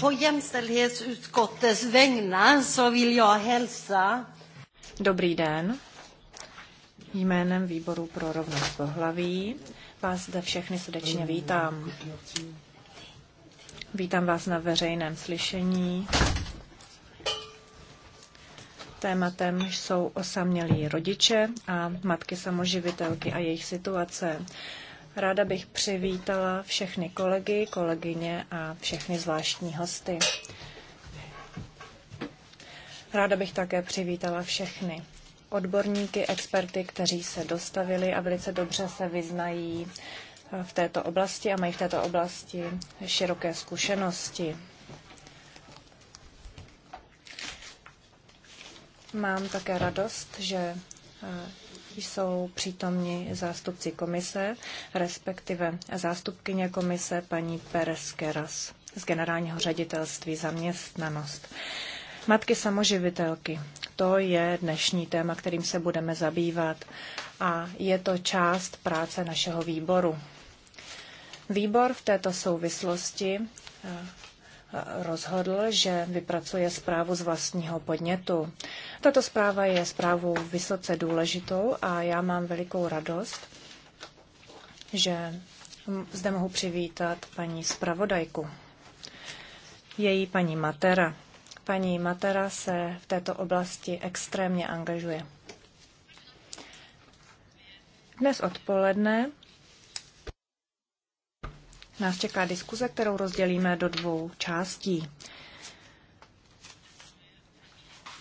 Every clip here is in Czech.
På jämställdhetsutskottets vägnar så vill jag hälsa. Dobrý den. Jménem výboru pro rovnost pohlaví vás zde všechny srdečně vítám. Vítám vás na veřejném slyšení. Tématem jsou osamělí rodiče a matky samoživitelky a jejich situace. Ráda bych přivítala všechny kolegy, kolegyně a všechny zvláštní hosty. Ráda bych také přivítala všechny odborníky, experty, kteří se dostavili a velice dobře se vyznají eh, v této oblasti a mají v této oblasti široké zkušenosti. Mám také radost, že eh, jsou přítomni zástupci komise, respektive zástupkyně komise paní Perez Keras z generálního ředitelství zaměstnanost. Matky samoživitelky. To je dnešní téma, kterým se budeme zabývat a je to část práce našeho výboru. Výbor v této souvislosti eh, rozhodl, že vypracuje zprávu z vlastního podnětu. Tato zpráva je zprávou vysoce důležitou a já mám velikou radost, že zde mohu přivítat paní zpravodajku, její paní Matera. Paní Matera se v této oblasti extrémně angažuje. Dnes odpoledne nás čeká diskuze, kterou rozdělíme do dvou částí.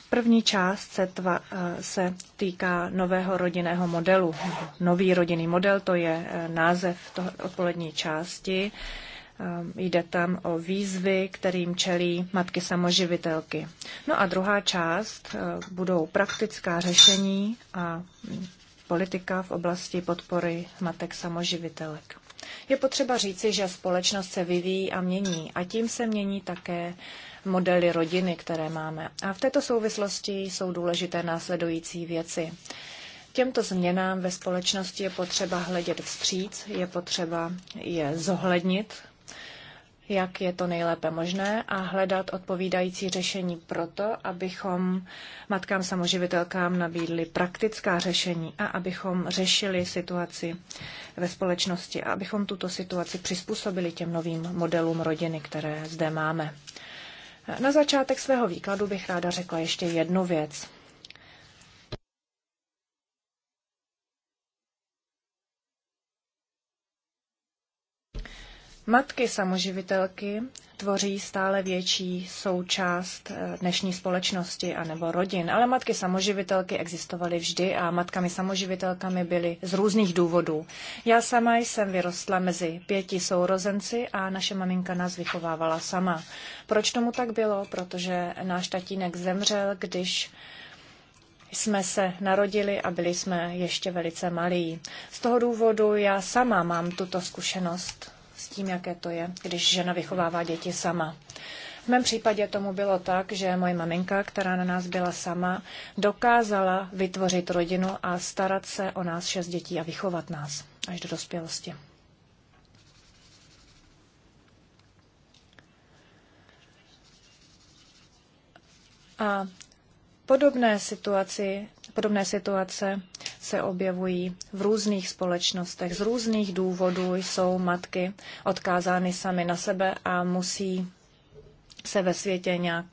První část se, tva, eh, se týká nového rodinného modelu. Nový rodinný model, to je eh, název toho odpolední části. Eh, jde tam o výzvy, kterým čelí matky samoživitelky. No a druhá část budou praktická řešení a mm, politika v oblasti podpory matek samoživitelek. Je potřeba říci, že společnost se vyvíjí a mění a tím se mění také modely rodiny, které máme. A v této souvislosti jsou důležité následující věci. Těmto změnám ve společnosti je potřeba hledět vstříc, je potřeba je zohlednit jak je to nejlépe možné a hledat odpovídající řešení proto, abychom matkám samoživitelkám nabídli praktická řešení a abychom řešili situaci ve společnosti a abychom tuto situaci přizpůsobili těm novým modelům rodiny, které zde máme. Na začátek svého výkladu bych ráda řekla ještě jednu věc. Matky samoživitelky tvoří stále větší součást eh, dnešní společnosti anebo rodin, ale matky samoživitelky existovaly vždy a matkami samoživitelkami byly z různých důvodů. Já sama jsem vyrostla mezi pěti sourozenci a naše maminka nás vychovávala sama. Proč tomu tak bylo? Protože náš tatínek zemřel, když jsme se narodili a byli jsme ještě velice malí. Z toho důvodu já sama mám tuto zkušenost s tím, jaké to je, když žena vychovává děti sama. V mém případě tomu bylo tak, že moje maminka, která na nás byla sama, dokázala vytvořit rodinu a starat se o nás šest dětí a vychovat nás až do dospělosti. A podobné situaci Podobné situace se objevují v různých společnostech. Z různých důvodů jsou matky odkázány sami na sebe a musí se ve světě nějak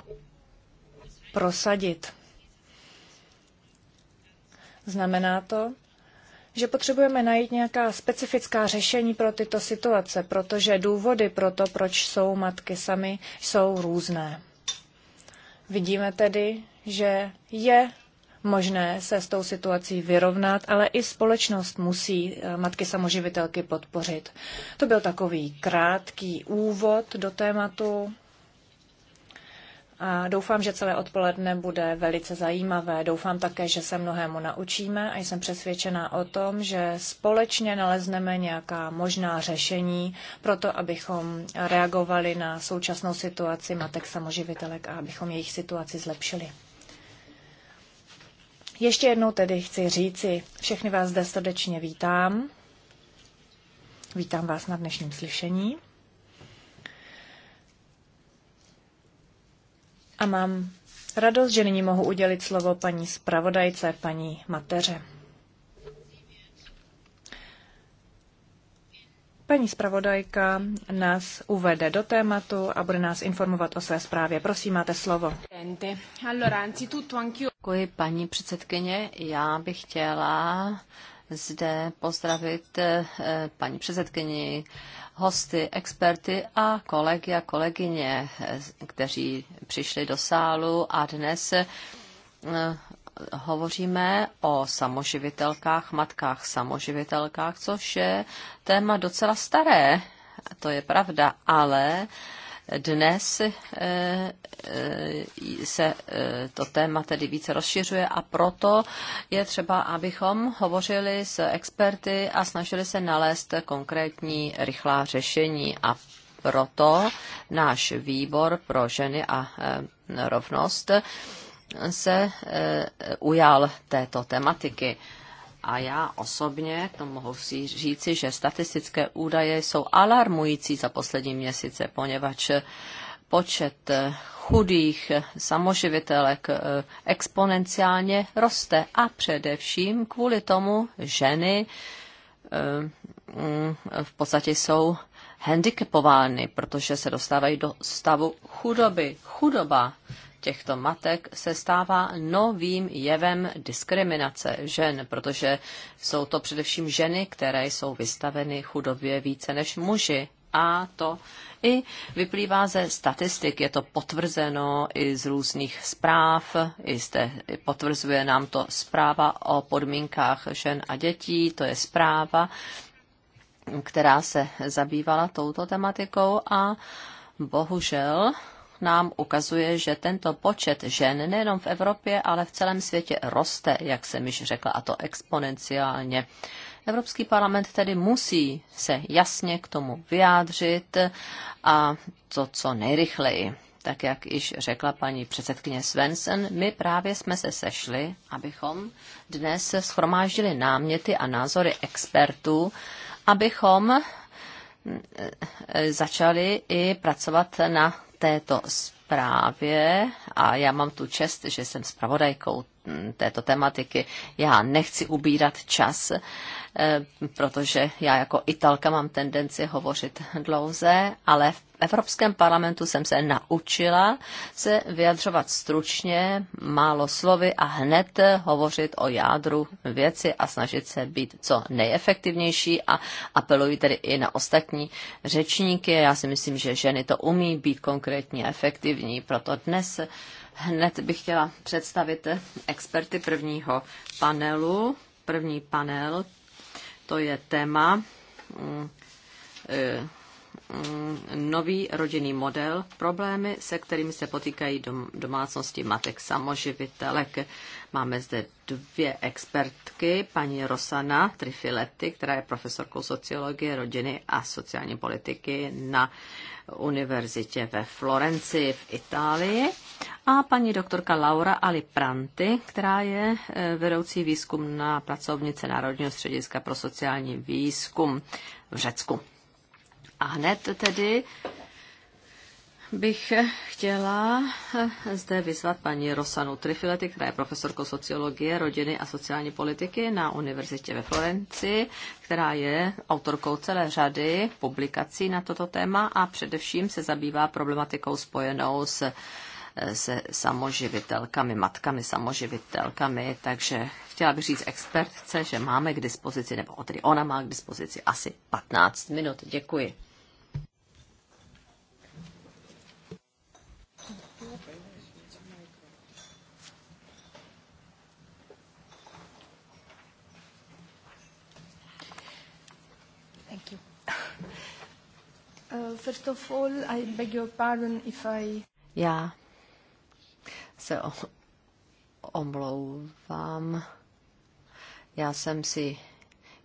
prosadit. Znamená to, že potřebujeme najít nějaká specifická řešení pro tyto situace, protože důvody pro to, proč jsou matky sami, jsou různé. Vidíme tedy, že je možné se s tou situací vyrovnat, ale i společnost musí eh, matky samoživitelky podpořit. To byl takový krátký úvod do tématu. A doufám, že celé odpoledne bude velice zajímavé. Doufám také, že se mnohému naučíme a jsem přesvědčená o tom, že společně nalezneme nějaká možná řešení pro to, abychom reagovali na současnou situaci matek samoživitelek a abychom jejich situaci zlepšili. Ještě jednou tedy chci říci, všechny vás zde srdečně vítám. Vítám vás na dnešním slyšení. A mám radost, že nyní mohu udělit slovo paní zpravodajce, paní Mateře. Paní zpravodajka nás uvede do tématu a bude nás informovat o své zprávě. Prosím, máte slovo. Děkuji, paní předsedkyně. Já bych chtěla zde pozdravit eh, paní předsedkyni, hosty, experty a kolegy a kolegyně, eh, kteří přišli do sálu a dnes eh, hovoříme o samoživitelkách, matkách samoživitelkách, což je téma docela staré, to je pravda, ale dnes eh, eh, se eh, to téma tedy více rozšiřuje a proto je třeba, abychom hovořili s experty a snažili se nalézt konkrétní rychlá řešení a proto náš výbor pro ženy a rovnost se ujal této tematiky. A já osobně to mohu si říci, že statistické údaje jsou alarmující za poslední měsíce, poněvadž počet eh, chudých eh, samoživitelek eh, exponenciálně roste a především kvůli tomu ženy mm, v podstatě jsou handicapovány, protože se dostávají do stavu chudoby. Chudoba těchto matek se stává novým jevem diskriminace žen, protože jsou to především ženy, které jsou vystaveny chudobě více než muži. A to i vyplývá ze statistik, je to potvrzeno i z různých zpráv, i zde potvrzuje nám to zpráva o podmínkách žen a dětí, to je zpráva, která se zabývala touto tematikou a bohužel nám ukazuje, že tento počet žen nejenom v Evropě, ale v celém světě roste, jak jsem již řekla, a to exponenciálně. Evropský parlament tedy musí se jasně k tomu vyjádřit a to co nejrychleji. Tak jak již řekla paní předsedkyně Svensson, my právě jsme se sešli, abychom dnes schromáždili náměty a názory expertů, abychom mm, e, e, začali i pracovat na této zprávě a já mám tu čest, že jsem zpravodajkou této tematiky. Já nechci ubírat čas, eh, protože já jako italka mám tendenci hovořit dlouze, ale v Evropském parlamentu jsem se naučila se vyjadřovat stručně, málo slovy a hned hovořit o jádru věci a snažit se být co nejefektivnější a apeluji tedy i na ostatní řečníky. Já si myslím, že ženy to umí být konkrétní a efektivní, proto dnes hned bych chtěla představit experty prvního panelu. První panel, to je téma mm, e, Mm, nový rodinný model, problémy, se kterými se potýkají dom- domácnosti matek samoživitelek. Máme zde dvě expertky, paní Rosana Trifiletti, která je profesorkou sociologie rodiny a sociální politiky na univerzitě ve Florenci v Itálii a paní doktorka Laura Alipranti, která je e, vedoucí výzkum na pracovnice Národního střediska pro sociální výzkum v Řecku. A hned tedy bych chtěla zde vyzvat paní Rosanu Trifilety, která je profesorkou sociologie, rodiny a sociální politiky na univerzitě ve Florenci, která je autorkou celé řady publikací na toto téma a především se zabývá problematikou spojenou s se samoživitelkami, matkami samoživitelkami, takže chtěla bych říct expertce, že máme k dispozici, nebo tedy ona má k dispozici asi 15 minut. Děkuji. Uh, first of all, I beg your pardon if I... Já se omlouvám. Já jsem si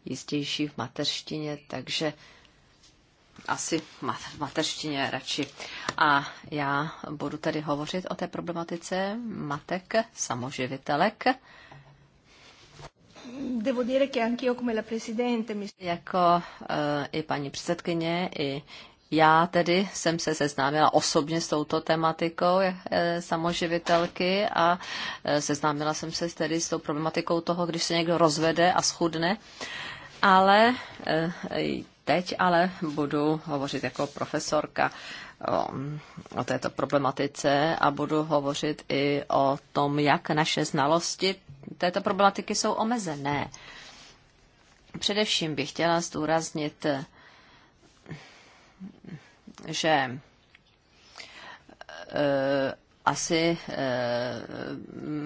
jistější v mateřštině, takže asi v mateřštině radši. A já budu tady hovořit o té problematice matek, samoživitelek. Devo dire che anch'io come la presidente mi... Jako uh, i paní předsedkyně, i já tedy jsem se seznámila osobně s touto tematikou eh, samoživitelky a eh, seznámila jsem se tedy s tou problematikou toho, když se někdo rozvede a schudne. Ale eh, teď ale budu hovořit jako profesorka o, o této problematice a budu hovořit i o tom, jak naše znalosti této problematiky jsou omezené. Především bych chtěla zdůraznit že eh, asi eh,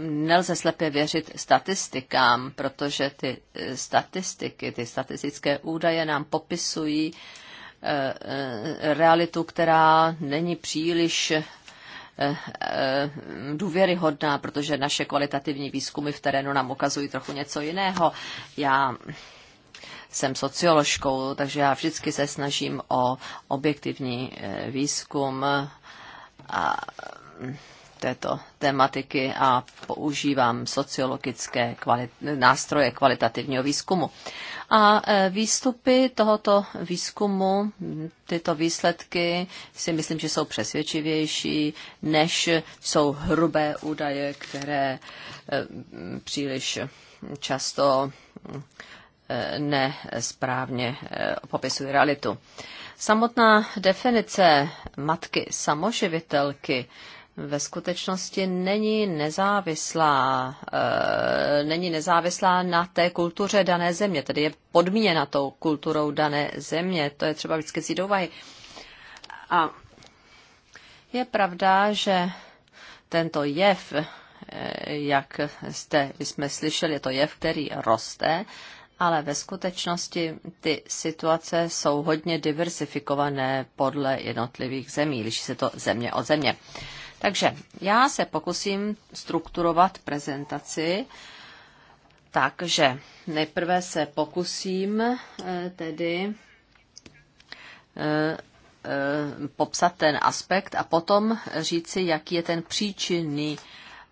nelze slepě věřit statistikám, protože ty eh, statistiky, ty statistické údaje nám popisují realitu, která není příliš důvěryhodná, protože naše kvalitativní výzkumy v terénu nám ukazují trochu něco jiného. Já jsem socioložkou, takže já vždycky se snažím o objektivní eh, výzkum a mm, této tematiky a používám sociologické kvalit- nástroje kvalitativního výzkumu. A eh, výstupy tohoto výzkumu, tyto výsledky si myslím, že jsou přesvědčivější, než jsou hrubé údaje, které eh, příliš často mm, Eh, nesprávně eh, popisují realitu. Samotná definice matky samoživitelky ve skutečnosti není nezávislá, e, není nezávislá na té kultuře dané země, tedy je podmíněna tou kulturou dané země, to je třeba vždycky si A je pravda, že tento jev, jak jste, jsme slyšeli, je to jev, který roste ale ve skutečnosti ty situace jsou hodně diversifikované podle jednotlivých zemí, liší se to země od země. Takže já se pokusím strukturovat prezentaci takže nejprve se pokusím eh, tedy eh, eh, popsat ten aspekt a potom říci, jaký je ten příčinný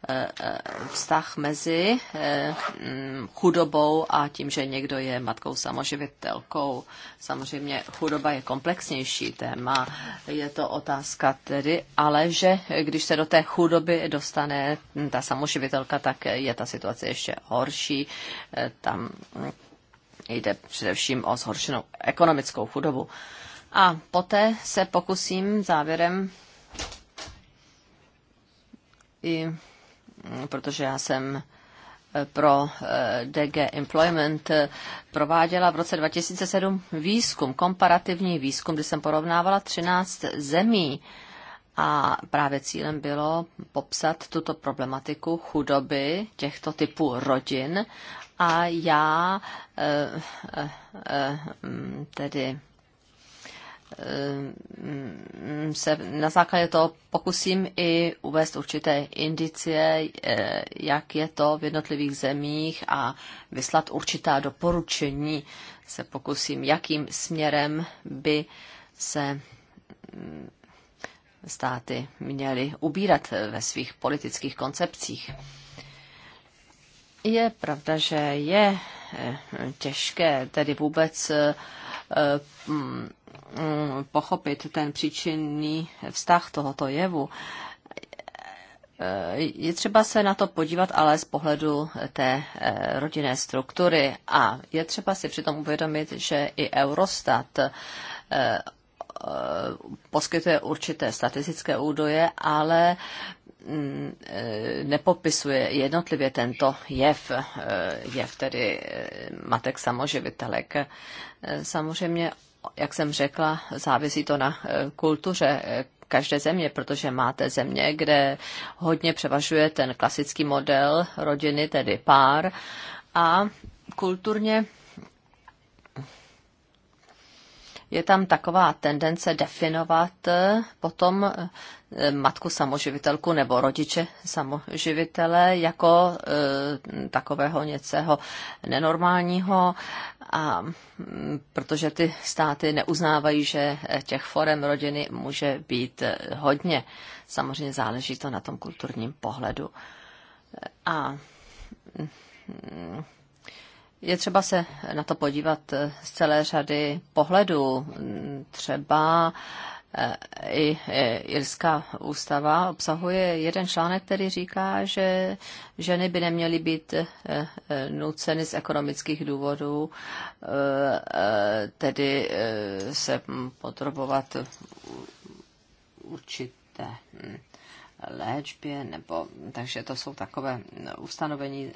Eh, eh, vztah mezi eh, mm, chudobou a tím, že někdo je matkou samoživitelkou. Samozřejmě chudoba je komplexnější téma, je to otázka tedy, ale že když se do té chudoby dostane ta samoživitelka, tak je ta situace ještě horší. Tam mm, jde především o zhoršenou ekonomickou chudobu. A poté se pokusím závěrem i protože já jsem eh, pro eh, DG Employment eh, prováděla v roce 2007 výzkum, komparativní výzkum, kdy jsem porovnávala 13 zemí a právě cílem bylo popsat tuto problematiku chudoby těchto typů rodin a já tedy Ehm, se na základě toho pokusím i uvést určité indicie, eh, jak je to v jednotlivých zemích a vyslat určitá doporučení. Se pokusím, jakým směrem by se mm, státy měly ubírat ve svých politických koncepcích. Je pravda, že je eh, těžké tedy vůbec eh, mm, Mm, pochopit ten příčinný vztah tohoto jevu, je třeba se na to podívat ale z pohledu té eh, rodinné struktury a je třeba si přitom uvědomit, že i Eurostat eh, eh, poskytuje určité statistické údaje, ale mm, nepopisuje jednotlivě tento jev, jev tedy matek samoživitelek. Samozřejmě jak jsem řekla, závisí to na e, kultuře e, každé země, protože máte země, kde hodně převažuje ten klasický model rodiny, tedy pár. A kulturně je tam taková tendence definovat eh, potom eh, matku samoživitelku nebo rodiče samoživitele jako eh, takového něceho nenormálního, a, mm, protože ty státy neuznávají, že těch forem rodiny může být hodně. Samozřejmě záleží to na tom kulturním pohledu. A mm, je třeba se na to podívat eh, z celé řady pohledů. Třeba eh, i eh, Irská ústava obsahuje jeden článek, který říká, že ženy by neměly být nuceny z ekonomických důvodů, tedy se podrobovat určité hm, léčbě, nebo, takže to jsou takové ustanovení,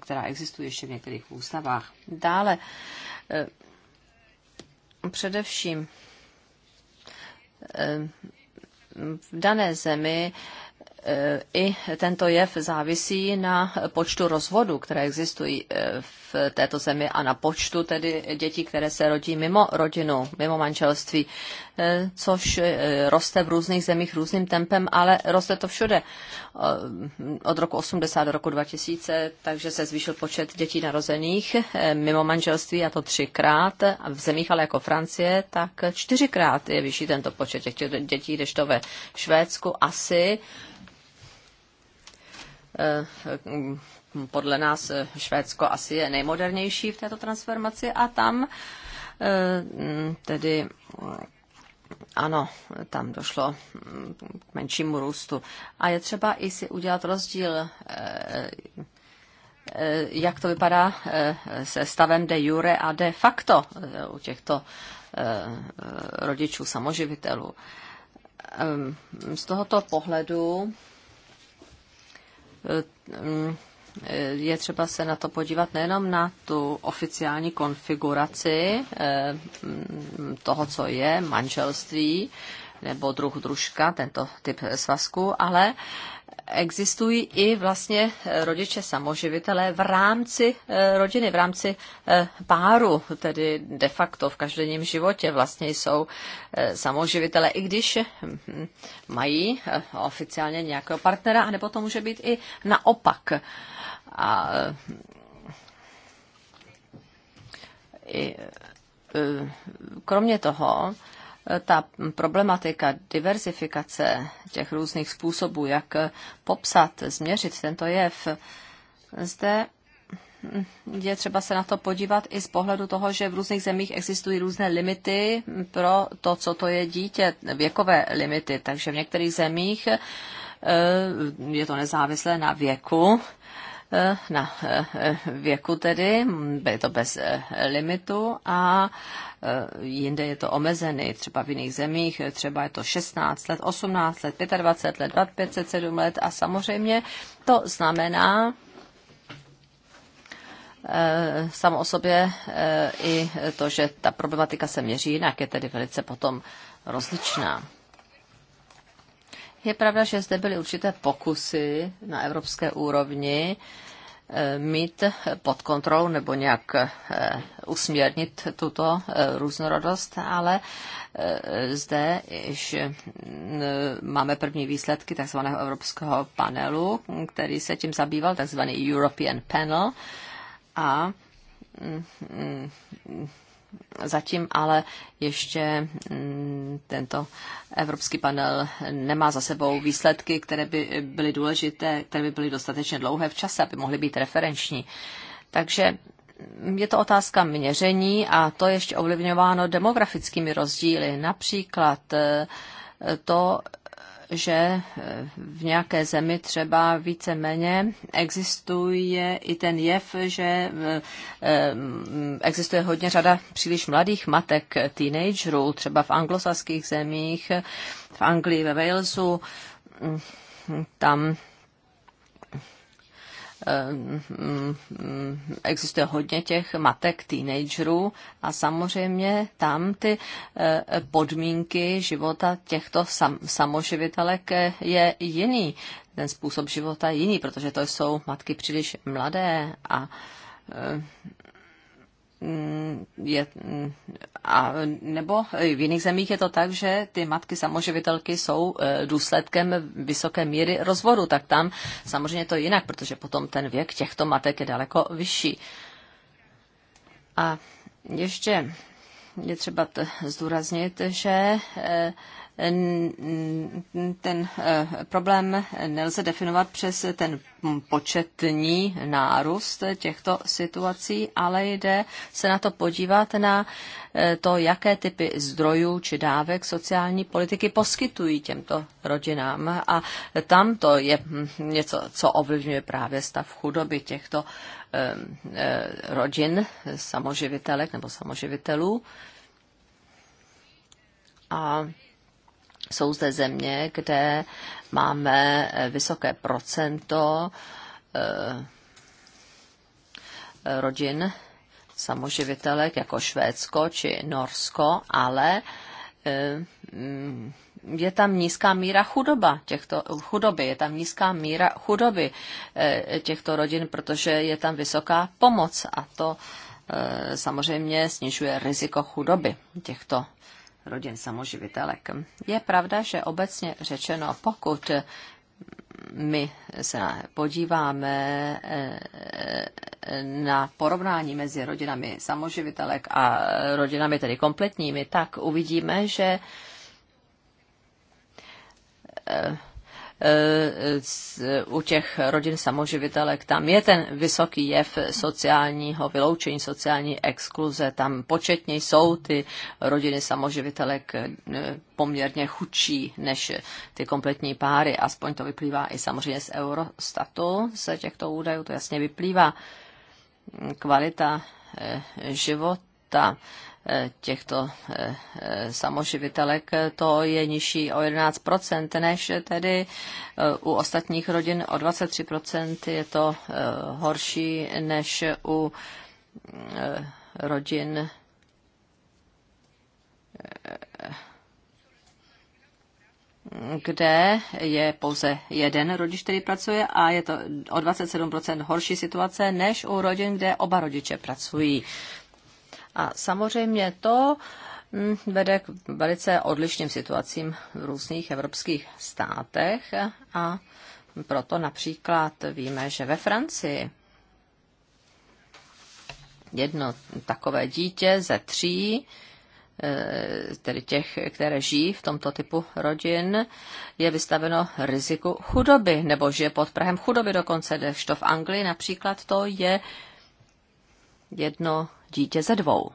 která existují ještě v některých ústavách. Dále, eh, především eh, v dané zemi i tento jev závisí na počtu rozvodů, které existují eh, v této zemi a na počtu tedy dětí, které se rodí mimo rodinu, mimo manželství, eh, což eh, roste v různých zemích různým tempem, ale roste to všude. Od roku 80 do roku 2000, takže se zvýšil počet dětí narozených mimo manželství a to třikrát. A v zemích ale jako Francie, tak čtyřikrát je vyšší tento počet těch dětí, kdežto ve Švédsku asi Eh, podle nás eh, Švédsko asi je nejmodernější v této transformaci a tam eh, tedy ano, tam došlo mm, k menšímu růstu. A je třeba i si udělat rozdíl, jak to vypadá se stavem de jure a de facto u těchto rodičů samoživitelů. Ehm, z tohoto pohledu Eh, eh, je třeba se na to podívat nejenom na tu oficiální konfiguraci eh, toho, co je manželství nebo druh družka, tento typ svazku, ale existují i vlastně eh, rodiče samoživitelé v rámci eh, rodiny, v rámci eh, páru, tedy de facto v každodenním životě vlastně jsou samoživitelé, i když hm, mají oficiálně nějakého partnera, anebo to může být i naopak. A, i, kromě toho, ta problematika diversifikace těch různých způsobů, jak popsat, změřit tento jev, zde je třeba se na to podívat i z pohledu toho, že v různých zemích existují různé limity pro to, co to je dítě, věkové limity. Takže v některých zemích eh, je to nezávislé na věku Eh, na eh, věku tedy, je to bez eh, limitu a jinde je to omezený, třeba v jiných zemích, třeba je to 16 let, 18 let, 25 let, 27 let a samozřejmě to znamená, samo o sobě i to, že ta problematika se měří jinak, je tedy velice potom rozličná. Je pravda, že zde byly určité pokusy na evropské úrovni eh, mít pod kontrolou nebo nějak eh, usměrnit tuto eh, různorodost, ale zde již mm, máme první výsledky tzv. evropského panelu, který se tím zabýval, tzv. European Panel. A mm, mm, Zatím ale ještě mm, tento evropský panel nemá za sebou výsledky, které by byly důležité, které by byly dostatečně dlouhé v čase, aby mohly být referenční. Takže je to otázka měření a to ještě ovlivňováno demografickými rozdíly. Například eh, to, že eh, v nějaké zemi třeba více-méně existuje i ten jev, že eh, mm, existuje hodně řada příliš mladých matek, teenagerů, třeba v anglosaských zemích, v Anglii, ve Walesu, mm, tam Eh, existuje hodně těch matek, teenagerů a samozřejmě tam ty eh, podmínky života těchto sam, samoživitelek eh, je jiný. Ten způsob života je jiný, protože to jsou matky příliš mladé a Mm, je, mm, a, nebo v jiných zemích je to tak, že ty matky samoživitelky jsou e, důsledkem vysoké míry rozvodu, tak tam samozřejmě to je jinak, protože potom ten věk těchto matek je daleko vyšší. A ještě je třeba zdůraznit, že eh, ten eh, problém nelze definovat přes ten početní nárůst těchto situací, ale jde se na to podívat na eh, to, jaké typy zdrojů či dávek sociální politiky poskytují těmto rodinám. A tam to je hm, něco, co ovlivňuje právě stav chudoby těchto Eh, eh, rodin samoživitelek nebo samoživitelů. A jsou zde země, kde máme vysoké procento eh, rodin samoživitelek, jako Švédsko či Norsko, ale mm, je tam nízká míra chudoba těchto, chudoby, je tam nízká míra chudoby eh, těchto rodin, protože je tam vysoká pomoc a to eh, samozřejmě snižuje riziko chudoby těchto rodin samoživitelek. Je pravda, že obecně řečeno, pokud my se podíváme eh, na porovnání mezi rodinami samoživitelek a rodinami tedy kompletními, tak uvidíme, že u těch rodin samoživitelek, tam je ten vysoký jev sociálního vyloučení, sociální exkluze, tam početně jsou ty rodiny samoživitelek eh, poměrně chudší než ty kompletní páry, aspoň to vyplývá i samozřejmě z Eurostatu, ze těchto údajů to jasně vyplývá. Kvalita eh, života Eh, těchto eh, eh, samoživitelek, to je nižší o 11%, než tedy u ostatních rodin o 23%. Je to horší než u rodin kde je pouze jeden rodič, který pracuje a je to o 27% horší situace než u rodin, kde oba rodiče pracují. A samozřejmě to hm, vede k velice odlišným situacím v různých evropských státech a proto například víme, že ve Francii jedno takové dítě ze tří, eh, tedy těch, které žijí v tomto typu rodin, je vystaveno riziku chudoby, nebo žije pod Prahem chudoby dokonce, kdežto v Anglii například to je jedno dítě ze dvou.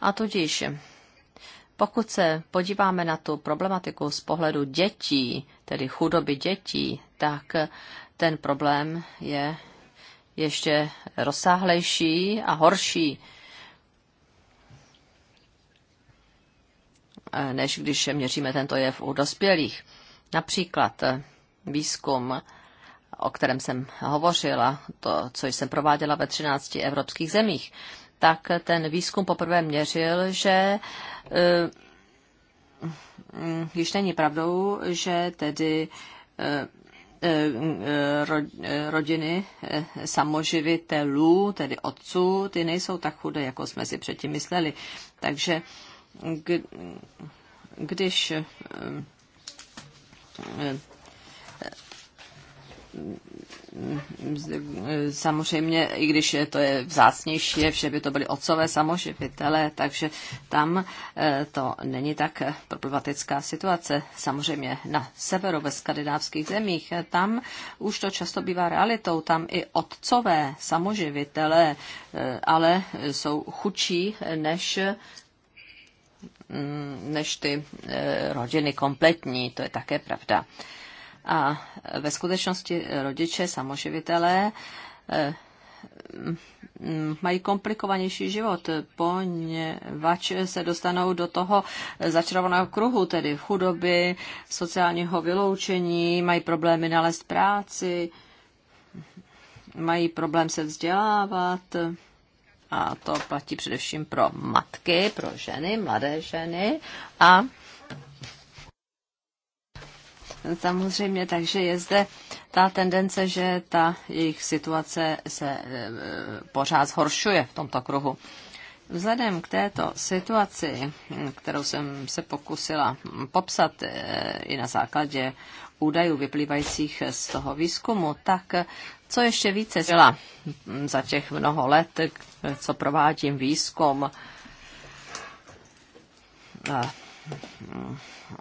A tudíž, pokud se podíváme na tu problematiku z pohledu dětí, tedy chudoby dětí, tak ten problém je ještě rozsáhlejší a horší, než když měříme tento jev u dospělých. Například výzkum o kterém jsem hovořila, to, co jsem prováděla ve 13 evropských zemích, tak ten výzkum poprvé měřil, že eh, již není pravdou, že tedy eh, eh, rodiny samoživitelů, tedy otců, ty nejsou tak chudé, jako jsme si předtím mysleli. Takže když samozřejmě, i když je to je vzácnější, vše by to byly otcové samoživitele, takže tam eh, to není tak problematická situace. Samozřejmě na severu ve skandinávských zemích, eh, tam už to často bývá realitou, tam i otcové samoživitele, eh, ale jsou chudší než mm, než ty rodiny kompletní, to je také pravda. A ve skutečnosti rodiče, samoživitelé, eh, mají komplikovanější život, poněvadž se dostanou do toho začarovaného kruhu, tedy chudoby, sociálního vyloučení, mají problémy nalézt práci, mají problém se vzdělávat. A to platí především pro matky, pro ženy, mladé ženy a samozřejmě, takže je zde ta tendence, že ta jejich situace se e, pořád zhoršuje v tomto kruhu. Vzhledem k této situaci, kterou jsem se pokusila popsat e, i na základě údajů vyplývajících z toho výzkumu, tak co ještě více zjela za těch mnoho let, co provádím výzkum,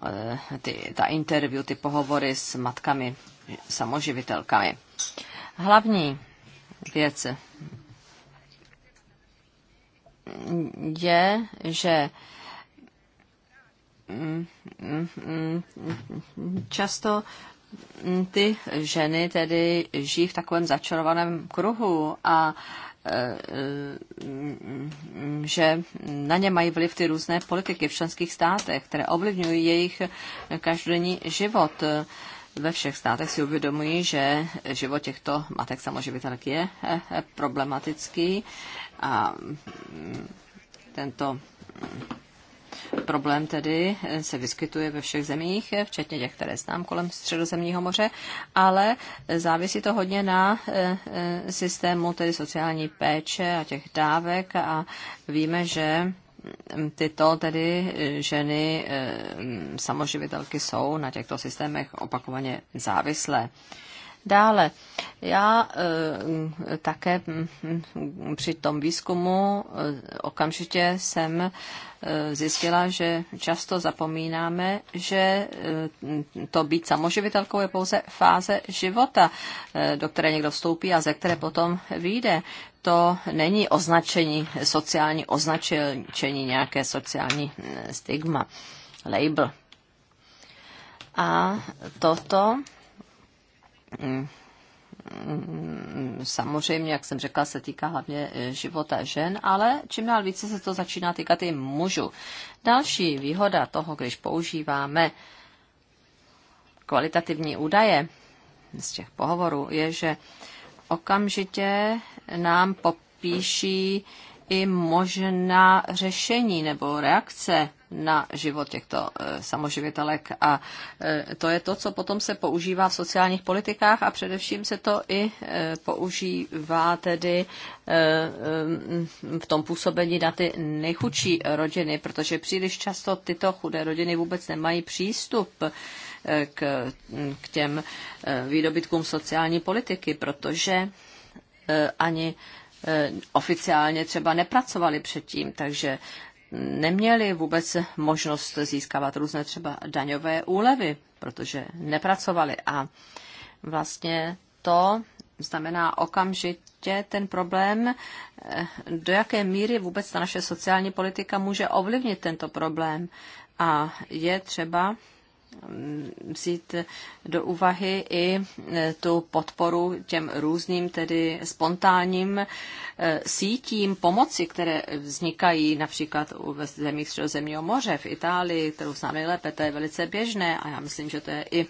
Eh, ty, ta interview, ty pohovory s matkami, samoživitelkami. Hlavní věc je, že často ty ženy tedy žijí v takovém začarovaném kruhu a že na ně mají vliv ty různé politiky v členských státech, které ovlivňují jejich každodenní život. Ve všech státech si uvědomují, že život těchto matek samoživitelek je problematický a tento Problém tedy eh, se vyskytuje ve všech zemích, eh, včetně těch, které znám kolem Středozemního moře, ale eh, závisí to hodně na systému tedy sociální péče a těch dávek a víme, že mm, tyto tedy ženy mm, samoživitelky jsou na těchto systémech opakovaně závislé. Dále, já eh, také hm, při tom výzkumu eh, okamžitě jsem eh, zjistila, že často zapomínáme, že to být samoživitelkou je pouze fáze života, do které někdo vstoupí a ze které potom vyjde. To není označení, sociální označení, nějaké sociální hm, stigma, label. A toto Mm, mm, samozřejmě, jak jsem řekla, se týká hlavně eh, života žen, ale čím dál více se to začíná týkat i mužů. Další výhoda toho, když používáme kvalitativní údaje z těch pohovorů, je, že okamžitě nám popíší i možná řešení nebo reakce na život těchto eh, samoživitelek. A eh, to je to, co potom se používá v sociálních politikách a především se to i eh, používá tedy v tom působení na ty nejchudší rodiny, protože příliš často tyto chudé rodiny vůbec nemají přístup k, k těm výdobytkům sociální politiky, protože ani oficiálně třeba nepracovali předtím, takže neměli vůbec možnost získávat různé třeba daňové úlevy, protože nepracovali. A vlastně to znamená okamžitě ten problém, eh, do jaké míry vůbec ta naše sociální politika může ovlivnit tento problém. A je třeba Mm, vzít do úvahy i e, tu podporu těm různým, tedy spontánním e, sítím pomoci, které vznikají například ve zemích Středozemního moře, v Itálii, kterou znám nejlépe, to je velice běžné a já myslím, že to je i e,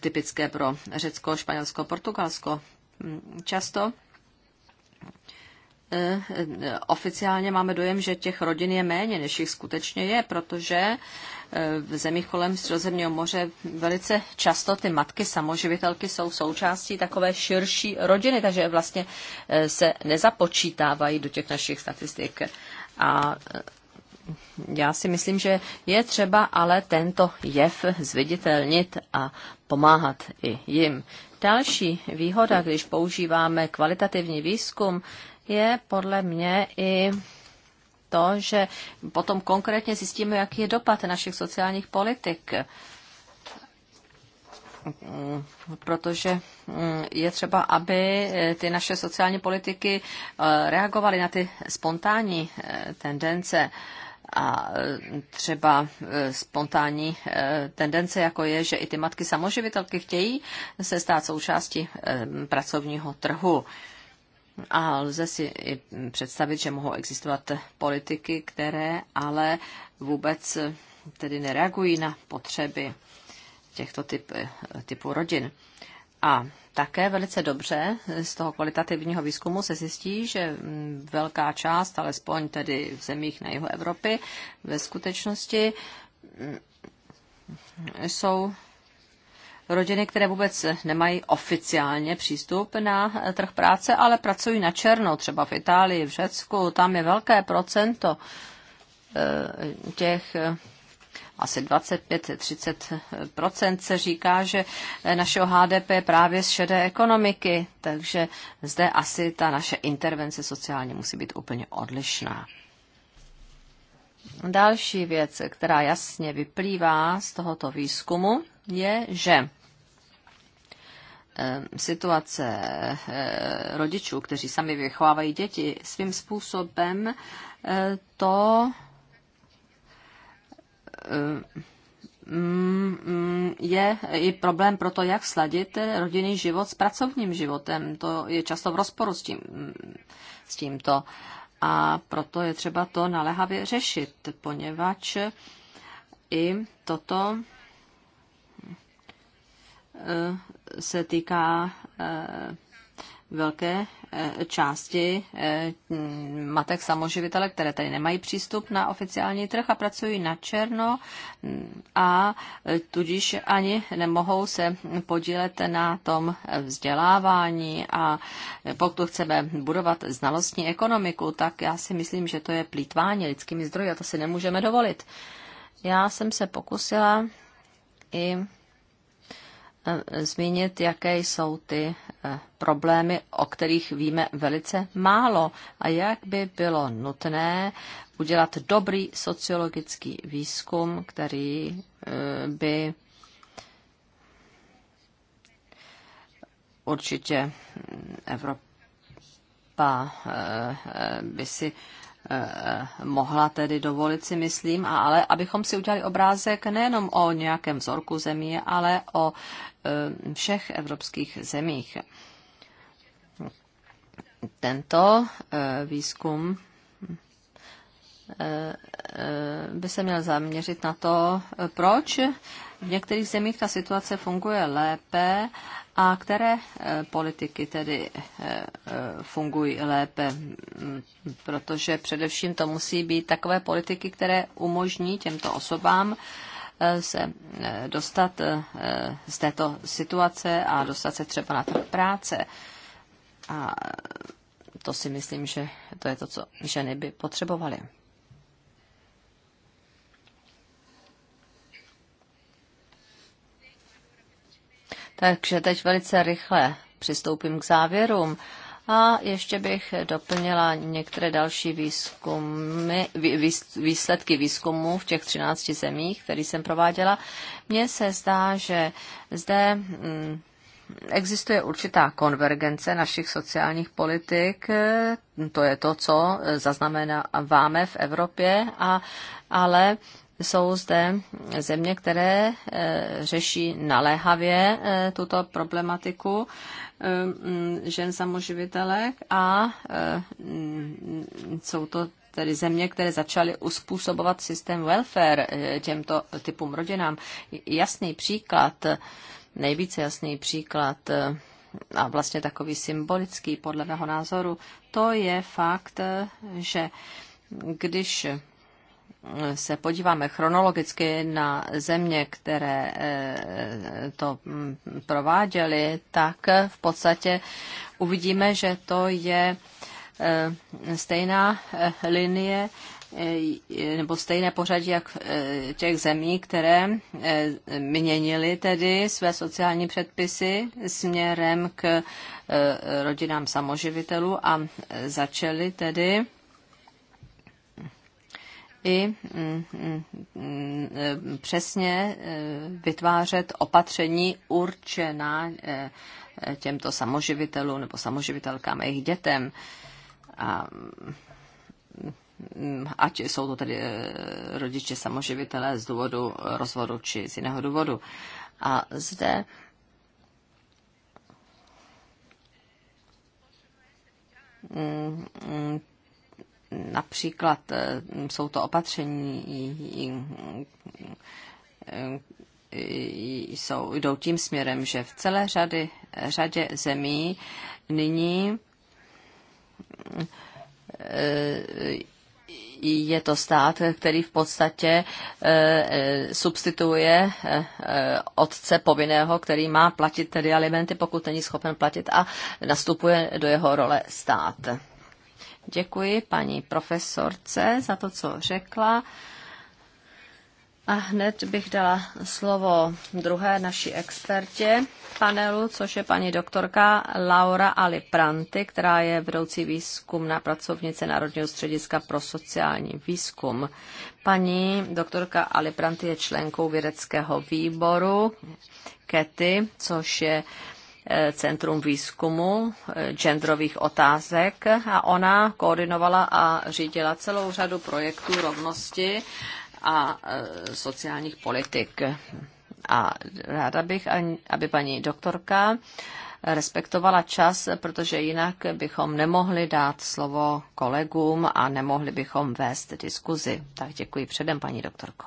typické pro Řecko, Španělsko, Portugalsko. Mm, často Eh, oficiálně máme dojem, že těch rodin je méně, než jich skutečně je, protože eh, v zemích kolem Středozemního moře velice často ty matky samoživitelky jsou součástí takové širší rodiny, takže vlastně eh, se nezapočítávají do těch našich statistik. A já si myslím, že je třeba ale tento jev zviditelnit a pomáhat i jim. Další výhoda, když používáme kvalitativní výzkum, je podle mě i to, že potom konkrétně zjistíme, jaký je dopad našich sociálních politik. Protože mm, je třeba, aby eh, ty naše sociální politiky eh, reagovaly na ty spontánní eh, tendence a třeba spontánní tendence, jako je, že i ty matky samoživitelky chtějí se stát součástí pracovního trhu. A lze si i představit, že mohou existovat politiky, které ale vůbec tedy nereagují na potřeby těchto typ, typů rodin. A také velice dobře z toho kvalitativního výzkumu se zjistí, že velká část, alespoň tedy v zemích na jihu Evropy, ve skutečnosti jsou rodiny, které vůbec nemají oficiálně přístup na trh práce, ale pracují na černo, třeba v Itálii, v Řecku, tam je velké procento eh, těch eh, asi 25-30 se říká, že našeho HDP je právě z šedé ekonomiky, takže zde asi ta naše intervence sociálně musí být úplně odlišná. Další věc, která jasně vyplývá z tohoto výzkumu, je, že Eh, situace eh, rodičů, kteří sami vychovávají děti, svým způsobem eh, to mm, je i problém pro to, jak sladit rodinný život s pracovním životem. To je často v rozporu s, tím, s tímto. A proto je třeba to naléhavě řešit, poněvadž i toto se týká eh, velké eh, části eh, matek samoživitele, které tady nemají přístup na oficiální trh a pracují na černo a tudíž ani nemohou se podílet na tom vzdělávání a pokud chceme budovat znalostní ekonomiku, tak já si myslím, že to je plítvání lidskými zdroji a to si nemůžeme dovolit. Já jsem se pokusila i Eh, zmínit, jaké jsou ty eh, problémy, o kterých víme velice málo a jak by bylo nutné udělat dobrý sociologický výzkum, který eh, by určitě mm, Evropa by si Eh, mohla tedy dovolit si myslím, a ale abychom si udělali obrázek nejenom o nějakém vzorku zemí, ale o eh, všech evropských zemích. Tento eh, výzkum Eh, eh, by se měl zaměřit na to, eh, proč v některých zemích ta situace funguje lépe a které politiky tedy fungují lépe, mm, protože především to musí být takové politiky, které umožní těmto osobám se dostat z této situace a dostat se třeba na trh práce. A to si myslím, že to je to, co ženy by potřebovaly. Takže teď velice rychle přistoupím k závěrům. A ještě bych doplnila některé další výzkumy, výsledky výzkumu v těch 13 zemích, které jsem prováděla. Mně se zdá, že zde mm, existuje určitá konvergence našich sociálních politik, to je to, co zaznamenáváme v Evropě, a, ale jsou zde země, které eh, řeší naléhavě eh, tuto problematiku eh, mm, žen samoživitelek a mm, jsou to tedy země, které začaly uspůsobovat systém welfare těmto typům rodinám. Jasný příklad, nejvíce jasný příklad a vlastně takový symbolický podle mého názoru, to je fakt, že když se podíváme chronologicky na země, které eh, to mm, prováděly, tak v podstatě uvidíme, že to je eh, stejná eh, linie nebo stejné pořadí jak těch zemí, které měnily tedy své sociální předpisy směrem k rodinám samoživitelů a začaly tedy i mm, mm, mm, přesně e, vytvářet opatření určená e, těmto samoživitelům nebo samoživitelkám a jejich dětem. A ať jsou to tedy e, rodiče samoživitelé z důvodu rozvodu či z jiného důvodu. A zde Například eh, jsou to opatření, jsou, jdou tím směrem, že v celé řady, řadě zemí nyní eh, je to stát, který v podstatě eh, substituje otce povinného, který má platit tedy alimenty, pokud není schopen platit a nastupuje do jeho role stát. Děkuji paní profesorce za to, co řekla. A hned bych dala slovo druhé naší expertě panelu, což je paní doktorka Laura Ali Pranty, která je vedoucí výzkum na pracovnice Národního střediska pro sociální výzkum. Paní doktorka Ali Pranty je členkou vědeckého výboru KETY, což je Centrum výzkumu eh, genderových otázek a ona koordinovala a řídila celou řadu projektů rovnosti a eh, sociálních politik. A ráda bych, aby paní doktorka respektovala čas, protože jinak bychom nemohli dát slovo kolegům a nemohli bychom vést diskuzi. Tak děkuji předem, paní doktorko.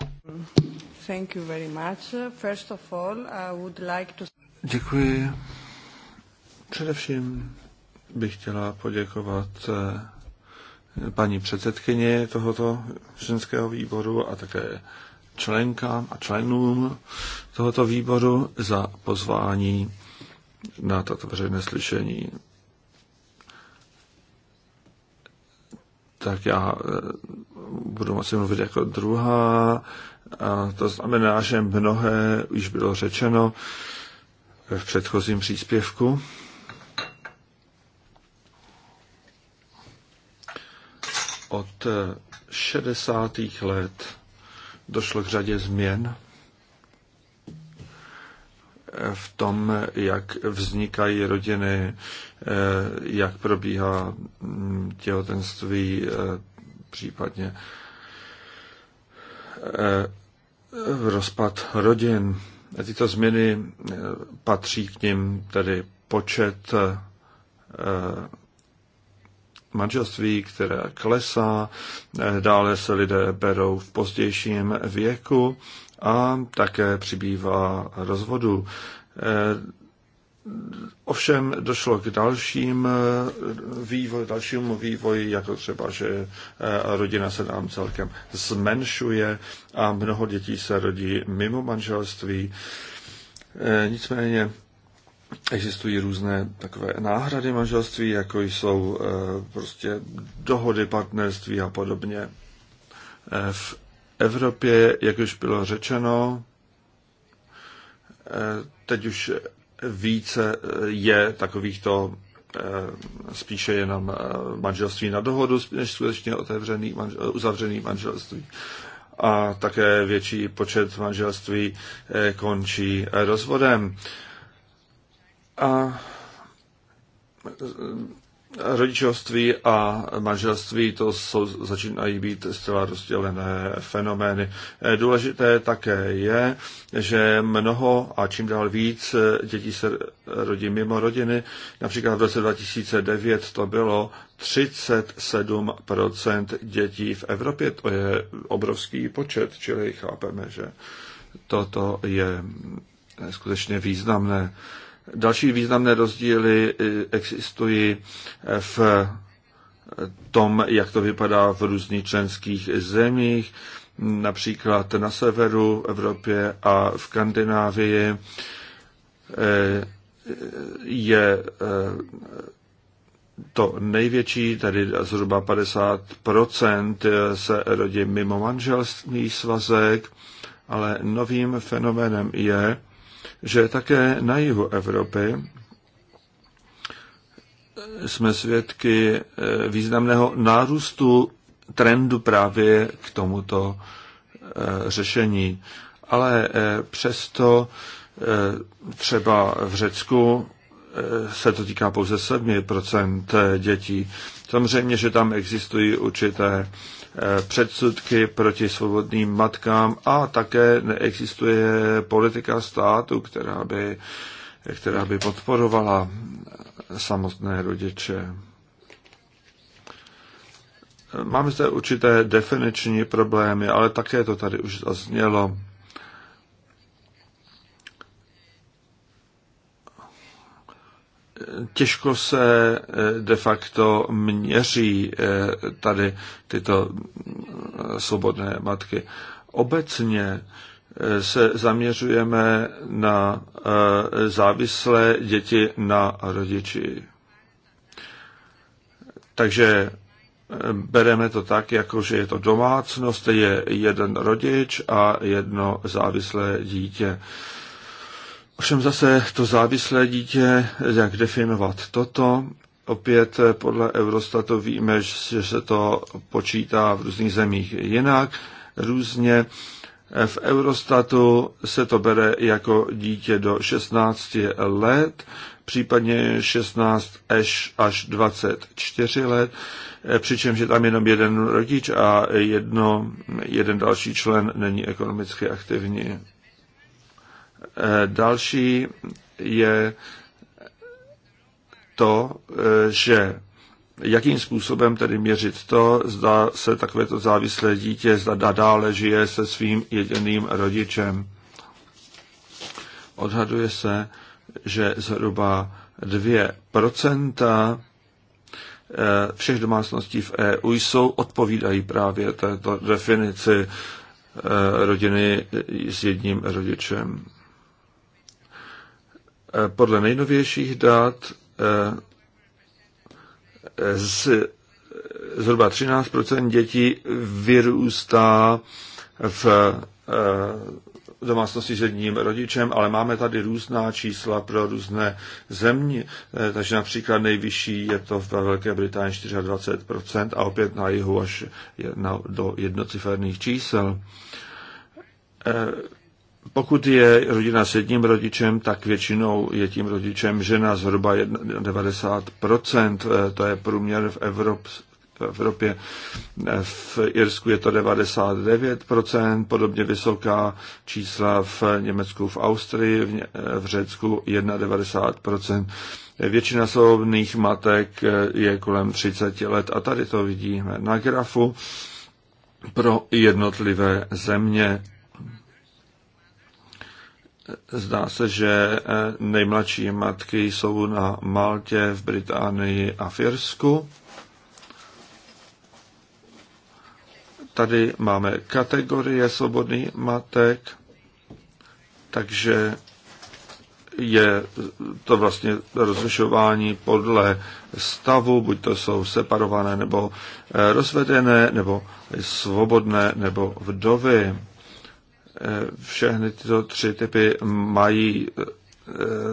Děkuji. Především bych chtěla poděkovat eh, paní předsedkyni tohoto ženského výboru a také členkám a členům tohoto výboru za pozvání na tato veřejné slyšení. Tak já eh, budu moci mluvit jako druhá. A to znamená, že mnohé už bylo řečeno v předchozím příspěvku. Od 60. let došlo k řadě změn v tom, jak vznikají rodiny, eh, jak probíhá mm, těhotenství, eh, případně eh, rozpad rodin. Tyto změny patří k nim tedy počet manželství, které klesá, eh, dále se lidé berou v pozdějším věku a také přibývá rozvodů. Eh, ovšem došlo k dalším eh, vývoj, dalšímu vývoji, jako třeba, že rodina se nám celkem zmenšuje a mnoho dětí se rodí mimo manželství. Nicméně Existují různé takové náhrady manželství, jako jsou eh, prostě dohody partnerství a podobně. Eh, v Evropě, jak už bylo řečeno, eh, teď už více je takovýchto spíše jenom manželství na dohodu, než skutečně otevřený, uzavřený manželství. A také větší počet manželství končí rozvodem. A e, rodičovství a manželství to jsou, začínají být zcela rozdělené fenomény. E, důležité také je, že mnoho a čím dál víc dětí se rodí mimo rodiny. Například v roce 2009 to bylo 37% dětí v Evropě. To je obrovský počet, čili chápeme, že toto je skutečně významné. Další významné rozdíly eh, existují eh, v eh, tom, jak to vypadá v různých členských zemích, například na severu Evropě a v Skandinávii je to největší, tady zhruba 50% se rodí mimo manželství svazek, ale novým fenoménem je, že také na jihu Evropy jsme svědky eh, významného nárůstu trendu právě k tomuto eh, řešení. Ale eh, přesto třeba v Řecku se to týká pouze 7% dětí. Samozřejmě, že tam existují určité Eh, předsudky proti svobodným matkám a také neexistuje politika státu, která by, která by podporovala samotné rodiče. Máme zde určité definiční problémy, ale také to tady už zaznělo. těžko se eh, de facto měří eh, tady tyto eh, svobodné matky. Obecně se zaměřujeme na závislé děti na rodiči. Takže bereme to tak, jako že je to domácnost, je jeden rodič a jedno závislé dítě. Ovšem zase to závislé dítě, jak definovat toto, Opět podle Eurostatu víme, že se to počítá v různých zemích jinak, různě. V Eurostatu se to bere jako dítě do 16 let, případně 16 až, až 24 let, přičemž je tam jenom jeden rodič a jedno, jeden další člen není ekonomicky aktivní. Eh, další je to, eh, že jakým způsobem tedy měřit to, zda se takovéto závislé dítě zda nadále žije se svým jediným rodičem. Odhaduje se, že zhruba 2% eh, všech domácností v EU jsou, odpovídají právě této definici rodiny s jedním rodičem. Eh, podle nejnovějších dat eh, z, eh, zhruba 13 dětí vyrůstá v domácnosti s jedním rodičem, ale máme tady různá čísla pro různé země. Takže například nejvyšší je to v Velké Británii 24% a opět na jihu až do jednociferných čísel. Pokud je rodina s jedním rodičem, tak většinou je tím rodičem žena zhruba 90%, eh, to je průměr v Evropě. V Evropě. Eh, v Irsku je to 99%, podobně vysoká čísla v Německu, v Austrii, v eh, Řecku 91%. Většina slovných matek je kolem 30 let a tady to vidíme na grafu pro jednotlivé země Zdá se, že eh, nejmladší matky jsou na Maltě, v Británii a v Jirsku. Tady máme kategorie svobodný matek, takže je to vlastně rozlišování podle stavu, buď to jsou separované nebo eh, rozvedené, nebo svobodné, nebo vdovy všechny tyto tři typy mají eh,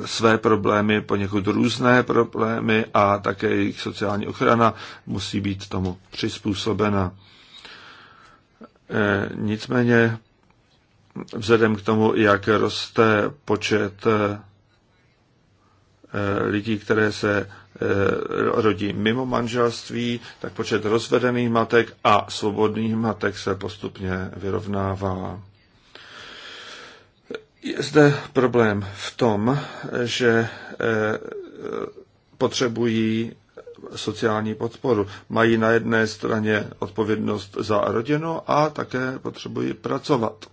své problémy, poněkud různé problémy a také jejich sociální ochrana musí být tomu přizpůsobena. Eh, nicméně vzhledem k tomu, jak roste počet eh, lidí, které se rodí mimo manželství, tak počet rozvedených matek a svobodných matek se postupně vyrovnává. Je zde problém v tom, že eh, potřebují sociální podporu. Mají na jedné straně odpovědnost za rodinu a také potřebují pracovat.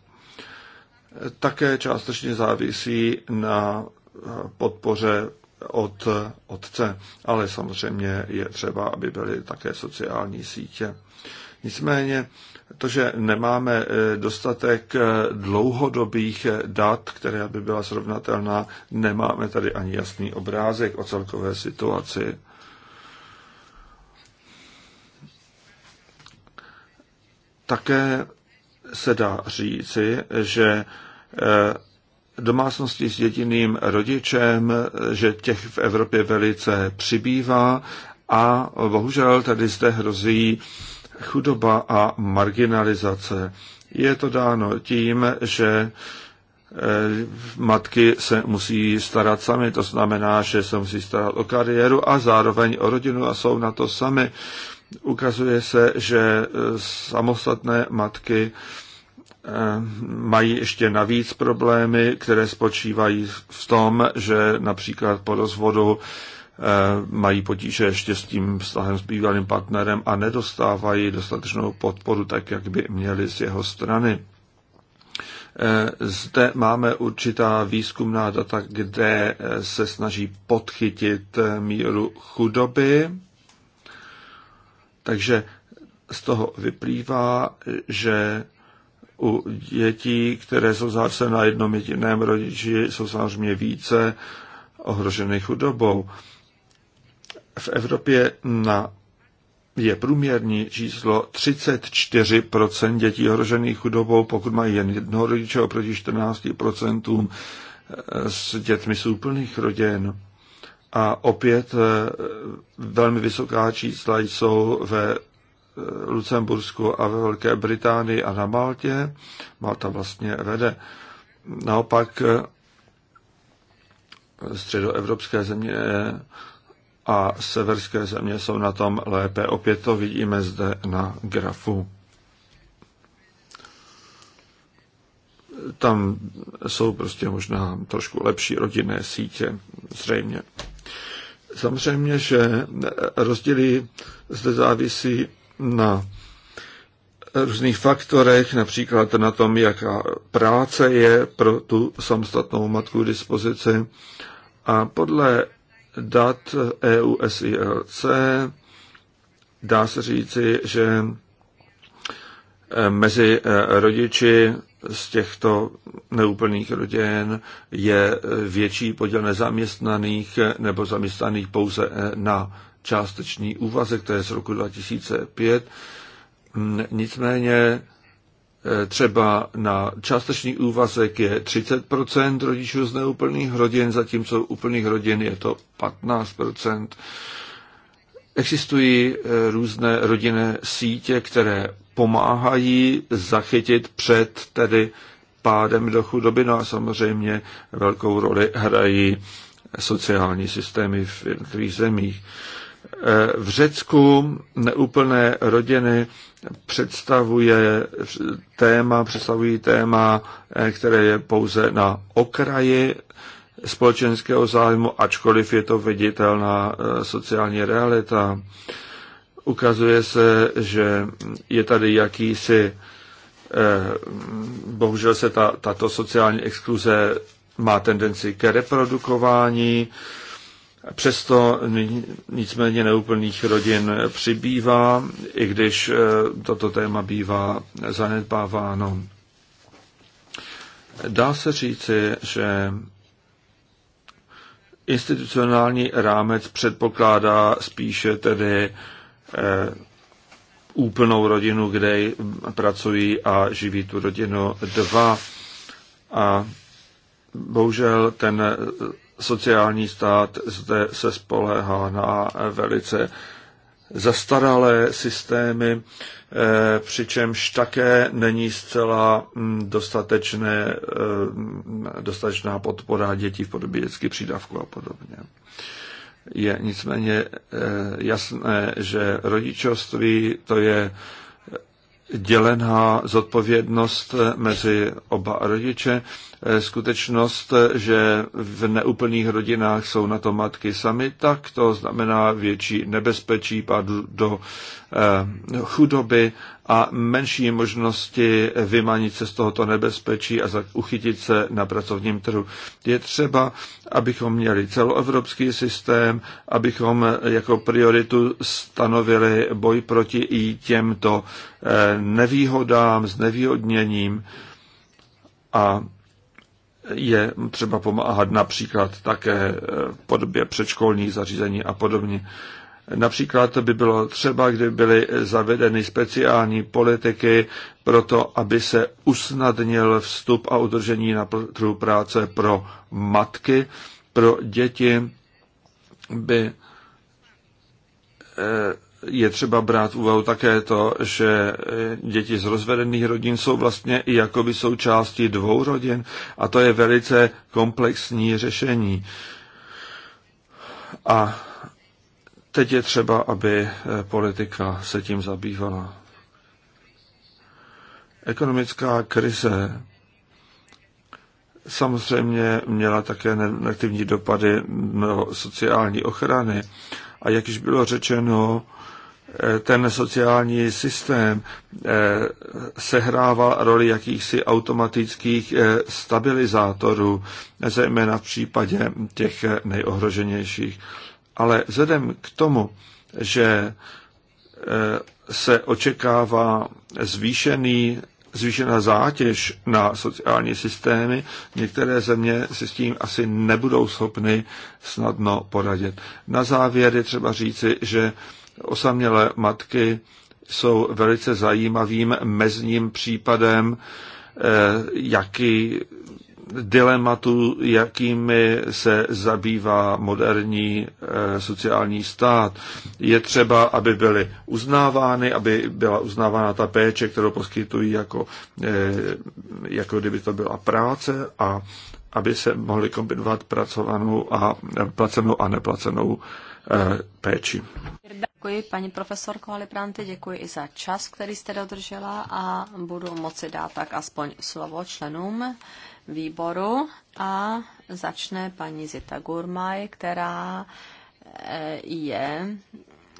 Také částečně závisí na eh, podpoře od otce, ale samozřejmě je třeba, aby byly také sociální sítě. Nicméně to, že nemáme eh, dostatek eh, dlouhodobých eh, dat, která by byla srovnatelná, nemáme tady ani jasný obrázek o celkové situaci. Také se dá říci, že domácnosti s jediným rodičem, že těch v Evropě velice přibývá a bohužel tady zde hrozí chudoba a marginalizace. Je to dáno tím, že eh, matky se musí starat sami, to znamená, že se musí starat o kariéru a zároveň o rodinu a jsou na to sami. Ukazuje se, že eh, samostatné matky eh, mají ještě navíc problémy, které spočívají v tom, že například po rozvodu Eh, mají potíže ještě s tím vztahem s bývalým partnerem a nedostávají dostatečnou podporu tak, jak by měli z jeho strany. Eh, zde máme určitá výzkumná data, kde eh, se snaží podchytit míru chudoby. Takže z toho vyplývá, že u dětí, které jsou závislé na jednom jediném rodiči, jsou samozřejmě více ohroženy chudobou v Evropě na, je průměrní číslo 34% dětí ohrožených chudobou, pokud mají jen jednoho rodiče oproti 14% eh, s dětmi z úplných rodin. A opět eh, velmi vysoká čísla jsou ve eh, Lucembursku a ve Velké Británii a na Maltě. Malta vlastně vede. Naopak středoevropské země a severské země jsou na tom lépe. Opět to vidíme zde na grafu. Tam jsou prostě možná trošku lepší rodinné sítě, zřejmě. Samozřejmě, že rozdíly zde závisí na různých faktorech, například na tom, jaká práce je pro tu samostatnou matku k dispozici. A podle dat EU SILC dá se říci, že eh, mezi eh, rodiči z těchto neúplných rodin je eh, větší podíl nezaměstnaných nebo zaměstnaných pouze na částečný úvazek, to je z roku 2005. Hm, nicméně Eh, třeba na částečný úvazek je 30% rodičů z neúplných rodin, zatímco úplných rodin je to 15%. Existují eh, různé rodinné sítě, které pomáhají zachytit před tedy pádem do chudoby. No a samozřejmě velkou roli hrají sociální systémy v jednotlivých zemích. V Řecku neúplné rodiny představuje téma, představují téma, eh, které je pouze na okraji společenského zájmu, ačkoliv je to viditelná eh, sociální realita. Ukazuje se, že je tady jakýsi, eh, bohužel se ta, tato sociální exkluze má tendenci ke reprodukování, Přesto nicméně neúplných rodin přibývá, i když eh, toto téma bývá zanedbáváno. Dá se říci, že institucionální rámec předpokládá spíše tedy eh, úplnou rodinu, kde pracují a živí tu rodinu dva. A bohužel ten sociální stát zde se spolehá na velice zastaralé systémy, eh, přičemž také není zcela mm, dostatečné, eh, dostatečná podpora dětí v podobě dětských přídavků a podobně. Je nicméně eh, jasné, že rodičovství to je dělená zodpovědnost eh, mezi oba rodiče, eh, skutečnost, eh, že v neúplných rodinách jsou na to matky sami, tak to znamená větší nebezpečí pádu do chudoby a menší možnosti vymanit se z tohoto nebezpečí a uchytit se na pracovním trhu. Je třeba, abychom měli celoevropský systém, abychom jako prioritu stanovili boj proti i těmto eh, nevýhodám, znevýhodněním a je třeba pomáhat například také v eh, podobě předškolních zařízení a podobně. Například by bylo třeba, kdyby byly zavedeny speciální politiky pro to, aby se usnadnil vstup a udržení na trhu práce pro matky, pro děti by eh, je třeba brát v úvahu také to, že eh, děti z rozvedených rodin jsou vlastně i jakoby součástí dvou rodin a to je velice komplexní řešení. A teď je třeba, aby eh, politika se tím zabývala. Ekonomická krize samozřejmě měla také negativní dopady na sociální ochrany. A jak již bylo řečeno, eh, ten sociální systém eh, sehrával roli jakýchsi automatických stabilizátorů, zejména v případě těch nejohroženějších ale vzhledem k tomu, že eh, se očekává zvýšený, zvýšená zátěž na sociální systémy. Některé země se s tím asi nebudou schopny snadno poradit. Na závěr je třeba říci, že osamělé matky jsou velice zajímavým mezním případem, eh, jaký dilematu, jakými se zabývá moderní eh, sociální stát. Je třeba, aby byly uznávány, aby byla uznávána ta péče, kterou poskytují jako, eh, jako kdyby to byla práce a aby se mohly kombinovat pracovanou a eh, placenou a neplacenou péči. Děkuji paní profesorko Alipranty, děkuji i za čas, který jste dodržela a budu moci dát tak aspoň slovo členům výboru a začne paní Zita Gurmaj, která eh, je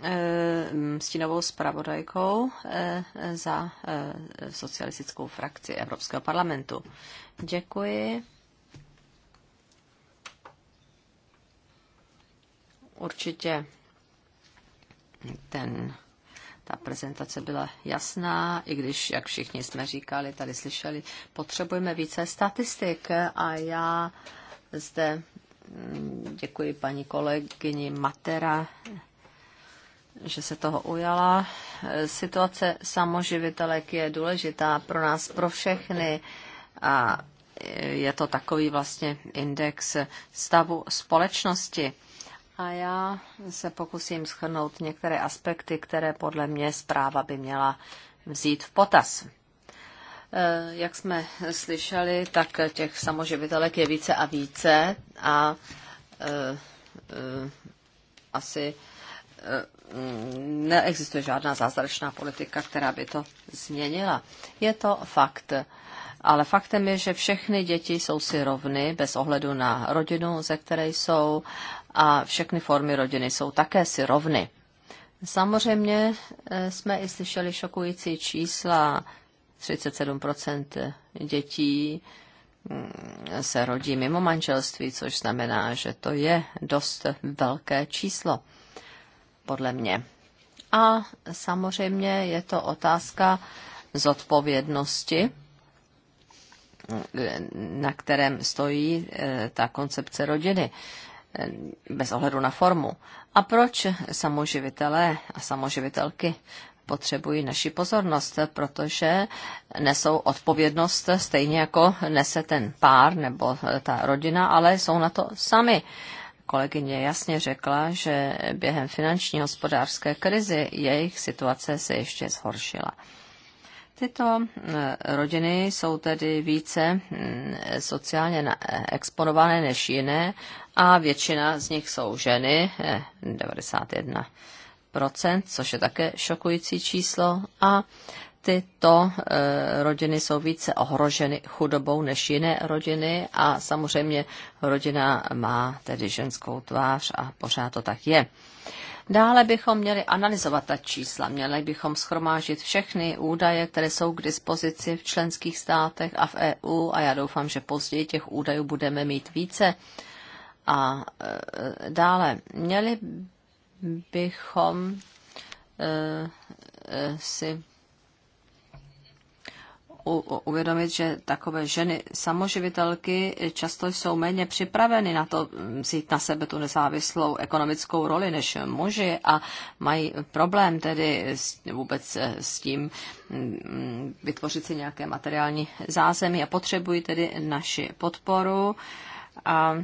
eh, stínovou zpravodajkou eh, za socialistickou frakci Evropského parlamentu. Děkuji. Určitě ten ta prezentace byla jasná, i když, jak všichni jsme říkali, tady slyšeli, potřebujeme více statistik a já zde mm, děkuji paní kolegyni Matera, že se toho ujala. Situace samoživitelek je důležitá pro nás, pro všechny a je to takový vlastně index stavu společnosti a já se pokusím schrnout některé aspekty, které podle mě zpráva by měla vzít v potaz. Eh, jak jsme slyšeli, tak těch samoživitelek je více a více a eh, eh, asi neexistuje žádná zázračná politika, která by to změnila. Je to fakt. Ale faktem je, že všechny děti jsou si rovny bez ohledu na rodinu, ze které jsou a všechny formy rodiny jsou také si rovny. Samozřejmě eh, jsme i slyšeli šokující čísla. 37% dětí mm, se rodí mimo manželství, což znamená, že to je dost velké číslo, podle mě. A samozřejmě je to otázka zodpovědnosti, mm, na kterém stojí eh, ta koncepce rodiny. Eh, bez ohledu na formu. A proč samoživitelé a samoživitelky potřebují naši pozornost, protože nesou odpovědnost stejně jako nese ten pár nebo eh, ta rodina, ale jsou na to sami. Kolegyně jasně řekla, že během finanční hospodářské krizi jejich situace se ještě zhoršila. Tyto eh, rodiny jsou tedy více mm, sociálně exponované než jiné a většina z nich jsou ženy, 91%, eh, což je také šokující číslo. A tyto eh, rodiny jsou více ohroženy chudobou než jiné rodiny a samozřejmě rodina má tedy ženskou tvář a pořád to tak je. Dále bychom měli analyzovat ta čísla, měli bychom schromážit všechny údaje, které jsou k dispozici v členských státech a v EU a já doufám, že později těch údajů budeme mít více a e, dále, měli bychom e, e, si uvědomit, že takové ženy samoživitelky často jsou méně připraveny na to vzít na sebe tu nezávislou ekonomickou roli než muži a mají problém tedy s, vůbec s tím vytvořit si nějaké materiální zázemí a potřebují tedy naši podporu. A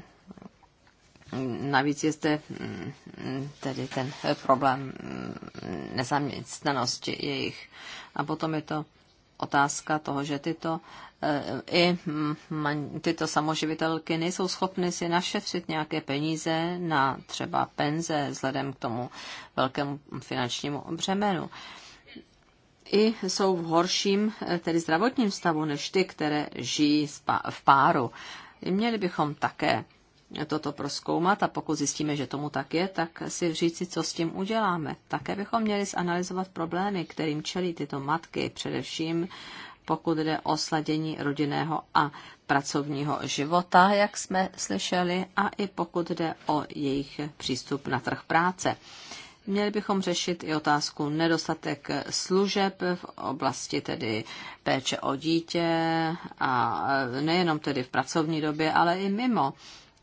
Navíc je zde mm, tedy ten problém mm, nezaměstnanosti jejich. A potom je to otázka toho, že tyto eh, i mm, tyto samoživitelky nejsou schopny si našetřit nějaké peníze na třeba penze vzhledem k tomu velkému finančnímu břemenu. I jsou v horším, eh, tedy zdravotním stavu, než ty, které žijí v páru. I měli bychom také toto proskoumat a pokud zjistíme, že tomu tak je, tak si říci, co s tím uděláme. Také bychom měli zanalizovat problémy, kterým čelí tyto matky, především pokud jde o sladění rodinného a pracovního života, jak jsme slyšeli, a i pokud jde o jejich přístup na trh práce. Měli bychom řešit i otázku nedostatek služeb v oblasti tedy péče o dítě a nejenom tedy v pracovní době, ale i mimo.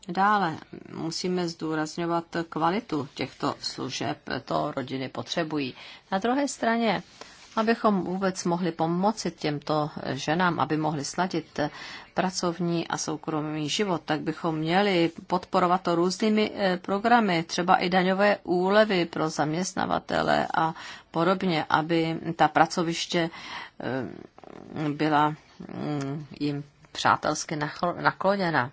Dále musíme zdůrazňovat kvalitu těchto služeb, to rodiny potřebují. Na druhé straně, abychom vůbec mohli pomoci těmto ženám, aby mohli sladit pracovní a soukromý život, tak bychom měli podporovat to různými eh, programy, třeba i daňové úlevy pro zaměstnavatele a podobně, aby ta pracoviště eh, byla mm, jim přátelsky nakloněna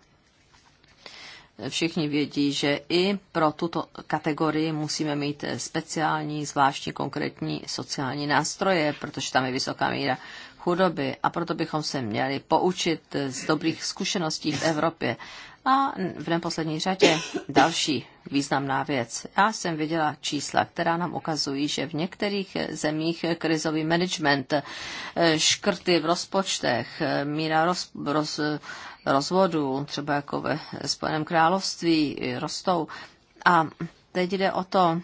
všichni vědí, že i pro tuto kategorii musíme mít speciální, zvláštní, konkrétní sociální nástroje, protože tam je vysoká míra chudoby a proto bychom se měli poučit z dobrých zkušeností v Evropě. A v neposlední řadě další významná věc. Já jsem viděla čísla, která nám ukazují, že v některých zemích krizový management, eh, škrty v rozpočtech, eh, míra roz, roz, rozvodů, třeba jako ve Spojeném království, rostou. A teď jde o to,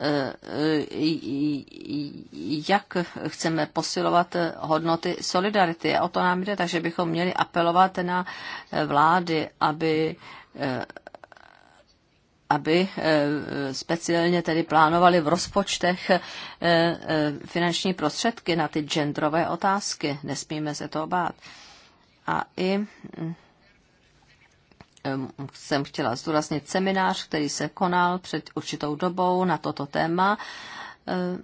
eh, eh, jak chceme posilovat hodnoty solidarity. O to nám jde, takže bychom měli apelovat na vlády, aby eh, aby speciálně tedy plánovali v rozpočtech finanční prostředky na ty genderové otázky. Nesmíme se to obát. A i mm, jsem chtěla zdůraznit seminář, který se konal před určitou dobou na toto téma. E,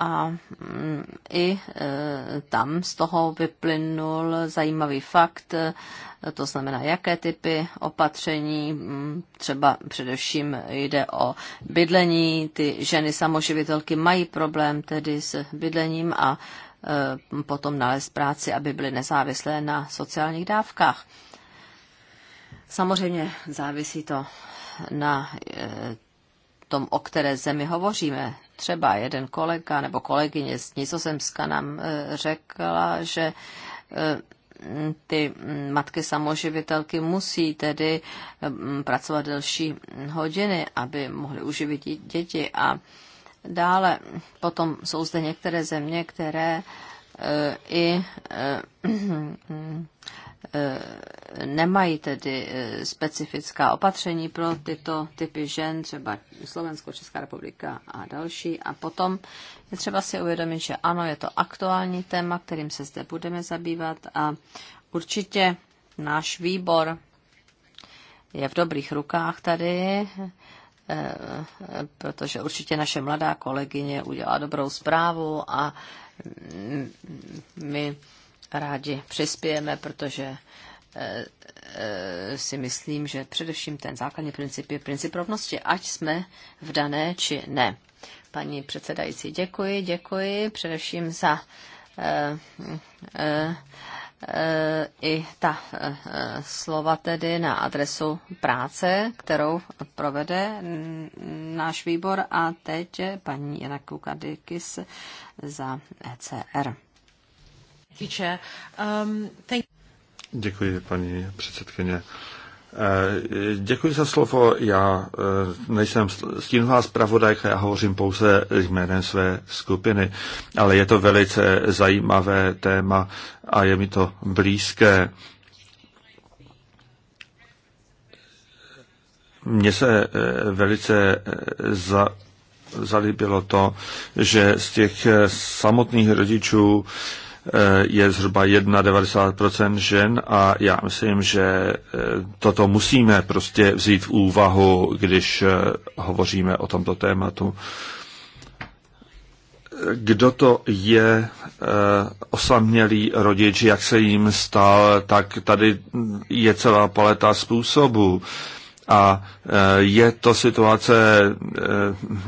a mm, i e, tam z toho vyplynul zajímavý fakt, e, to znamená, jaké typy opatření, mm, třeba především jde o bydlení, ty ženy samoživitelky mají problém tedy s bydlením a Eh, potom nalézt práci, aby byly nezávislé na sociálních dávkách. Samozřejmě závisí to na eh, tom, o které zemi hovoříme. Třeba jeden kolega nebo kolegyně z Nizozemska nám eh, řekla, že ty matky samoživitelky musí tedy pracovat delší hodiny, aby mohly uživit děti a Dále potom jsou zde některé země, které eh, i eh, eh, nemají tedy specifická opatření pro tyto typy žen, třeba Slovensko, Česká republika a další. A potom je třeba si uvědomit, že ano, je to aktuální téma, kterým se zde budeme zabývat a určitě náš výbor je v dobrých rukách tady Eh, protože určitě naše mladá kolegyně udělá dobrou zprávu a mm, my rádi přispějeme, protože eh, eh, si myslím, že především ten základní princip je princip rovnosti, ať jsme v dané či ne. Paní předsedající, děkuji, děkuji především za eh, eh, i ta eh, slova tedy na adresu práce, kterou provede náš výbor a teď paní Jana Kukadikis za ECR. Děkuji, paní předsedkyně. Eh, děkuji za slovo. Já eh, nejsem stínová zpravodajka, já hovořím pouze jménem své skupiny, ale je to velice zajímavé téma a je mi to blízké. Mně se eh, velice za, zalíbilo to, že z těch samotných rodičů Eh, je zhruba 91% žen a já myslím, že eh, toto musíme prostě vzít v úvahu, když eh, hovoříme o tomto tématu. Kdo to je osamělý rodič, jak se jim stal, tak tady je celá paleta způsobů. A e, je to situace, e,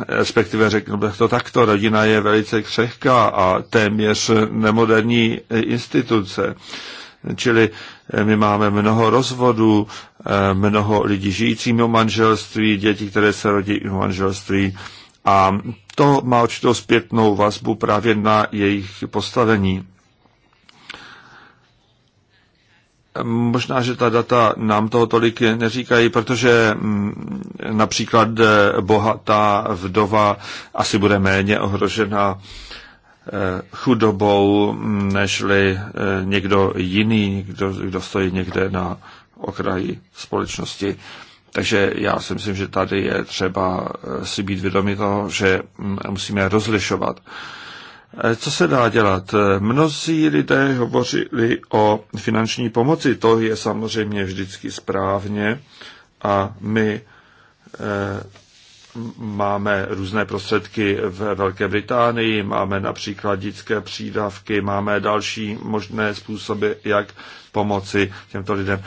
respektive řekl bych to takto, rodina je velice křehká a téměř nemoderní instituce. Čili e, my máme mnoho rozvodů, mnoho lidí žijící mimo manželství, děti, které se rodí mimo manželství a to má určitou zpětnou vazbu právě na jejich postavení. Možná, že ta data nám toho tolik neříkají, protože mm, například eh, bohatá vdova asi bude méně ohrožena eh, chudobou, mm, nežli eh, někdo jiný, někdo, kdo stojí někde na okraji společnosti. Takže já si myslím, že tady je třeba si být vědomi toho, že mm, musíme rozlišovat. Eh, co se dá dělat? Eh, mnozí lidé hovořili o finanční pomoci. To je samozřejmě vždycky správně a my eh, máme různé prostředky v Velké Británii, máme například dětské přídavky, máme další možné způsoby, jak pomoci těmto lidem.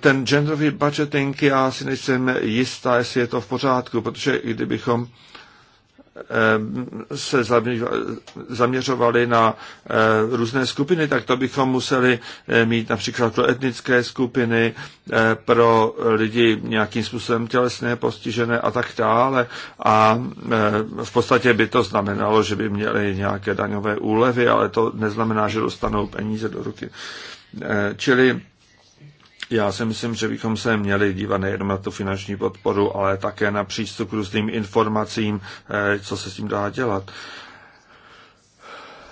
Ten genderový budgeting, já si nejsem jistá, jestli je to v pořádku, protože kdybychom Eh, se zaměřovali na eh, různé skupiny, tak to bychom museli eh, mít například pro etnické skupiny, pro lidi nějakým způsobem tělesné, postižené a tak dále. A v podstatě by to znamenalo, že by měli nějaké daňové úlevy, ale to neznamená, že dostanou peníze do ruky. Čili já si myslím, že bychom se měli dívat nejenom na tu finanční podporu, ale také na přístup k různým informacím, eh, co se s tím dá dělat.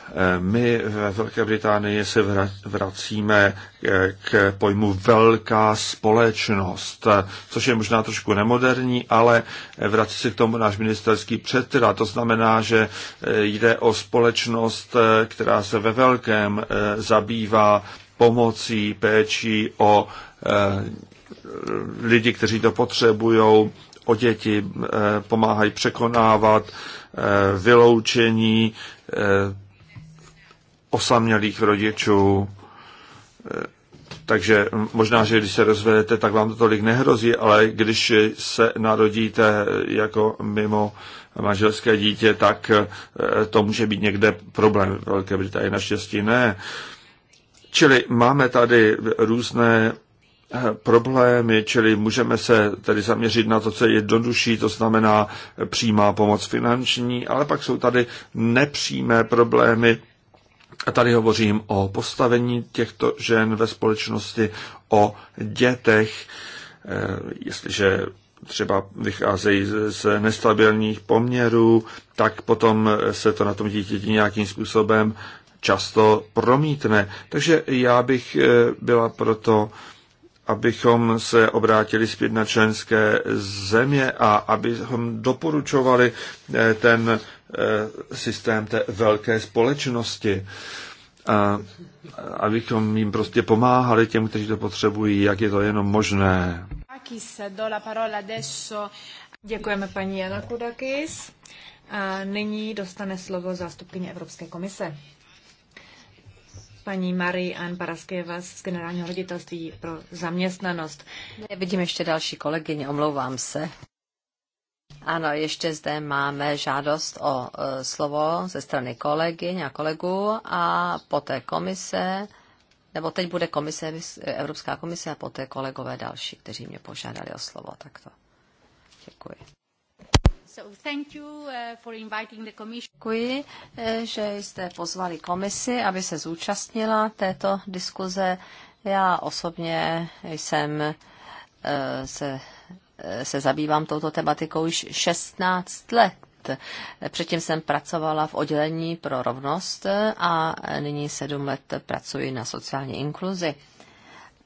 Eh, my ve Velké Británii se vracíme eh, k pojmu velká společnost, což je možná trošku nemoderní, ale vrací se k tomu náš ministerský předseda. To znamená, že jde o společnost, která se ve velkém zabývá pomocí, péčí o Eh, lidi, kteří to potřebují, o děti eh, pomáhají překonávat eh, vyloučení osamělých rodičů. Takže možná, že když se rozvedete, tak vám to tolik nehrozí, ale když se narodíte jako mimo manželské dítě, tak to může být někde problém. Velké Británie naštěstí ne. Čili máme tady různé Eh, problémy, čili můžeme se tedy zaměřit na to, co je jednodušší, to znamená eh, přímá pomoc finanční, ale pak jsou tady nepřímé problémy. A tady hovořím o postavení těchto žen ve společnosti, o dětech, eh, jestliže třeba vycházejí z nestabilních poměrů, tak potom se to na tom dítěti nějakým způsobem často promítne. Takže já bych byla proto, abychom se obrátili zpět na členské země a abychom doporučovali eh, ten eh, systém té velké společnosti. A abychom jim prostě pomáhali těm, kteří to potřebují, jak je to jenom možné. Děkujeme paní Jana Kudakis. A nyní dostane slovo zástupkyně Evropské komise paní Marie Ann Paraskeva z Generálního ředitelství pro zaměstnanost. Vidím ještě další kolegyně, omlouvám se. Ano, ještě zde máme žádost o e, slovo ze strany kolegyň a kolegů a poté komise, nebo teď bude komise, Evropská komise a poté kolegové další, kteří mě požádali o slovo. Takto. Děkuji. Uh, Děkuji, eh, že jste pozvali komisi, aby se zúčastnila této diskuze. Já osobně jsem eh, se, eh, se zabývám touto tematikou již 16 let. Předtím jsem pracovala v oddělení pro rovnost a nyní sedm let pracuji na sociální inkluzi.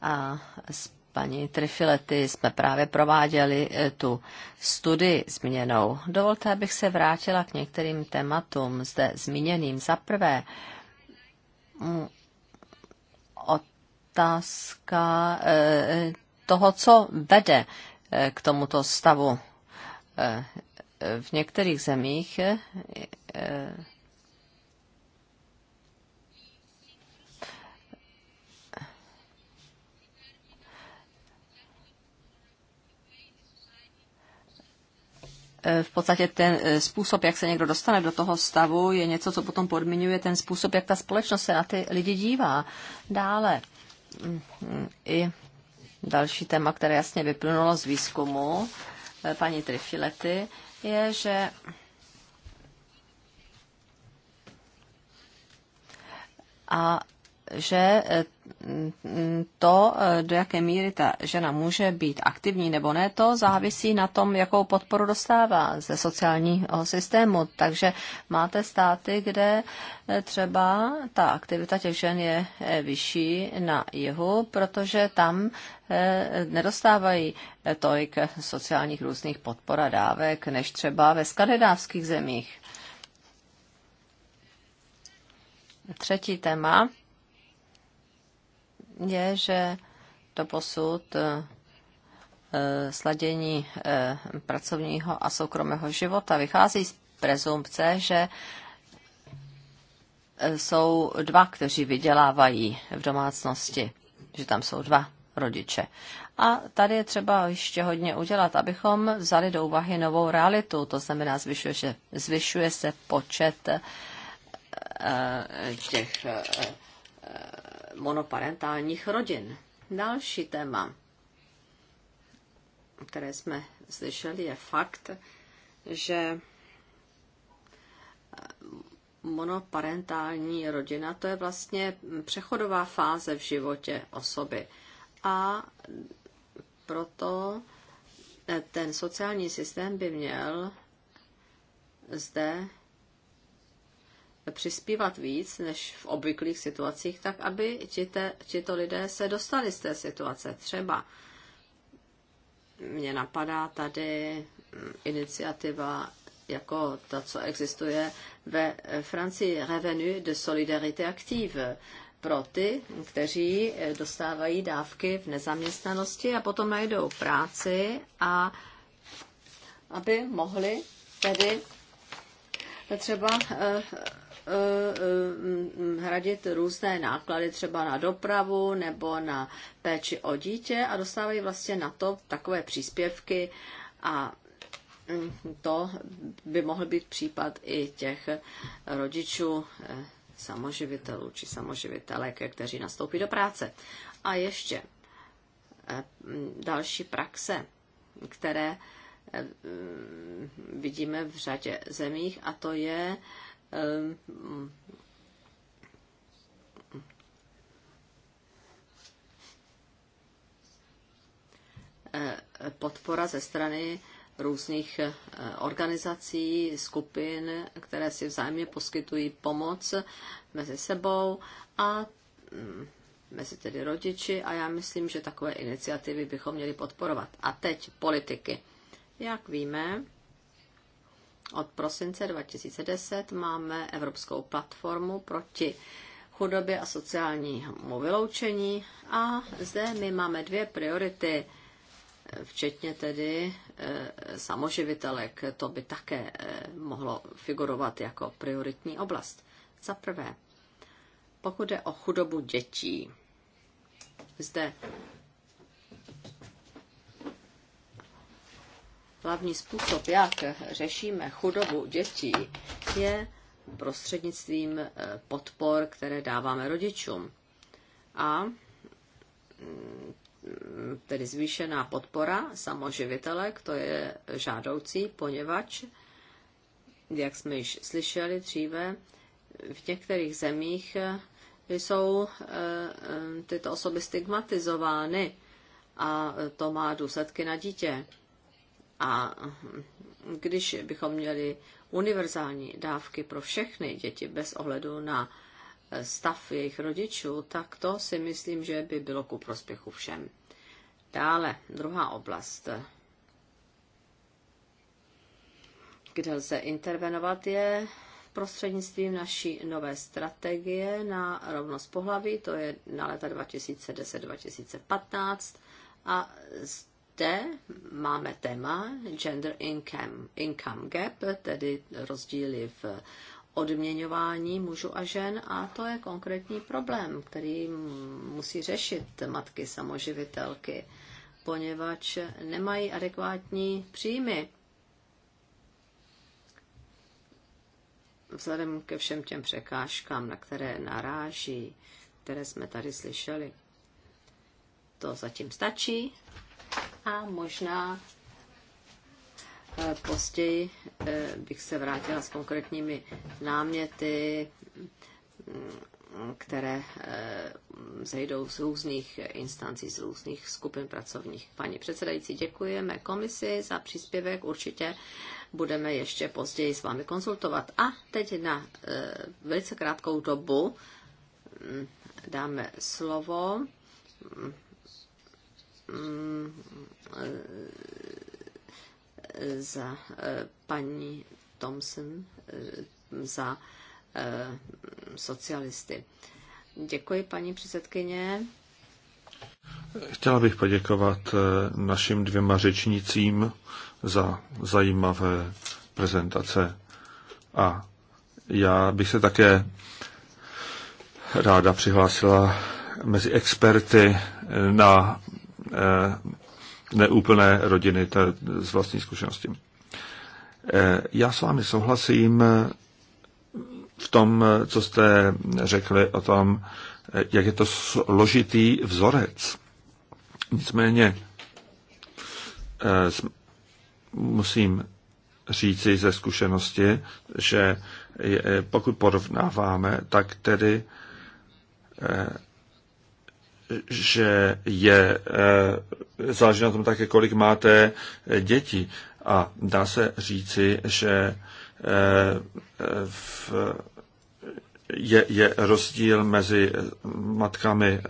A s paní Trifilety jsme právě prováděli eh, tu studii změnou. Dovolte, abych se vrátila k některým tématům zde zmíněným. Za prvé, mm, otázka eh, toho, co vede eh, k tomuto stavu. V některých zemích Eh, v podstatě ten eh, způsob, jak se někdo dostane do toho stavu, je něco, co potom podmiňuje ten způsob, jak ta společnost se na ty lidi dívá. Dále mm, mm, i další téma, které jasně vyplynulo z výzkumu eh, paní Trifilety, je, že a že eh, mm, to, eh, do jaké míry ta žena může být aktivní nebo ne, to závisí na tom, jakou podporu dostává ze sociálního systému. Takže máte státy, kde eh, třeba ta aktivita těch žen je vyšší na jihu, protože tam nedostávají tolik sociálních různých podpor a dávek, než třeba ve skandinávských zemích. Třetí téma je, že to posud eh, eh, sladění eh, pracovního a soukromého života vychází z prezumpce, že jsou dva, kteří vydělávají v domácnosti, že tam jsou dva rodiče. A tady je třeba ještě hodně udělat, abychom vzali do úvahy novou realitu, to znamená, zvyšuje, že zvyšuje se počet těch monoparentálních rodin. Další téma, které jsme slyšeli, je fakt, že eh, monoparentální rodina to je vlastně přechodová fáze v životě osoby. A proto eh, ten sociální systém by měl zde přispívat víc než v obvyklých situacích, tak aby ti to lidé se dostali z té situace. Třeba mě napadá tady mm, iniciativa jako ta, co existuje ve Francii Revenu de Solidarité Active pro ty, kteří dostávají dávky v nezaměstnanosti a potom najdou práci a aby mohli tedy třeba eh, Eh, eh, hradit různé náklady třeba na dopravu nebo na péči o dítě a dostávají vlastně na to takové příspěvky a hm, to by mohl být případ i těch rodičů eh, samoživitelů či samoživitelek, kteří nastoupí do práce. A ještě hm, další praxe, které hm, vidíme v řadě zemích, a to je Ehm, ehm, podpora ze strany různých eh, organizací, skupin, které si vzájemně poskytují pomoc mezi sebou a mm, mezi tedy rodiči a já myslím, že takové iniciativy bychom měli podporovat. A teď politiky. Jak víme, od prosince 2010 máme Evropskou platformu proti chudobě a sociálnímu vyloučení a zde my máme dvě priority, včetně tedy e, samoživitelek. To by také e, mohlo figurovat jako prioritní oblast. Za prvé, pokud je o chudobu dětí, zde hlavní způsob, jak řešíme chudobu dětí, je prostřednictvím eh, podpor, které dáváme rodičům. A mm, tedy zvýšená podpora samoživitelek, to je žádoucí, poněvadž, jak jsme již slyšeli dříve, v některých zemích eh, jsou eh, tyto osoby stigmatizovány a to má důsledky na dítě. A když bychom měli univerzální dávky pro všechny děti bez ohledu na stav jejich rodičů, tak to si myslím, že by bylo ku prospěchu všem. Dále, druhá oblast, kde lze intervenovat, je prostřednictvím naší nové strategie na rovnost pohlaví, to je na leta 2010-2015 a zde máme téma Gender Income, income Gap, tedy rozdíly v odměňování mužů a žen a to je konkrétní problém, který musí řešit matky samoživitelky, poněvadž nemají adekvátní příjmy. Vzhledem ke všem těm překážkám, na které naráží, které jsme tady slyšeli. To zatím stačí a možná eh, později eh, bych se vrátila s konkrétními náměty, mm, které eh, zejdou z různých instancí, z různých skupin pracovních. Paní předsedající, děkujeme komisi za příspěvek. Určitě budeme ještě později s vámi konsultovat. A teď na velice krátkou dobu mm, dáme slovo mm, za eh, paní Thompson eh, za eh, socialisty. Děkuji, paní předsedkyně. Chtěla bych poděkovat našim dvěma řečnicím za zajímavé prezentace. A já bych se také ráda přihlásila mezi experty na Eh, neúplné rodiny, to z vlastní zkušenosti. Eh, já s vámi souhlasím eh, v tom, co jste řekli o tom, jak je to složitý vzorec. Nicméně musím říci ze zkušenosti, že pokud porovnáváme, tak tedy že je, eh, záleží na tom také, kolik máte eh, dětí. A dá se říci, že eh, v, je, je rozdíl mezi matkami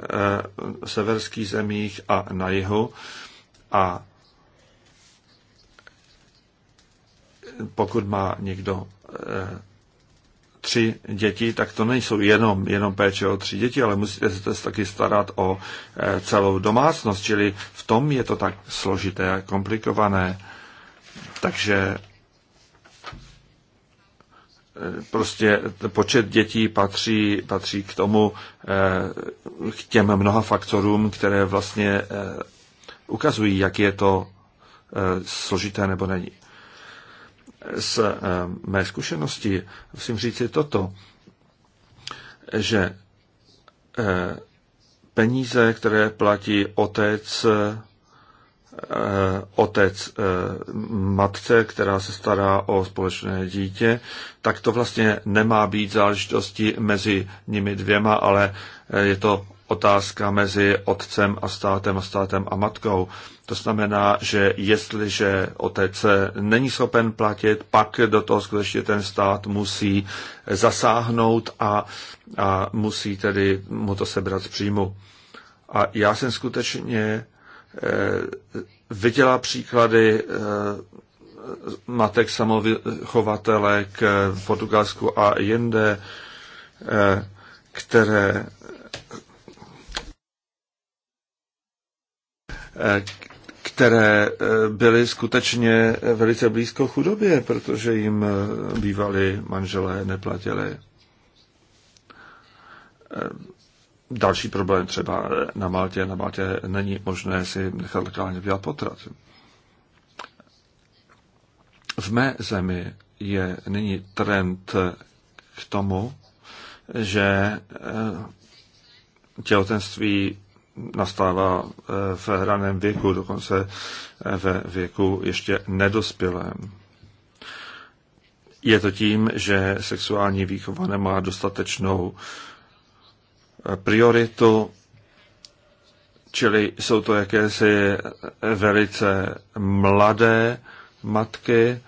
v severských zemích a na jihu. A pokud má někdo tři děti, tak to nejsou jenom, jenom péče o tři děti, ale musíte se taky starat o eh, celou domácnost, čili v tom je to tak složité a komplikované. Takže eh, prostě počet dětí patří, patří k tomu, eh, k těm mnoha faktorům, které vlastně ukazují, jak je to složité nebo není z eh, mé zkušenosti musím říci toto, že eh, peníze, které platí otec, eh, otec matce, která se stará o společné dítě, tak to vlastně nemá být záležitosti mezi nimi dvěma, ale je to otázka mezi otcem a státem a státem a matkou. To znamená, že jestliže otec není schopen platit, pak do toho skutečně ten stát musí zasáhnout a, a musí tedy mu to sebrat z příjmu. A já jsem skutečně e, viděla příklady e, matek samovychovatelek v Portugalsku a jinde, eh, které které eh, byly skutečně velice blízko chudobě, protože jim eh, bývali manželé neplatili. Eh, další problém třeba na Maltě. Na Maltě není možné si nechat lokálně dělat potrat. V mé zemi je nyní trend k tomu, že těhotenství nastává eh, v hraném věku, dokonce eh, ve věku ještě nedospělém. Je to tím, že sexuální výchova nemá dostatečnou eh, prioritu, čili jsou to jakési velice mladé matky,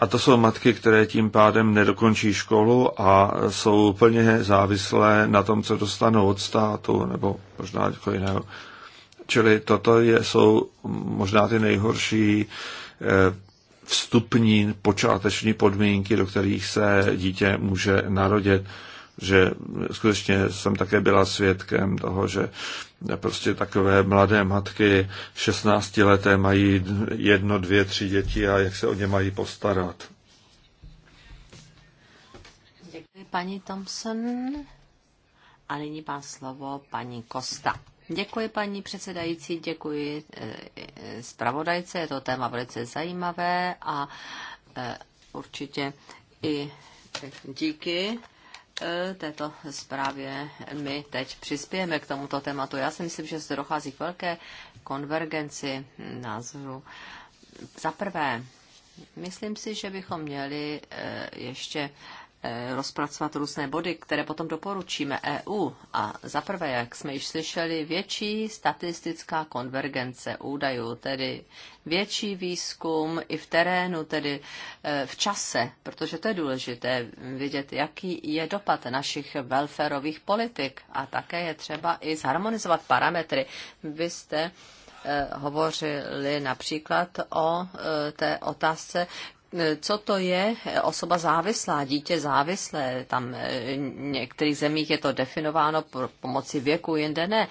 a to jsou matky, které tím pádem nedokončí školu a jsou plně závislé na tom, co dostanou od státu nebo možná něco jiného. Čili toto je, jsou možná ty nejhorší eh, vstupní počáteční podmínky, do kterých se dítě může narodit. Že skutečně jsem také byla svědkem toho, že prostě takové mladé matky, 16 leté, mají jedno, dvě, tři děti a jak se o ně mají postarat. Děkuji paní Thompson. A nyní má slovo paní Kosta. Děkuji paní předsedající, děkuji eh, eh, zpravodajce, je to téma velice zajímavé a eh, určitě i díky E, této zprávě my teď přispějeme k tomuto tématu. Já si myslím, že se dochází k velké konvergenci názoru. Za prvé, myslím si, že bychom měli e, ještě Eh, rozpracovat různé body, které potom doporučíme EU. A zaprvé, jak jsme již slyšeli, větší statistická konvergence údajů, tedy větší výzkum i v terénu, tedy eh, v čase, protože to je důležité vidět, jaký je dopad našich welfareových politik. A také je třeba i zharmonizovat parametry. Vy jste eh, hovořili například o té otázce co to je eh, osoba závislá, dítě závislé. Tam eh, v některých zemích je to definováno pomocí věku, jinde ne.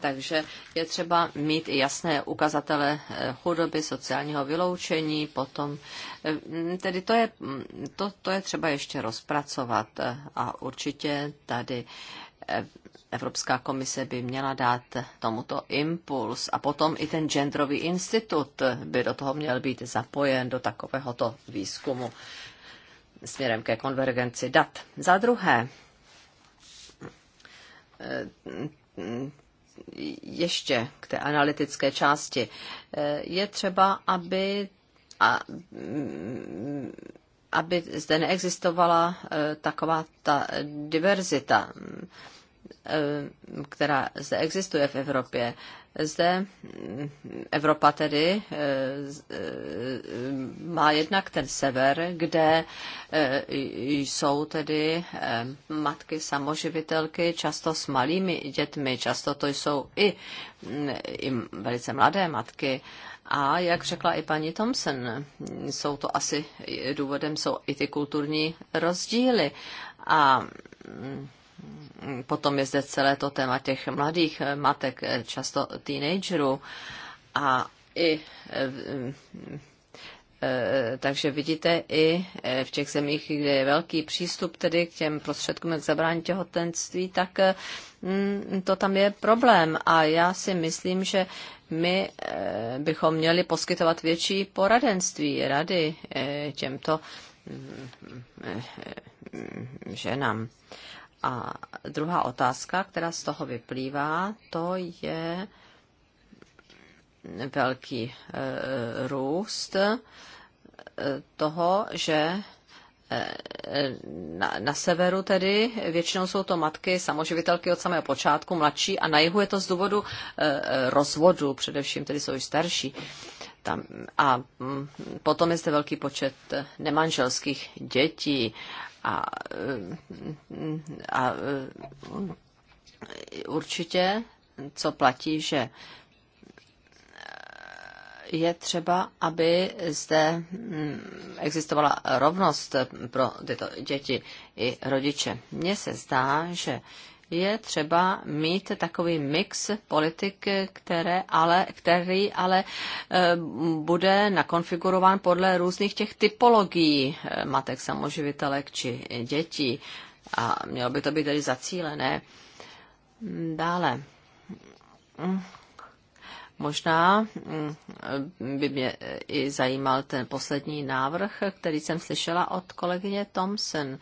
Takže je třeba mít i jasné ukazatele eh, chudoby, sociálního vyloučení, potom, tedy to je, mm, to, to je třeba ještě rozpracovat a určitě tady Evropská komise by měla dát tomuto impuls a potom i ten genderový institut by do toho měl být zapojen do takovéhoto výzkumu směrem ke konvergenci dat. Za druhé, eh, ještě k té analytické části, eh, je třeba, aby mm, aby zde neexistovala eh, taková ta diverzita Eh, která zde existuje v Evropě. Zde Evropa tedy eh, eh, má jednak ten sever, kde jsou tedy matky samoživitelky, často s malými dětmi, často to jsou i, mm, i velice mladé matky. A jak řekla i paní Thompson, jsou to asi důvodem jsou i ty kulturní rozdíly. A mm, Potom je zde celé to téma těch mladých eh, matek, eh, často teenagerů. A i eh, mm, takže vidíte i v těch zemích, kde je velký přístup tedy k těm prostředkům k zabrání těhotenství, tak mm, to tam je problém. A já si myslím, že my bychom měli poskytovat větší poradenství, rady těmto mm, ženám. A druhá otázka, která z toho vyplývá, to je velký e, růst e, toho, že e, na, na severu tedy většinou jsou to matky samoživitelky od samého počátku, mladší a na jihu je to z důvodu e, rozvodu, především tedy jsou již starší. Tam, a mm, potom je zde velký počet nemanželských dětí a, a určitě, co platí, že je třeba, aby zde existovala rovnost pro tyto děti i rodiče. Mně se zdá, že je třeba mít takový mix politik, které ale, který ale eh, bude nakonfigurován podle různých těch typologií eh, matek samoživitelek či dětí. A mělo by to být tedy zacílené. Mm, dále. Mm. Možná mm, by mě eh, i zajímal ten poslední návrh, který jsem slyšela od kolegyně Thompson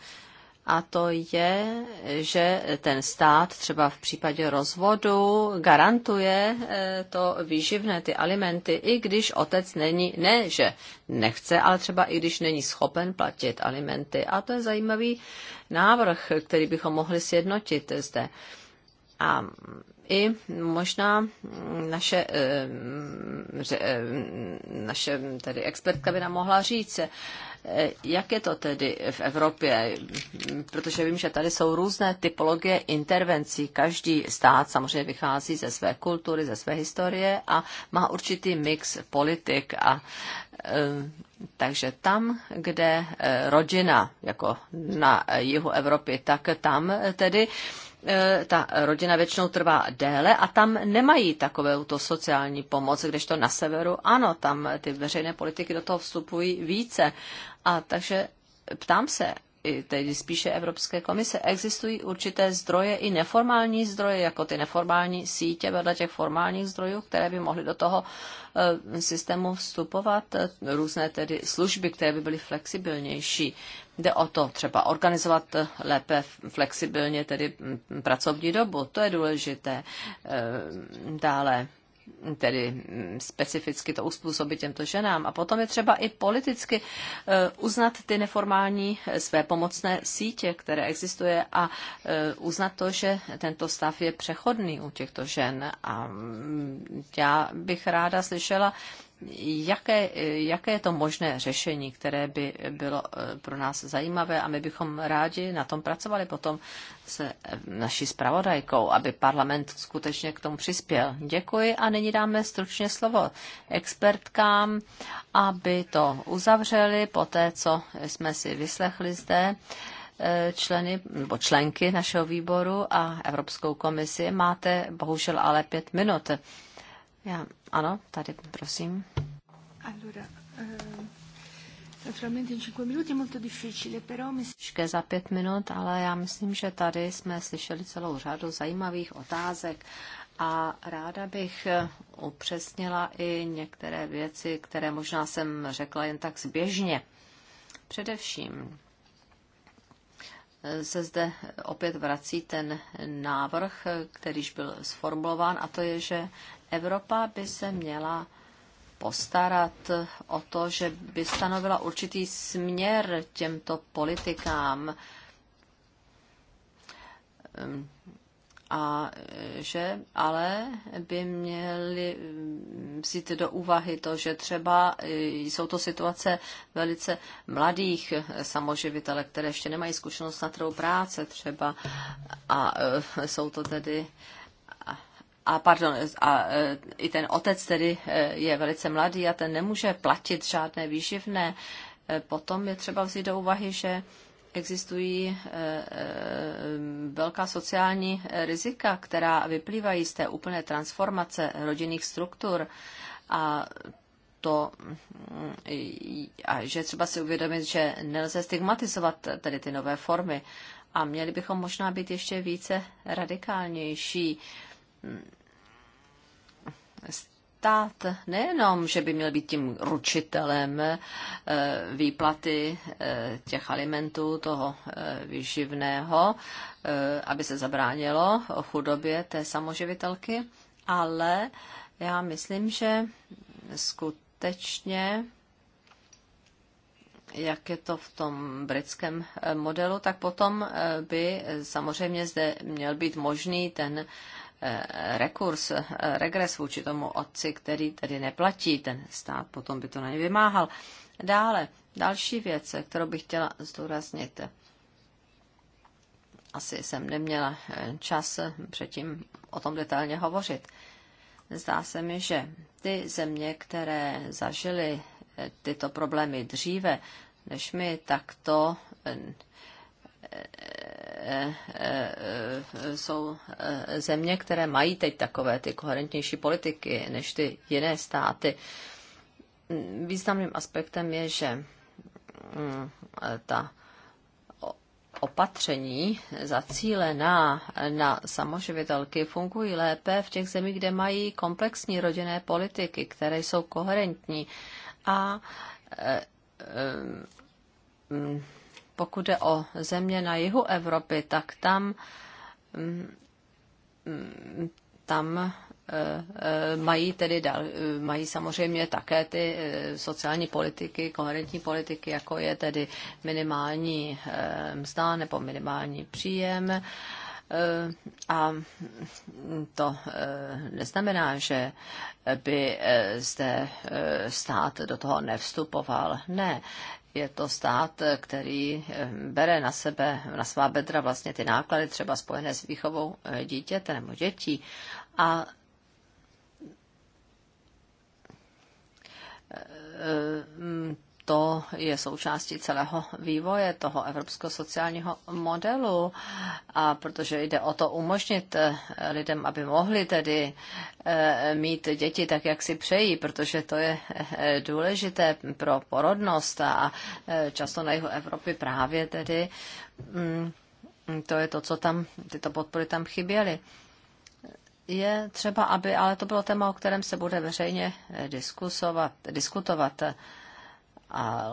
a to je, že ten stát třeba v případě rozvodu garantuje eh, to výživné, ty alimenty, i když otec není, ne, že nechce, ale třeba i když není schopen platit alimenty. A to je zajímavý návrh, který bychom mohli sjednotit zde. A i možná naše, eh, eh, naše tedy expertka by nám mohla říct, eh, jak je to tedy v Evropě, protože vím, že tady jsou různé typologie intervencí. Každý stát samozřejmě vychází ze své kultury, ze své historie a má určitý mix politik a takže tam, kde rodina, jako na jihu Evropy, tak tam tedy E, ta rodina většinou trvá déle a tam nemají takovou to sociální pomoc, kdežto na severu ano, tam ty veřejné politiky do toho vstupují více. A takže ptám se, tedy spíše Evropské komise, existují určité zdroje i neformální zdroje, jako ty neformální sítě vedle těch formálních zdrojů, které by mohly do toho e, systému vstupovat, e, různé tedy služby, které by byly flexibilnější. Jde o to třeba organizovat lépe, flexibilně tedy pracovní dobu, to je důležité. Ehm, dále tedy specificky to uspůsobit těmto ženám. A potom je třeba i politicky eh, uznat ty neformální eh, své pomocné sítě, které existuje a eh, uznat to, že tento stav je přechodný u těchto žen. A mm, já bych ráda slyšela jaké, jaké je to možné řešení, které by bylo eh, pro nás zajímavé a my bychom rádi na tom pracovali potom se eh, naší zpravodajkou, aby parlament skutečně k tomu přispěl. Děkuji a nyní dáme stručně slovo expertkám, aby to uzavřeli po té, co jsme si vyslechli zde eh, členy nebo členky našeho výboru a Evropskou komisi. Máte bohužel ale pět minut. Já, ano, tady, prosím. Allora, ehm, Těžké za pět minut, ale já myslím, že tady jsme slyšeli celou řadu zajímavých otázek a ráda bych eh, upřesnila i některé věci, které možná jsem řekla jen tak zběžně. Především eh, se zde opět vrací ten návrh, eh, kterýž byl sformulován, a to je, že Evropa by se měla postarat o to, že by stanovila určitý směr těmto politikám ehm, a že ale by měli ehm, vzít do úvahy to, že třeba e, jsou to situace velice mladých e, samoživitele, které ještě nemají zkušenost na trhu práce třeba a e, jsou to tedy a pardon, a e, i ten otec tedy e, je velice mladý a ten nemůže platit žádné výživné, e, potom je třeba vzít do úvahy, že existují velká sociální rizika, která vyplývají z té úplné transformace rodinných struktur a to, a že třeba si uvědomit, že nelze stigmatizovat tedy ty nové formy a měli bychom možná být ještě více radikálnější stát nejenom, že by měl být tím ručitelem eh, výplaty eh, těch alimentů, toho eh, vyživného, aby se zabránilo o chudobě té samoživitelky, ale já myslím, že skutečně jak je to v tom britském modelu, tak potom by samozřejmě zde měl být možný ten Eh, rekurs, eh, regres vůči tomu otci, který tedy neplatí, ten stát potom by to na ně vymáhal. Dále, další věc, kterou bych chtěla zdůraznit. Asi jsem neměla eh, čas předtím o tom detailně hovořit. Zdá se mi, že ty země, které zažily tyto problémy dříve než my, tak to E, e, e, jsou země, které mají teď takové ty koherentnější politiky než ty jiné státy. Významným aspektem je, že mm, ta opatření zacílená na samoživitelky fungují lépe v těch zemích, kde mají komplexní rodinné politiky, které jsou koherentní a mm, pokud jde o země na jihu Evropy, tak tam, mm, mm, tam e, e, mají tedy e, mají samozřejmě také ty sociální politiky, koherentní politiky, jako je tedy minimální mzda nebo minimální příjem. A to neznamená, že by zde stát do toho nevstupoval. Ne, je to stát, který eh, bere na sebe, na svá bedra vlastně ty náklady třeba spojené s výchovou eh, dítěte nebo dětí. A eh, mm, to je součástí celého vývoje toho evropského sociálního modelu. A protože jde o to umožnit eh, lidem, aby mohli tedy eh, mít děti tak, jak si přejí, protože to je eh, důležité pro porodnost a často na jihu Evropy právě tedy mm, to je to, co tam, tyto podpory tam chyběly. Je třeba, aby, ale to bylo téma, o kterém se bude veřejně diskutovat. diskutovat a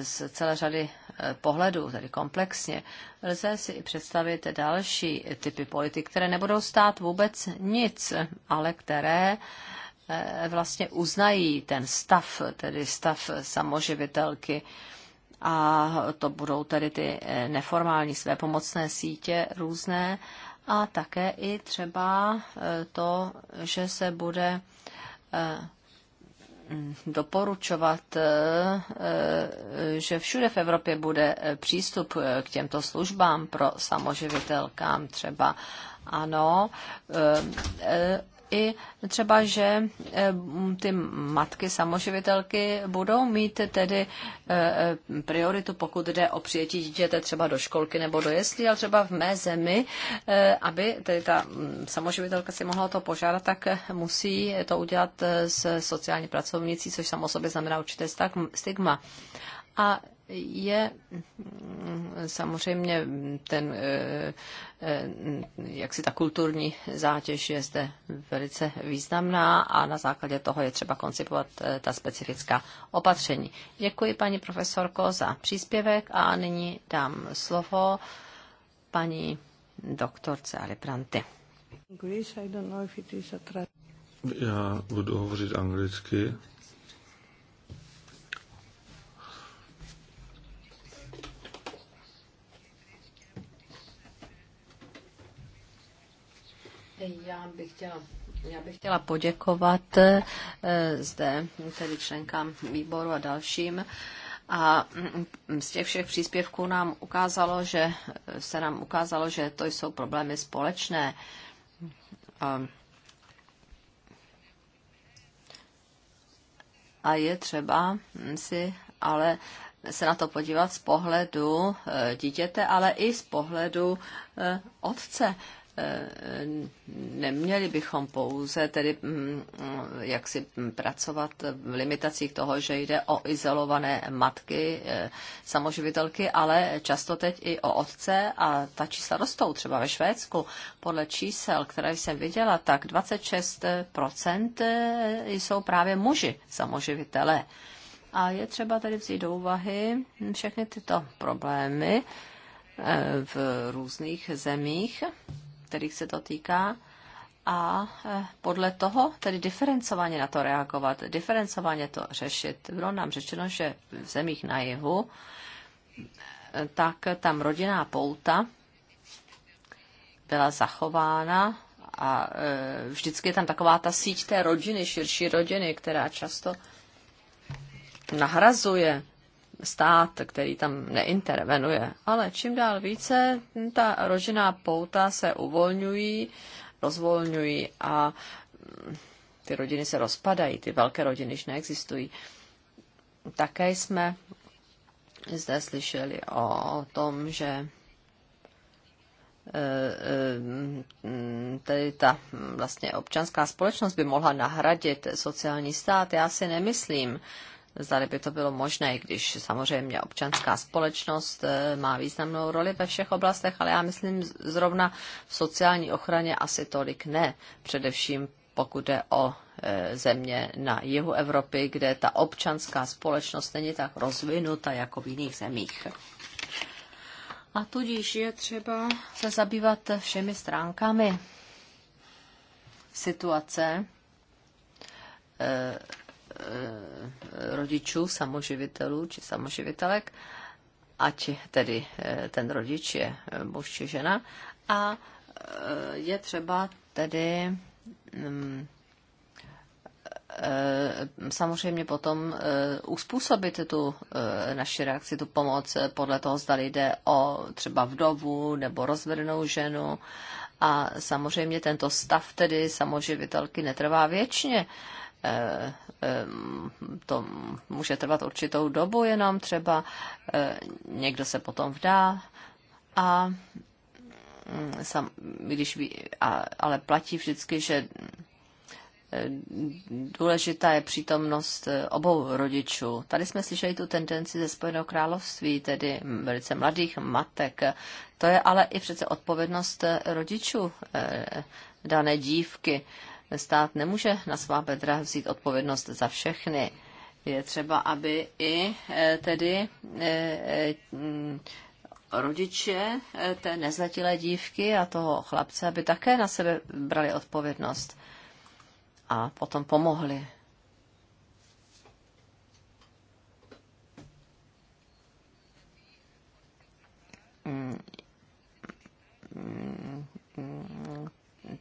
z celé řady e, pohledů, tedy komplexně, lze si i představit další typy politik, které nebudou stát vůbec nic, ale které e, vlastně uznají ten stav, tedy stav samoživitelky. A to budou tedy ty e, neformální své pomocné sítě různé a také i třeba to, že se bude Eh, doporučovat, eh, eh, že všude v Evropě bude přístup k těmto službám pro samoživitelkám třeba. Ano, i třeba, že e, ty matky samoživitelky budou mít tedy e, e, prioritu, pokud jde o přijetí dítěte třeba do školky nebo do jestli, ale třeba v mé zemi, aby tedy ta samoživitelka si mohla to požádat, tak musí to udělat s sociální pracovnicí, což samo sobě znamená určité stigma. A je mm, samozřejmě ten, eh, eh, jak si ta kulturní zátěž je zde velice významná a na základě toho je třeba koncipovat eh, ta specifická opatření. Děkuji paní profesorko za příspěvek a nyní dám slovo paní doktorce Alipranty. Já budu hovořit anglicky. Já bych chtěla já bych chtěla poděkovat eh, zde tedy členkám výboru a dalším. A mm, z těch všech příspěvků nám ukázalo, že se nám ukázalo, že to jsou problémy společné. A, a je třeba si ale se na to podívat z pohledu eh, dítěte, ale i z pohledu eh, otce neměli bychom pouze tedy mm, mm, jak si pracovat v limitacích toho, že jde o izolované matky, eh, samoživitelky, ale často teď i o otce a ta čísla rostou. Třeba ve Švédsku podle čísel, které jsem viděla, tak 26% eh, jsou právě muži samoživitelé. A je třeba tady vzít do úvahy všechny tyto problémy eh, v různých zemích kterých se to týká, a eh, podle toho tedy diferencovaně na to reagovat, diferencovaně to řešit. Bylo nám řečeno, že v zemích na jihu, eh, tak tam rodinná pouta byla zachována a eh, vždycky je tam taková ta síť té rodiny, širší rodiny, která často nahrazuje stát, který tam neintervenuje. Ale čím dál více ta rodinná pouta se uvolňují, rozvolňují a mm, ty rodiny se rozpadají, ty velké rodiny již neexistují. Také jsme zde slyšeli o tom, že e, e, mm, tedy ta mm, vlastně občanská společnost by mohla nahradit sociální stát. Já si nemyslím, Zdali by to bylo možné, i když samozřejmě občanská společnost eh, má významnou roli ve všech oblastech, ale já myslím zrovna v sociální ochraně asi tolik ne. Především pokud jde o eh, země na jihu Evropy, kde ta občanská společnost není tak rozvinuta jako v jiných zemích. A tudíž je třeba se zabývat všemi stránkami situace eh, Eh, rodičů, samoživitelů či samoživitelek, ať tedy eh, ten rodič je eh, muž či žena. A je třeba tedy mm, samozřejmě potom uspůsobit tu naši reakci, tu pomoc podle toho, zda jde o třeba vdovu nebo rozvedenou ženu. A samozřejmě tento stav tedy samoživitelky netrvá věčně. Eh, eh, to může trvat určitou dobu, jenom třeba eh, někdo se potom vdá a mm, sam, když ví, a, ale platí vždycky, že důležitá je přítomnost obou rodičů. Tady jsme slyšeli tu tendenci ze Spojeného království, tedy velice mladých matek. To je ale i přece odpovědnost rodičů dané dívky stát nemůže na svá bedra vzít odpovědnost za všechny. Je třeba, aby i eh, tedy eh, rodiče eh, té nezletilé dívky a toho chlapce, aby také na sebe brali odpovědnost a potom pomohli. Hmm. Hmm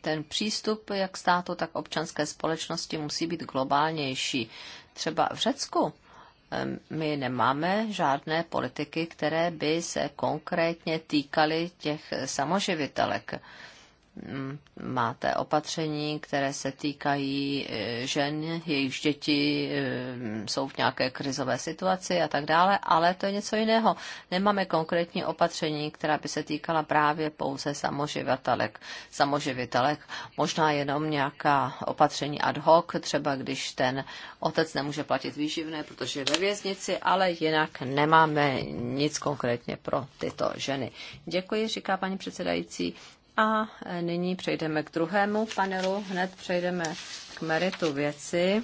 ten přístup jak státu, tak občanské společnosti musí být globálnější. Třeba v Řecku my nemáme žádné politiky, které by se konkrétně týkaly těch samoživitelek. Mm, máte opatření, které se týkají e, žen, jejichž děti e, jsou v nějaké krizové situaci a tak dále, ale to je něco jiného. Nemáme konkrétní opatření, která by se týkala právě pouze samoživatelek. samoživitelek. Možná jenom nějaká opatření ad hoc, třeba když ten otec nemůže platit výživné, protože je ve věznici, ale jinak nemáme nic konkrétně pro tyto ženy. Děkuji, říká paní předsedající. A nyní přejdeme k druhému panelu. Hned přejdeme k meritu věci.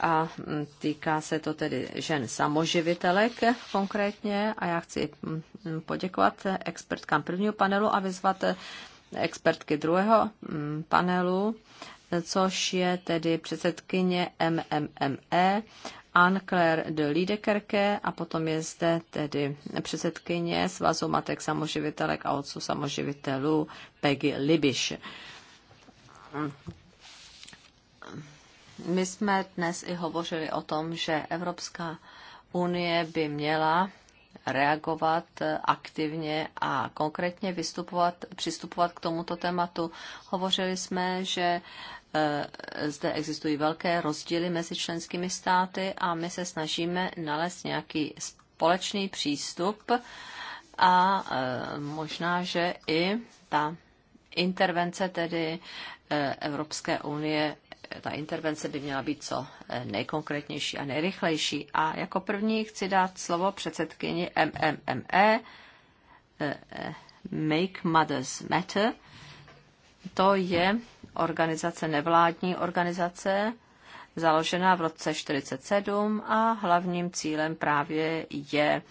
A mm, týká se to tedy žen samoživitelek konkrétně. A já chci mm, poděkovat expertkám prvního panelu a vyzvat expertky druhého mm, panelu, což je tedy předsedkyně MMME Anne-Claire de Liedekerke a potom je zde tedy předsedkyně Svazu matek samoživitelek a otců samoživitelů Peggy Libiš. My jsme dnes i hovořili o tom, že Evropská unie by měla reagovat aktivně a konkrétně vystupovat, přistupovat k tomuto tématu. Hovořili jsme, že Eh, zde existují velké rozdíly mezi členskými státy a my se snažíme nalézt nějaký společný přístup a eh, možná, že i ta intervence tedy eh, Evropské unie ta intervence by měla být co nejkonkrétnější a nejrychlejší. A jako první chci dát slovo předsedkyni MMME, Make Mothers Matter. To je organizace, nevládní organizace, založená v roce 1947 a hlavním cílem právě je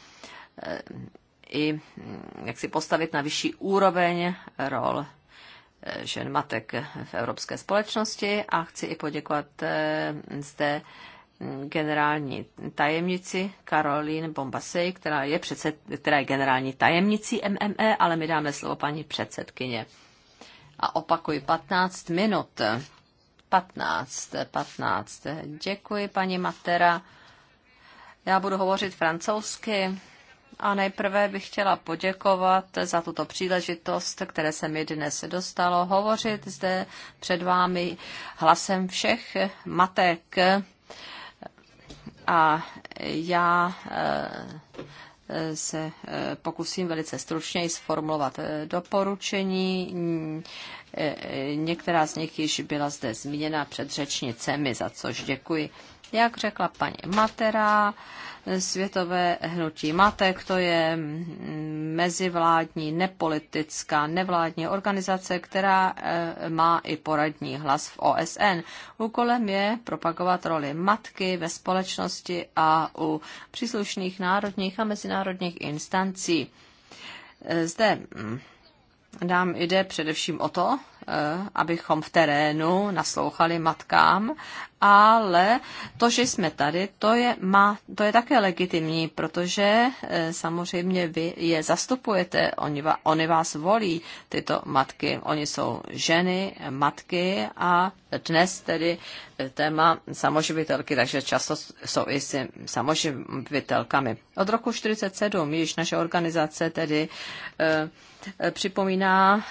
eh, i mm, jak si postavit na vyšší úroveň rol eh, žen matek v evropské společnosti a chci i poděkovat eh, zde mm, generální tajemnici Karolín Bombasej, která je, předsed, která je generální tajemnicí MME, ale my dáme slovo paní předsedkyně. A opakuji, 15 minut. 15, 15. Děkuji, paní Matera. Já budu hovořit francouzsky. A nejprve bych chtěla poděkovat za tuto příležitost, které se mi dnes dostalo hovořit zde před vámi hlasem všech matek. A já eh, se eh, pokusím velice stručně sformulovat eh, doporučení. Mm, Některá z nich již byla zde zmíněna před řečnicemi, za což děkuji. Jak řekla paní Matera, světové hnutí matek, to je mezivládní, nepolitická, nevládní organizace, která eh, má i poradní hlas v OSN. Úkolem je propagovat roli matky ve společnosti a u příslušných národních a mezinárodních instancí. Eh, zde hm, nám jde především o to, eh, abychom v terénu naslouchali matkám ale to, že jsme tady, to je, má, to je také legitimní, protože eh, samozřejmě vy je zastupujete, oni, oni vás volí, tyto matky. Oni jsou ženy, matky a dnes tedy eh, téma samoživitelky, takže často jsou i samoživitelkami. Od roku 1947 již naše organizace tedy eh, připomíná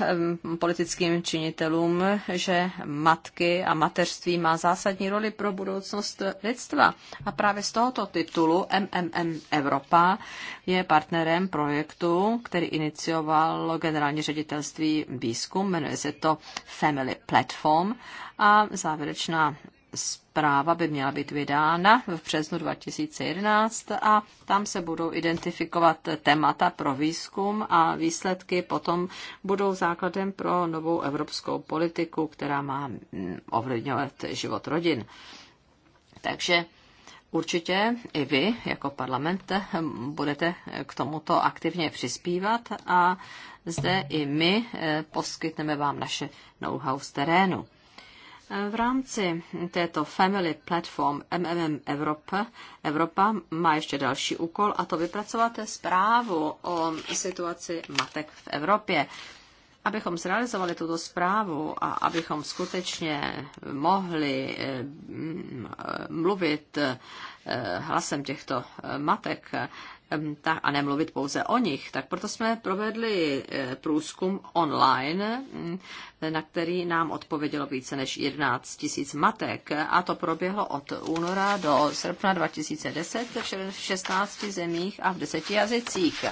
politickým činitelům, že matky a mateřství má zásadní roli pro budoucnost lidstva. A právě z tohoto titulu MMM Evropa je partnerem projektu, který iniciovalo generální ředitelství výzkum, jmenuje se to Family Platform a závěrečná zpráva by měla být vydána v březnu 2011 a tam se budou identifikovat témata pro výzkum a výsledky potom budou základem pro novou evropskou politiku, která má mm, ovlivňovat život rodin. Takže Určitě i vy jako parlament budete k tomuto aktivně přispívat a zde i my eh, poskytneme vám naše know-how z terénu. V rámci této Family Platform MMM Evropa, Evropa má ještě další úkol a to vypracovat zprávu o situaci matek v Evropě. Abychom zrealizovali tuto zprávu a abychom skutečně mohli eh, mluvit eh, hlasem těchto matek, Ehm, a nemluvit pouze o nich. Tak proto jsme provedli eh, průzkum online, mm, na který nám odpovědělo více než 11 tisíc matek a to proběhlo od února do srpna 2010 v 16 zemích a v 10 jazycích.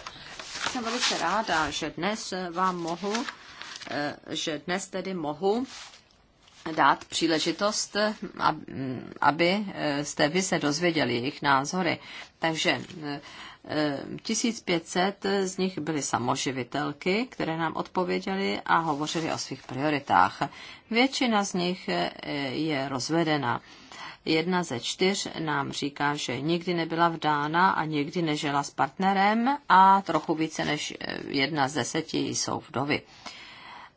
Jsem velice ráda, že dnes vám mohu, eh, že dnes tedy mohu dát příležitost, aby eh, jste vy se dozvěděli jejich názory. Takže 1500 z nich byly samoživitelky, které nám odpověděly a hovořily o svých prioritách. Většina z nich eh, je rozvedena. Jedna ze čtyř nám říká, že nikdy nebyla vdána a nikdy nežila s partnerem a trochu více než eh, jedna z deseti jsou vdovy.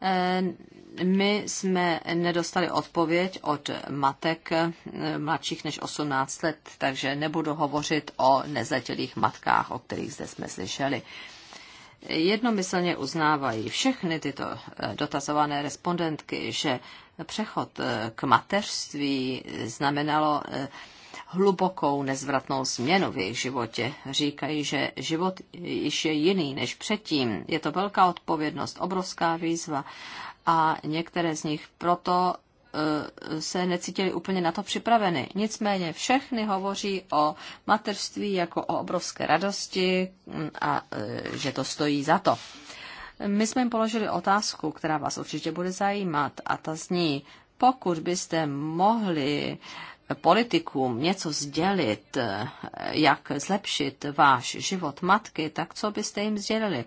Eh, my jsme nedostali odpověď od matek eh, mladších než 18 let, takže nebudu hovořit o nezletilých matkách, o kterých zde jsme slyšeli. Jednomyslně uznávají všechny tyto eh, dotazované respondentky, že přechod eh, k mateřství znamenalo hlubokou nezvratnou změnu v jejich životě. Říkají, že život již je jiný než předtím. Je to velká odpovědnost, obrovská výzva a některé z nich proto eh, se necítili úplně na to připraveny. Nicméně všechny hovoří o mateřství jako o obrovské radosti mm, a eh, že to stojí za to. My jsme jim položili otázku, která vás určitě bude zajímat a ta zní, pokud byste mohli politikům něco sdělit, eh, jak zlepšit váš život matky, tak co byste jim sdělili?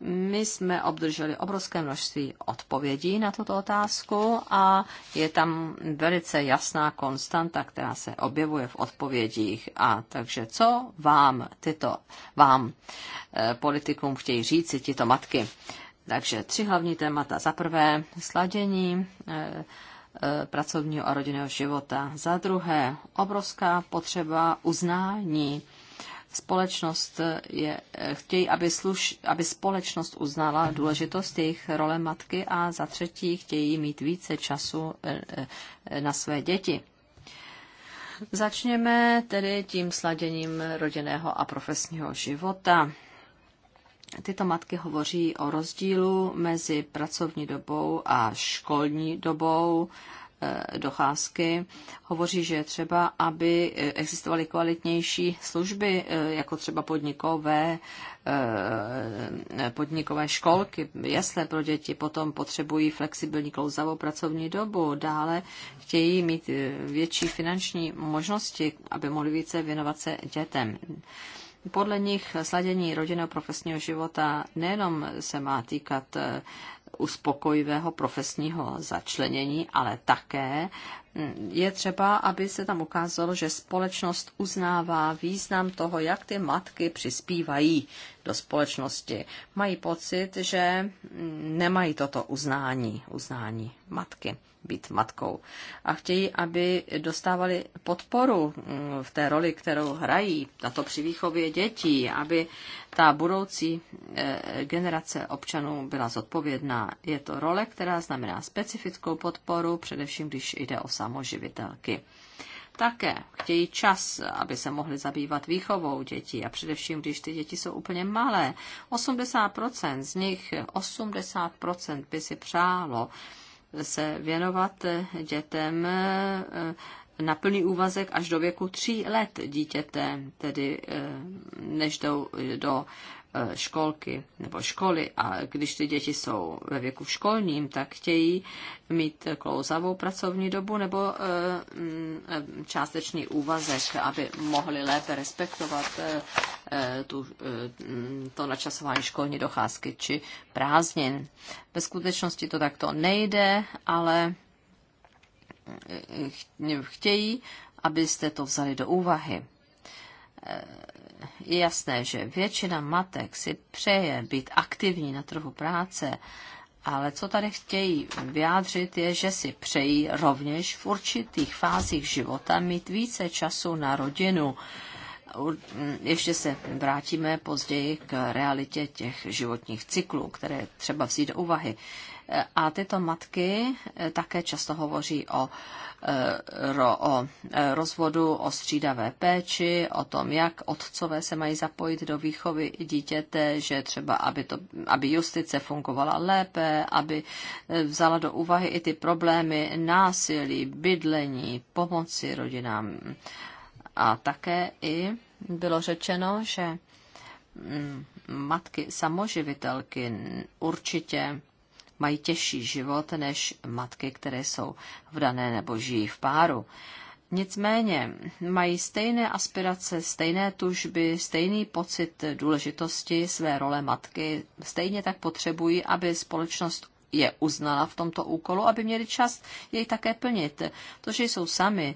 My jsme obdrželi obrovské množství odpovědí na tuto otázku a je tam velice jasná konstanta, která se objevuje v odpovědích. A takže co vám tyto, vám eh, politikům chtějí říci tyto matky? Takže tři hlavní témata. Za prvé sladění eh, eh, pracovního a rodinného života. Za druhé obrovská potřeba uznání společnost eh, je, eh, chtějí, aby, služ, aby společnost uznala důležitost jejich role matky a za třetí chtějí mít více času eh, na své děti. Začněme tedy tím sladěním rodinného a profesního života. Tyto matky hovoří o rozdílu mezi pracovní dobou a školní dobou Eh, docházky hovoří, že je třeba, aby existovaly kvalitnější služby, eh, jako třeba podnikové, eh, podnikové školky, jesle pro děti, potom potřebují flexibilní klouzavou pracovní dobu, dále chtějí mít větší finanční možnosti, aby mohli více věnovat se dětem. Podle nich sladění rodinného profesního života nejenom se má týkat uspokojivého profesního začlenění, ale také mm, je třeba, aby se tam ukázalo, že společnost uznává význam toho, jak ty matky přispívají do společnosti. Mají pocit, že mm, nemají toto uznání, uznání matky být matkou. A chtějí, aby dostávali podporu mm, v té roli, kterou hrají, na to při výchově dětí, aby ta budoucí eh, generace občanů byla zodpovědná. Je to role, která znamená specifickou podporu, především když jde o samoživitelky. Také chtějí čas, aby se mohli zabývat výchovou dětí a především, když ty děti jsou úplně malé. 80% z nich, 80% by si přálo, se věnovat dětem eh, na plný úvazek až do věku tří let dítěte, tedy eh, než jdou do eh, školky nebo školy a když ty děti jsou ve věku školním, tak chtějí mít klouzavou pracovní dobu nebo mm, částečný úvazek, aby mohli lépe respektovat Eh, tu, eh, to načasování školní docházky či prázdnin. Ve skutečnosti to takto nejde, ale eh, chtějí, abyste to vzali do úvahy. Je jasné, že většina matek si přeje být aktivní na trhu práce, ale co tady chtějí vyjádřit je, že si přejí rovněž v určitých fázích života mít více času na rodinu ještě se vrátíme později k realitě těch životních cyklů, které třeba vzít do úvahy. A tyto matky také často hovoří o, o rozvodu, o střídavé péči, o tom, jak otcové se mají zapojit do výchovy dítěte, že třeba, aby, to, aby justice fungovala lépe, aby vzala do úvahy i ty problémy násilí, bydlení, pomoci rodinám a také i bylo řečeno, že mm, matky samoživitelky určitě mají těžší život než matky, které jsou vdané nebo žijí v páru. Nicméně mají stejné aspirace, stejné tužby, stejný pocit důležitosti své role matky, stejně tak potřebují, aby společnost je uznala v tomto úkolu, aby měli čas jej také plnit. To, že jsou sami,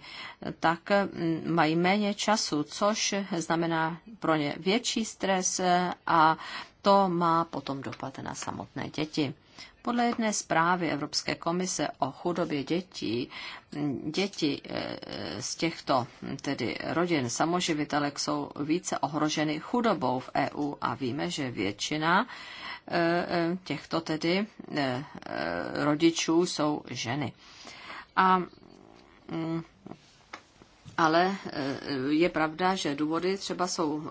tak mm, mají méně času, což znamená pro ně větší stres a to má potom dopad na samotné děti. Podle jedné zprávy Evropské komise o chudobě dětí, mm, děti e, z těchto mm, tedy rodin samoživitelek jsou více ohroženy chudobou v EU a víme, že většina Eh, eh, těchto tedy eh, rodičů jsou ženy. A mm, ale e, je pravda, že důvody třeba jsou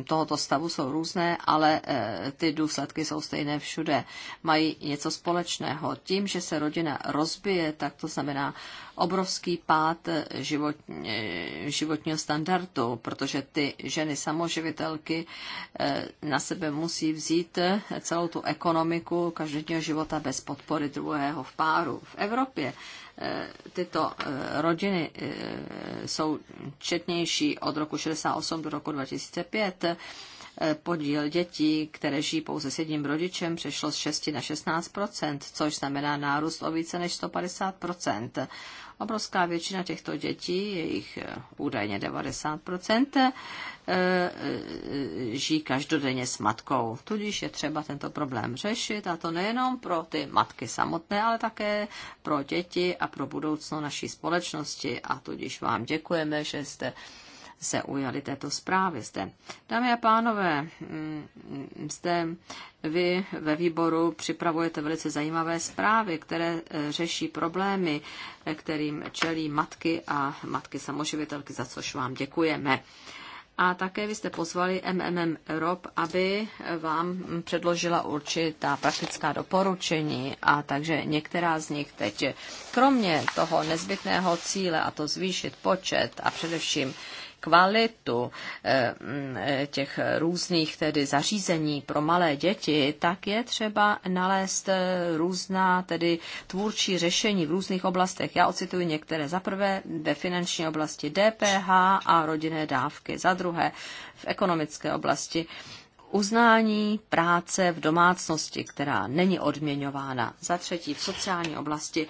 e, tohoto stavu jsou různé, ale e, ty důsledky jsou stejné všude. Mají něco společného. Tím, že se rodina rozbije, tak to znamená obrovský pád život, životního standardu, protože ty ženy samoživitelky na sebe musí vzít celou tu ekonomiku každodenního života bez podpory druhého v páru. V Evropě Eh, tyto eh, rodiny eh, jsou četnější od roku 68 do roku 2005. Podíl dětí, které žijí pouze s jedním rodičem, přešlo z 6 na 16 což znamená nárůst o více než 150 Obrovská většina těchto dětí, jejich eh, údajně 90%, eh, eh, žijí každodenně s matkou. Tudíž je třeba tento problém řešit a to nejenom pro ty matky samotné, ale také pro děti a pro budoucno naší společnosti. A tudíž vám děkujeme, že jste se ujali této zprávy zde. Dámy a pánové, jste mm, vy ve výboru připravujete velice zajímavé zprávy, které eh, řeší problémy, eh, kterým čelí matky a matky samoživitelky, za což vám děkujeme. A také vy jste pozvali MMM Europe, aby eh, vám předložila určitá praktická doporučení. A takže některá z nich teď, kromě toho nezbytného cíle, a to zvýšit počet a především kvalitu eh, mm, eh, těch různých tedy zařízení pro malé děti, tak je třeba nalézt eh, různá tedy tvůrčí řešení v různých oblastech. Já ocituji některé. Za prvé ve finanční oblasti DPH a rodinné dávky. Za druhé v ekonomické oblasti uznání práce v domácnosti, která není odměňována. Za třetí v sociální oblasti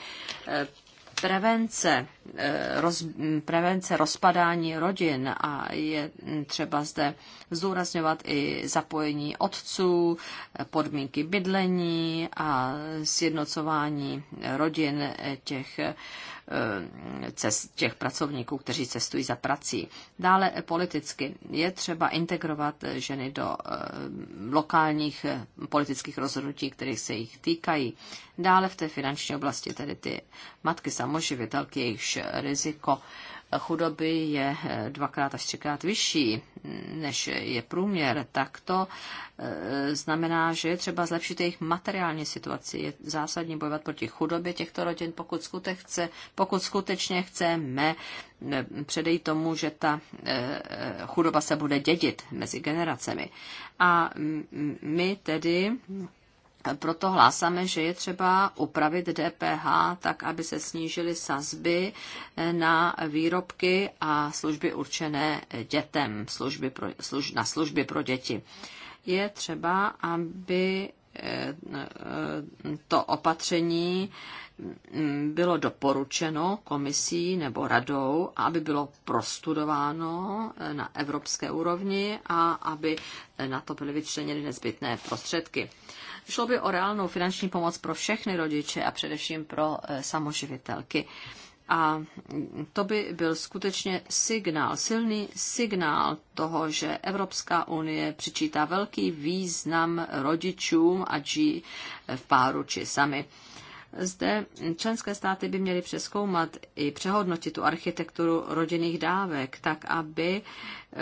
prevence, eh, roz, prevence rozpadání rodin a je hm, třeba zde zdůrazňovat i zapojení otců, eh, podmínky bydlení a sjednocování rodin eh, těch Eh, cest, těch pracovníků, kteří cestují za prací. Dále politicky je třeba integrovat ženy do eh, lokálních eh, politických rozhodnutí, kterých se jich týkají. Dále v té finanční oblasti tedy ty matky samoživitelky, jejichž riziko chudoby je eh, dvakrát až třikrát vyšší, než je průměr, tak to eh, znamená, že je třeba zlepšit jejich materiální situaci. Je zásadní bojovat proti chudobě těchto rodin, pokud, skute chce, pokud skutečně chceme eh, předejít tomu, že ta chudoba se bude dědit mezi generacemi. A my tedy proto hlásáme, že je třeba upravit DPH tak, aby se snížily sazby eh, na výrobky a služby určené dětem, služby pro, služ, na služby pro děti. Je třeba, aby eh, eh, to opatření mm, bylo doporučeno komisí nebo radou, aby bylo prostudováno na evropské úrovni a aby na to byly vyčleněny nezbytné prostředky. Šlo by o reálnou finanční pomoc pro všechny rodiče a především pro eh, samoživitelky. A to by byl skutečně signál, silný signál toho, že Evropská unie přičítá velký význam rodičům, a žijí eh, v páru či sami. Zde členské státy by měly přeskoumat i přehodnotit tu architekturu rodinných dávek, tak aby eh,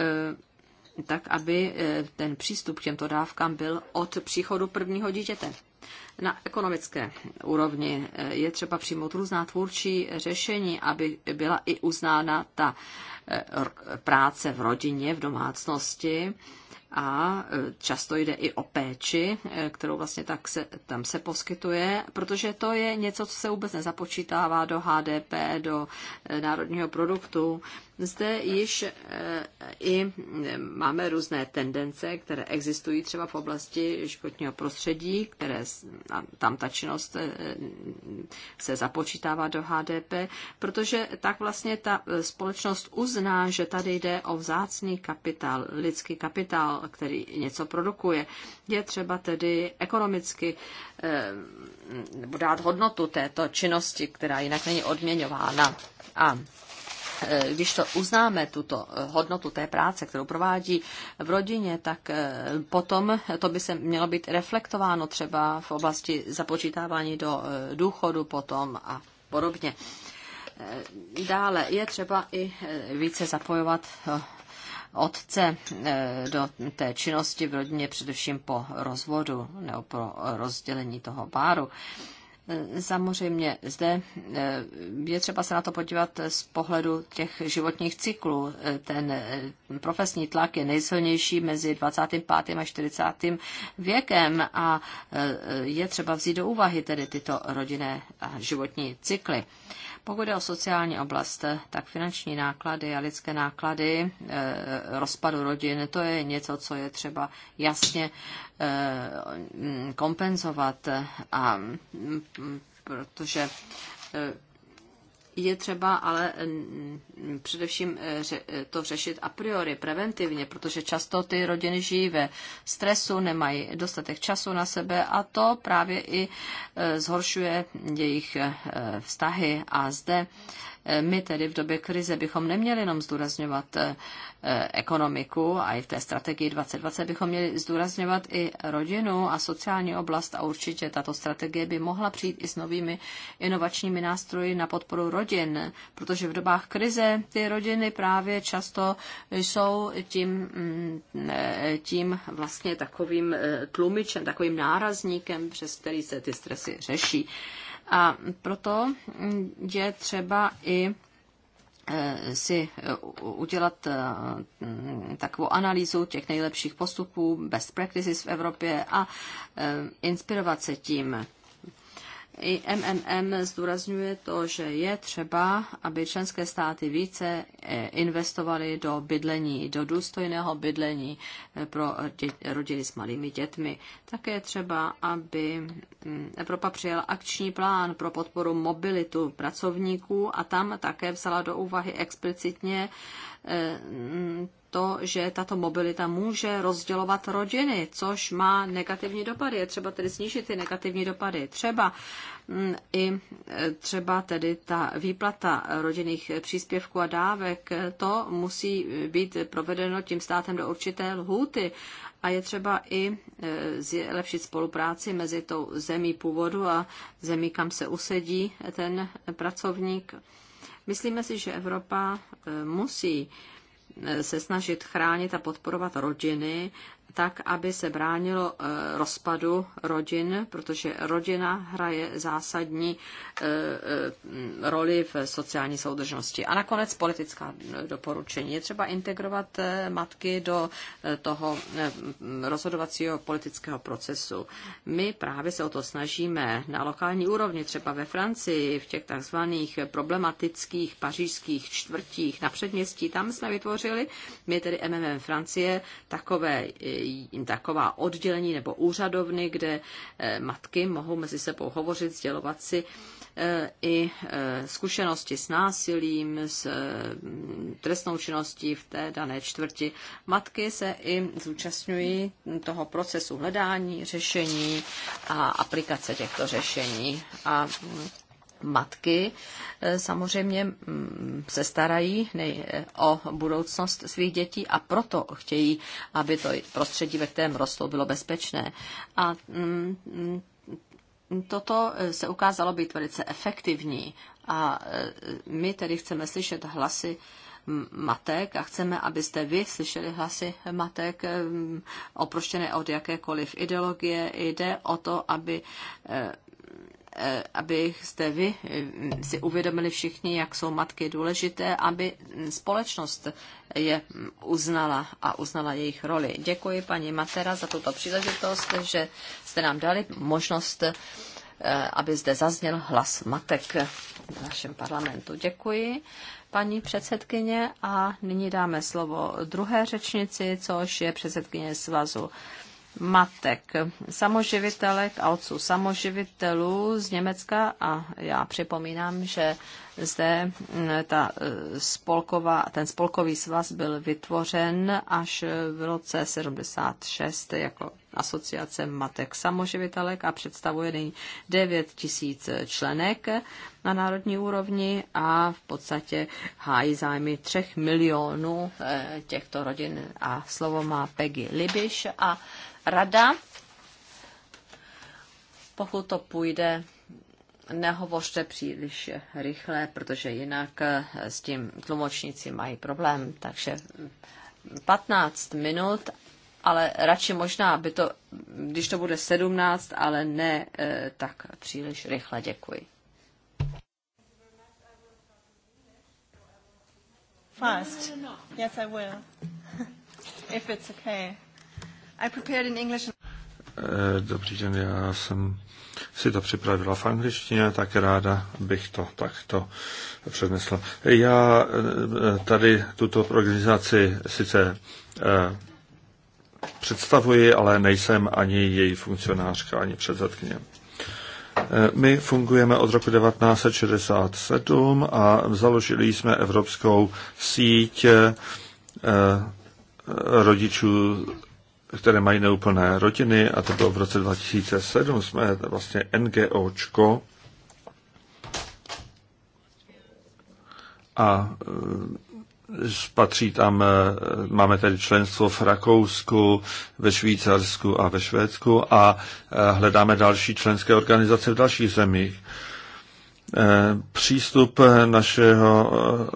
tak aby eh, ten přístup k těmto dávkám byl od příchodu prvního dítěte. Na ekonomické úrovni eh, je třeba přijmout různá tvůrčí řešení, aby byla i uznána ta eh, práce v rodině, v domácnosti a často jde i o péči, kterou vlastně tak se, tam se poskytuje, protože to je něco, co se vůbec nezapočítává do HDP, do národního produktu zde již eh, i eh, máme různé tendence, které existují třeba v oblasti životního prostředí, které tam ta činnost eh, se započítává do HDP, protože tak vlastně ta společnost uzná, že tady jde o vzácný kapitál, lidský kapitál, který něco produkuje. Je třeba tedy ekonomicky nebo dát hodnotu této činnosti, která jinak není odměňována. A Eh, když to uznáme, tuto eh, hodnotu té práce, kterou provádí v rodině, tak eh, potom to by se mělo být reflektováno třeba v oblasti započítávání do důchodu potom a podobně. Dále je třeba i více zapojovat otce do té činnosti v rodině, především po rozvodu nebo po rozdělení toho páru. Samozřejmě zde eh, je třeba se na to podívat z pohledu těch životních cyklů. Eh, ten eh, profesní tlak je nejsilnější mezi 25. a 40. věkem a je třeba vzít do úvahy tedy tyto rodinné a životní cykly. Pokud je o sociální oblast, tak finanční náklady a lidské náklady eh, rozpadu rodin, to je něco, co je třeba jasně eh, mm, kompenzovat, a, mm, protože eh, je třeba ale mm, mm, především eh, eh, to řešit a priori, preventivně, protože často ty rodiny žijí ve stresu, nemají dostatek času na sebe a to právě i eh, zhoršuje jejich vztahy. A zde my tedy v době krize bychom neměli jenom zdůrazňovat eh, ekonomiku a i v té strategii 2020 bychom měli zdůrazňovat i rodinu a sociální oblast a určitě tato strategie by mohla přijít i s novými inovačními nástroji na podporu rodin, protože v dobách krize ty rodiny právě často jsou tím, mm, eh, tím vlastně takovým eh, tlumičem, takovým nárazníkem, přes který se ty stresy řeší. A proto je třeba i e, si e, udělat e, takovou analýzu těch nejlepších postupů, best practices v Evropě a inspirovat se tím. I MMM zdůrazňuje to, že je třeba, aby členské státy více eh, investovaly do bydlení, do důstojného bydlení eh, pro rodiny s malými dětmi. Také je třeba, aby mm, Evropa přijala akční plán pro podporu mobilitu pracovníků a tam také vzala do úvahy explicitně Eh, to, že tato mobilita může rozdělovat rodiny, což má negativní dopady. Je třeba tedy snížit ty negativní dopady. Třeba mm, i eh, třeba tedy ta výplata rodinných příspěvků a dávek, to musí být provedeno tím státem do určité lhůty a je třeba i eh, zlepšit spolupráci mezi tou zemí původu a zemí, kam se usedí ten pracovník Myslíme si, že Evropa eh, musí eh, se snažit chránit a podporovat rodiny tak, aby se bránilo eh, rozpadu rodin, protože rodina hraje zásadní eh, eh, roli v sociální soudržnosti. A nakonec politická doporučení. Je třeba integrovat matky do toho rozhodovacího politického procesu. My právě se o to snažíme na lokální úrovni, třeba ve Francii, v těch takzvaných problematických pařížských čtvrtích na předměstí. Tam jsme vytvořili, my tedy MMM Francie, takové taková oddělení nebo úřadovny, kde eh, matky mohou mezi sebou hovořit, sdělovat si eh, i eh, zkušenosti s násilím, s mm, trestnou činností v té dané čtvrti. Matky se i zúčastňují toho procesu hledání, řešení a aplikace těchto řešení. A mm, matky eh, samozřejmě mm, se starají eh, o budoucnost svých dětí a proto chtějí, aby to prostředí, ve kterém rostou, bylo bezpečné. A mm, mm, toto eh, se ukázalo být velice efektivní a my tedy chceme slyšet hlasy matek a chceme, abyste vy slyšeli hlasy matek oproštěné od jakékoliv ideologie. Jde o to, aby abyste vy eh, si uvědomili všichni, jak jsou matky důležité, aby společnost je uznala a uznala jejich roli. Děkuji paní Matera za tuto příležitost, že jste nám dali možnost, eh, aby zde zazněl hlas matek v našem parlamentu. Děkuji paní předsedkyně a nyní dáme slovo druhé řečnici, což je předsedkyně Svazu matek, samoživitelek a otců samoživitelů z Německa a já připomínám, že zde mm, ta e, spolková, ten spolkový svaz byl vytvořen až v roce 76 jako asociace matek samoživitelek a představuje nyní 9 tisíc členek na národní úrovni a v podstatě hájí zájmy třech milionů e, těchto rodin a slovo má Peggy Libiš a rada. Pokud to půjde, nehovořte příliš rychle, protože jinak eh, s tím tlumočníci mají problém. Takže 15 minut, ale radši možná, aby to, když to bude 17, ale ne eh, tak příliš rychle. Děkuji. Fast. Yes, I will. If it's okay. I prepared in English. Eh, dobrý den, já jsem si to připravila v angličtině, tak ráda bych to takto přednesla. Já eh, tady tuto organizaci sice eh, představuji, ale nejsem ani její funkcionářka, ani předsedkyně. My fungujeme od roku 1967 a založili jsme Evropskou síť rodičů které mají neúplné rodiny, a to bylo v roce 2007, jsme vlastně NGOčko. A e, patří tam, e, máme tady členstvo v Rakousku, ve Švýcarsku a ve Švédsku a e, hledáme další členské organizace v dalších zemích. Přístup našeho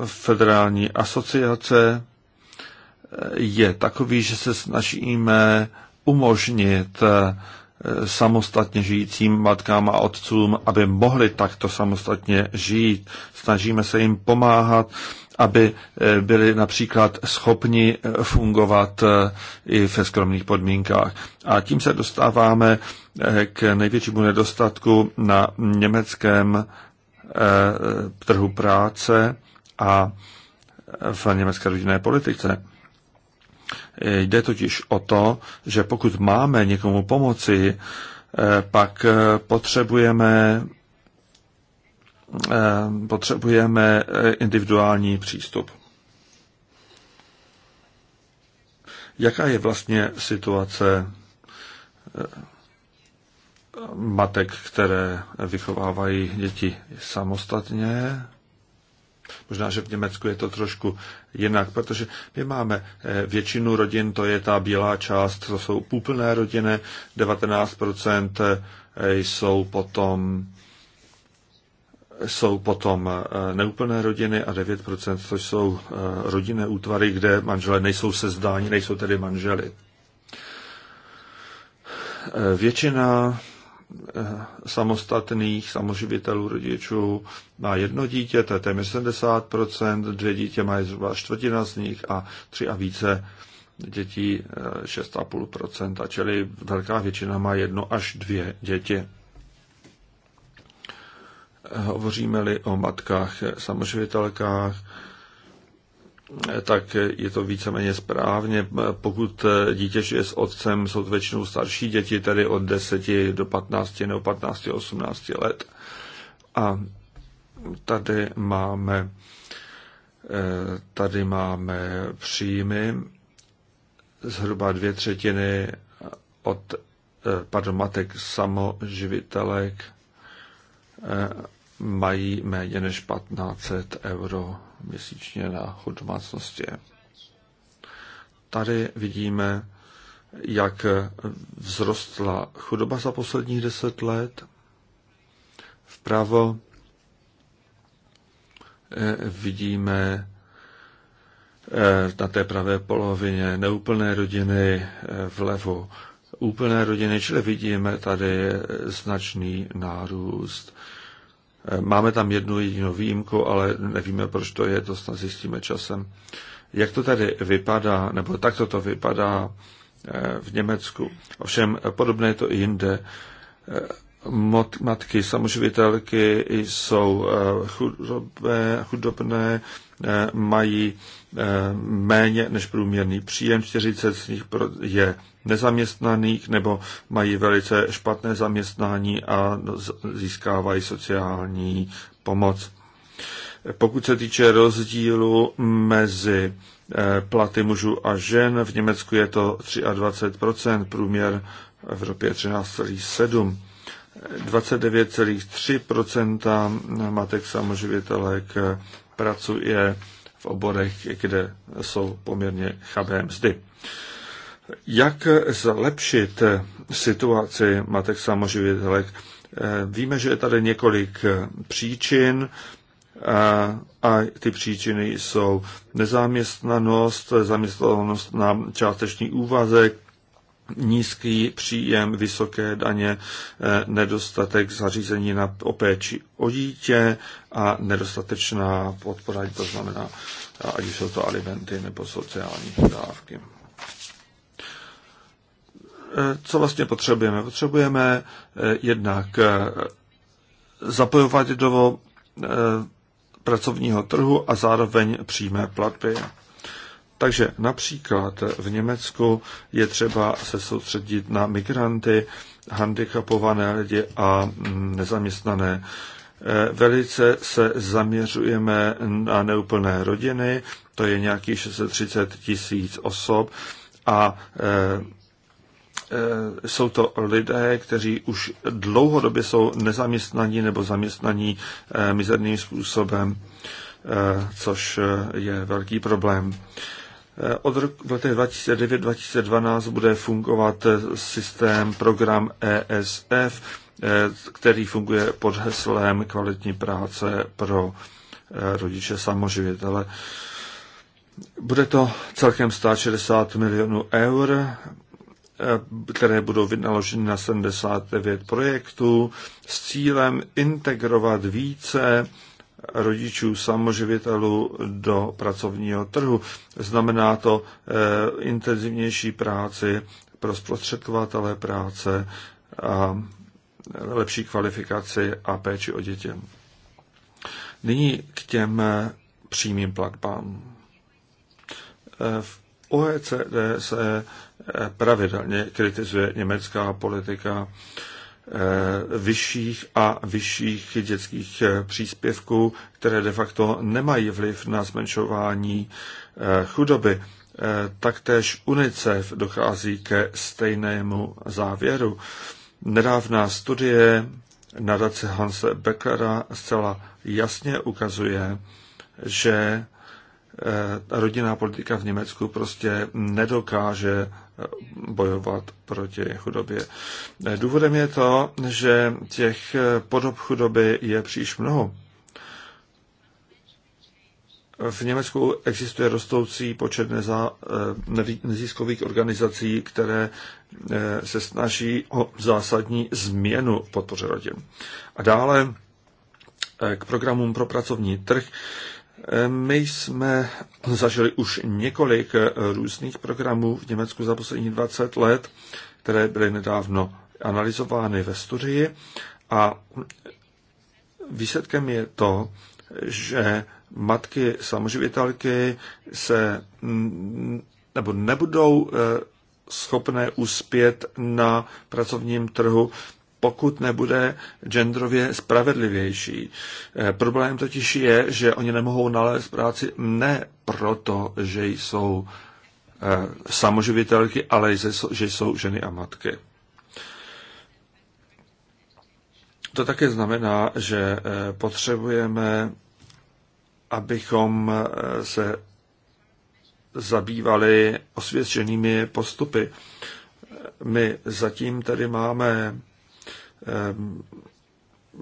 federální asociace je takový, že se snažíme umožnit eh, samostatně žijícím matkám a otcům, aby mohli takto samostatně žít. Snažíme se jim pomáhat, aby eh, byli například schopni eh, fungovat i ve skromných podmínkách. A tím se dostáváme k největšímu nedostatku na německém trhu práce a v německé rodinné politice. Jde totiž o to, že pokud máme někomu pomoci, eh, pak eh, potřebujeme eh, potřebujeme individuální přístup. Jaká je vlastně situace matek, které vychovávají děti samostatně? Možná, že v Německu je to trošku jinak, protože my máme eh, většinu rodin, to je ta bílá část, to jsou úplné rodiny, 19% eh, jsou potom jsou potom eh, neúplné rodiny a 9% to jsou rodinné útvary, kde manželé nejsou sezdáni, nejsou tedy manželi. Většina Eh, samostatných samoživitelů rodičů má jedno dítě, to je téměř 70%, dvě dítě mají zhruba čtvrtina z nich a tři a více dětí 6,5%, eh, čili velká většina má jedno až dvě děti. Hovoříme-li o matkách samoživitelkách, tak je to víceméně správně. Pokud dítě žije s otcem, jsou to většinou starší děti, tedy od 10 do 15 nebo 15, 18 let. A tady máme, eh, tady máme příjmy zhruba dvě třetiny od eh, pardon, matek samoživitelek eh, mají méně než 1500 euro měsíčně na chod domácnosti. Tady vidíme, jak vzrostla chudoba za posledních deset let. Vpravo eh, vidíme eh, na té pravé polovině neúplné rodiny eh, vlevo úplné rodiny, čili vidíme tady značný nárůst. Máme tam jednu jedinou výjimku, ale nevíme, proč to je, to snad zjistíme časem. Jak to tady vypadá, nebo tak to vypadá eh, v Německu. Ovšem podobné je to i jinde. Eh, matky samoživitelky jsou eh, chudobné, chudobné Eh, mají eh, méně než průměrný příjem, 40 z nich je nezaměstnaných nebo mají velice špatné zaměstnání a získávají sociální pomoc. Pokud se týče rozdílu mezi eh, platy mužů a žen, v Německu je to 23%, průměr v Evropě 13,7%. 29,3% matek samoživitelek pracuje v oborech, kde jsou poměrně chabé mzdy. Jak zlepšit situaci matek samoživitelek? Víme, že je tady několik příčin a ty příčiny jsou nezaměstnanost, zaměstnanost na částečný úvazek, nízký příjem, vysoké daně, eh, nedostatek zařízení na péči o dítě a nedostatečná podpora, to znamená, ať už jsou to alimenty nebo sociální dávky. Eh, co vlastně potřebujeme? Potřebujeme eh, jednak zapojovat do pracovního trhu a zároveň přímé platby. Takže například v Německu je třeba se soustředit na migranty, handicapované lidi a nezaměstnané. Eh, velice se zaměřujeme na neúplné rodiny, to je nějakých 630 tisíc osob a eh, eh, jsou to lidé, kteří už dlouhodobě jsou nezaměstnaní nebo zaměstnaní mizerným způsobem, což je velký problém. Eh, od roku 2009-2012 bude fungovat eh, systém program ESF, eh, který funguje pod heslem kvalitní práce pro rodiče samoživitele. Bude to celkem 160 milionů eur, které budou vynaloženy na 79 projektů s cílem integrovat více rodičů samoživitelů do pracovního trhu. Znamená to eh, intenzivnější práci pro zprostředkovatele práce a lepší kvalifikaci a péči o dětě. Nyní k těm eh, přímým platbám. Eh, v OECD se pravidelně kritizuje německá politika Eh, vyšších a vyšších dětských eh, příspěvků, které de facto nemají vliv na zmenšování eh, chudoby. Taktéž UNICEF dochází ke stejnému závěru. Nedávná studie nadace Hanse Beckera zcela jasně ukazuje, že rodinná politika v Německu prostě nedokáže bojovat proti chudobě. Důvodem je to, že těch podob chudoby je příliš mnoho. V Německu existuje rostoucí počet neza, eh, neziskových organizací, které eh, se snaží o zásadní změnu podpoře rodin. A dále eh, k programům pro pracovní trh my jsme zažili už několik různých programů v Německu za poslední 20 let, které byly nedávno analyzovány ve studii a výsledkem je to, že matky samoživitelky se nebo nebudou eh, schopné uspět na pracovním trhu, pokud nebude genderově spravedlivější. Eh, problém totiž je, že oni nemohou nalézt práci ne proto, že jsou eh, samoživitelky, ale že jsou ženy a matky. To také znamená, že eh, potřebujeme, abychom se zabývali osvědčenými postupy. My zatím tady máme Ehm,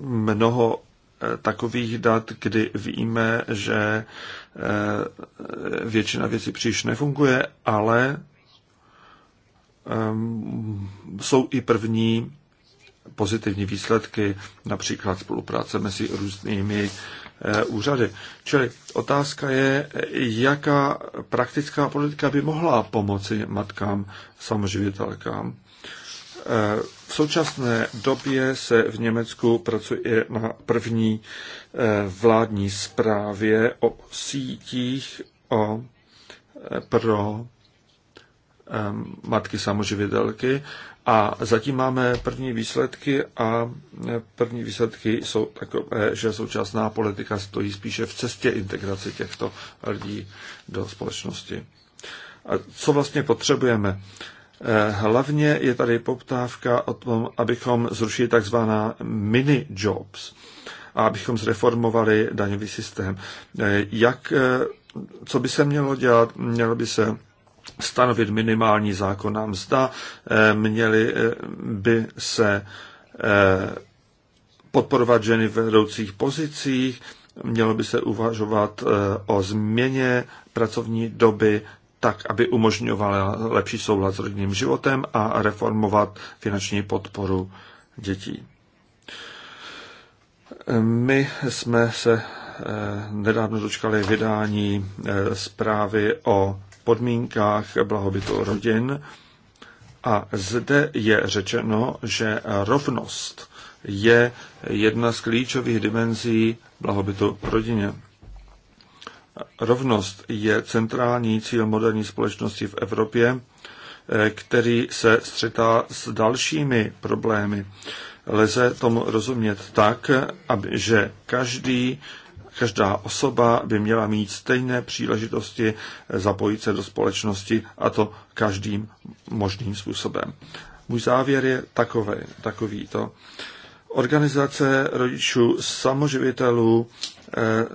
mnoho eh, takových dat, kdy víme, že eh, většina věcí příliš nefunguje, ale ehm, jsou i první pozitivní výsledky, například spolupráce mezi různými eh, úřady. Čili otázka je, jaká praktická politika by mohla pomoci matkám samoživitelkám. V současné době se v Německu pracuje na první eh, vládní zprávě o sítích o, eh, pro eh, matky samoživitelky a zatím máme první výsledky a první výsledky jsou takové, že současná politika stojí spíše v cestě integrace těchto lidí do společnosti. A co vlastně potřebujeme? Eh, hlavně je tady poptávka o tom, abychom zrušili takzvaná mini jobs a abychom zreformovali daňový systém. Eh, jak, eh, co by se mělo dělat? Mělo by se stanovit minimální zákonná mzda, měly by se podporovat ženy v vedoucích pozicích, mělo by se uvažovat o změně pracovní doby tak, aby umožňovala lepší soulad s rodinným životem a reformovat finanční podporu dětí. My jsme se eh, nedávno dočkali vydání eh, zprávy o podmínkách blahobytu rodin a zde je řečeno, že rovnost je jedna z klíčových dimenzí blahobytu rodině rovnost je centrální cíl moderní společnosti v Evropě, eh, který se střetá s dalšími problémy. Lze tomu rozumět tak, aby, že každý, každá osoba by měla mít stejné příležitosti zapojit se do společnosti a to každým možným způsobem. Můj závěr je takový, takovýto. Organizace rodičů samoživitelů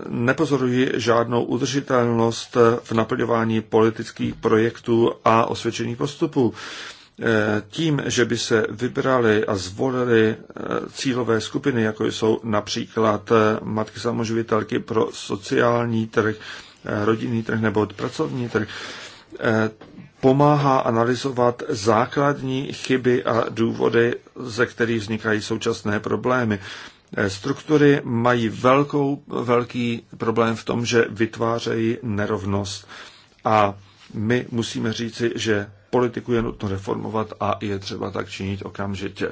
nepozoruji žádnou udržitelnost v naplňování politických projektů a osvědčených postupů. Eh, Tím, že by se vybrali a zvolili eh, cílové skupiny, jako jsou například eh, matky samoživitelky pro sociální trh, rodinný trh nebo pracovní trh, pomáhá analyzovat základní chyby a důvody, ze kterých vznikají současné problémy. Struktury mají velkou, velký problém v tom, že vytvářejí nerovnost. A my musíme říci, že politiku je nutno reformovat a je třeba tak činit okamžitě.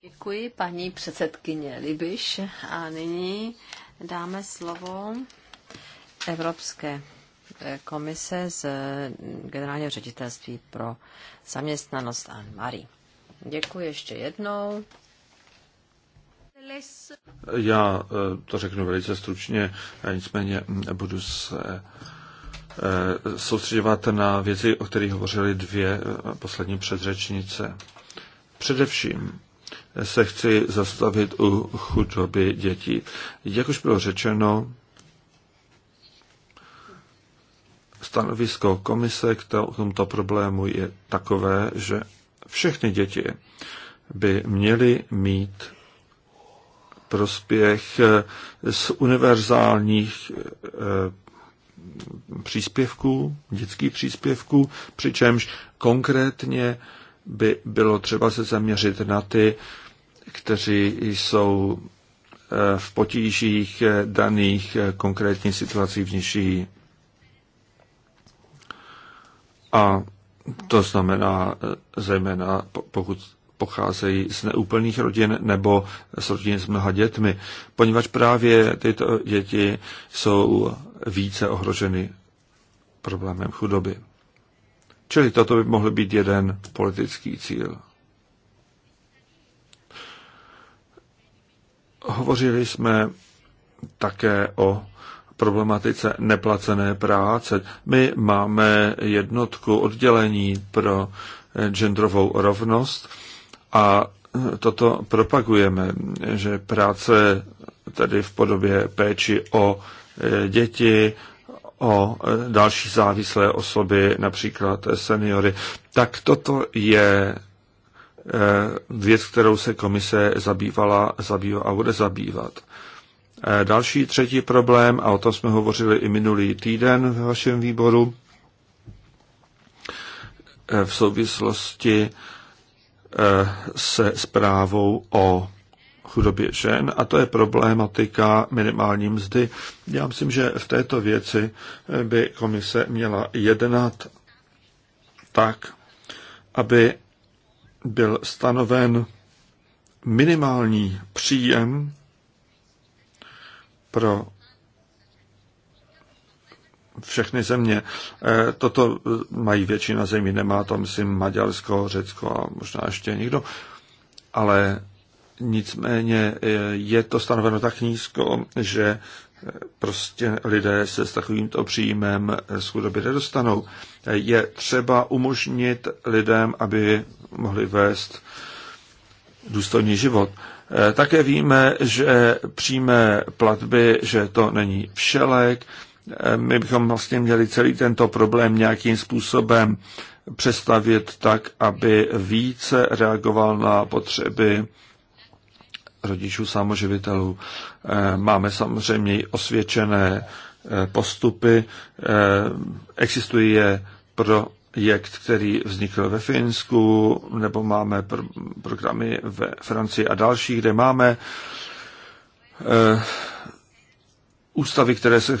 Děkuji paní předsedkyně Libiš a nyní dáme slovo Evropské komise z generálního ředitelství pro zaměstnanost Anne Marie. Děkuji ještě jednou já eh, to řeknu velice stručně, eh, nicméně hm, budu se eh, soustředovat na věci, o kterých hovořily dvě poslední předřečnice. Především se chci zastavit u chudoby dětí. Jak už bylo řečeno, stanovisko komise k tomuto problému je takové, že všechny děti by měly mít prospěch eh, z univerzálních eh, příspěvků, dětských příspěvků, přičemž konkrétně by bylo třeba se zaměřit na ty, kteří jsou eh, v potížích daných konkrétní situací v nižší. A to znamená zejména, pokud pocházejí z neúplných rodin nebo z rodin s mnoha dětmi, poněvadž právě tyto děti jsou více ohroženy problémem chudoby. Čili toto by mohl být jeden politický cíl. Hovořili jsme také o problematice neplacené práce. My máme jednotku oddělení pro genderovou rovnost a toto propagujeme, že práce tedy v podobě péči o e, děti, o e, další závislé osoby, například seniory, tak toto je e, věc, kterou se komise zabývala, zabývá a bude zabývat. Další třetí problém, a o tom jsme hovořili i minulý týden v vašem výboru, v souvislosti Eh, se zprávou o chudobě žen a to je problematika minimální mzdy. Já myslím, že v této věci by komise měla jednat tak, aby byl stanoven minimální příjem pro všechny země. E, toto e, mají většina zemí, nemá to, myslím, Maďarsko, Řecko a možná ještě někdo. Ale nicméně e, je to stanoveno tak nízko, že prostě lidé se s takovýmto příjmem z chudoby nedostanou. Je třeba umožnit lidem, aby mohli vést důstojný život. Také víme, že přímé platby, že to není všelek, my bychom vlastně měli celý tento problém nějakým způsobem přestavět tak, aby více reagoval na potřeby rodičů samoživitelů. Eh, máme samozřejmě osvědčené eh, postupy. Eh, Existuje pro projekt, který vznikl ve Finsku, nebo máme pr- programy ve Francii a další, kde máme e, ústavy, které se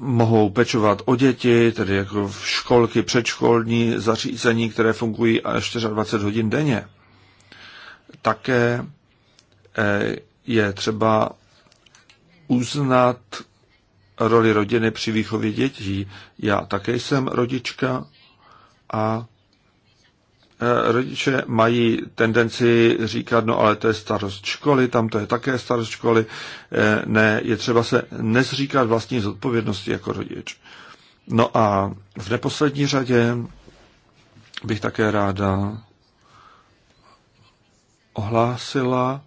mohou pečovat o děti, tedy jako v školky, předškolní zařízení, které fungují 24 hodin denně. Také eh, je třeba uznat roli rodiny při výchově dětí. Já také jsem rodička a Eh, rodiče mají tendenci říkat, no ale to je starost školy, tam to je také starost školy. Eh, ne, je třeba se nezříkat vlastní zodpovědnosti jako rodič. No a v neposlední řadě bych také ráda ohlásila,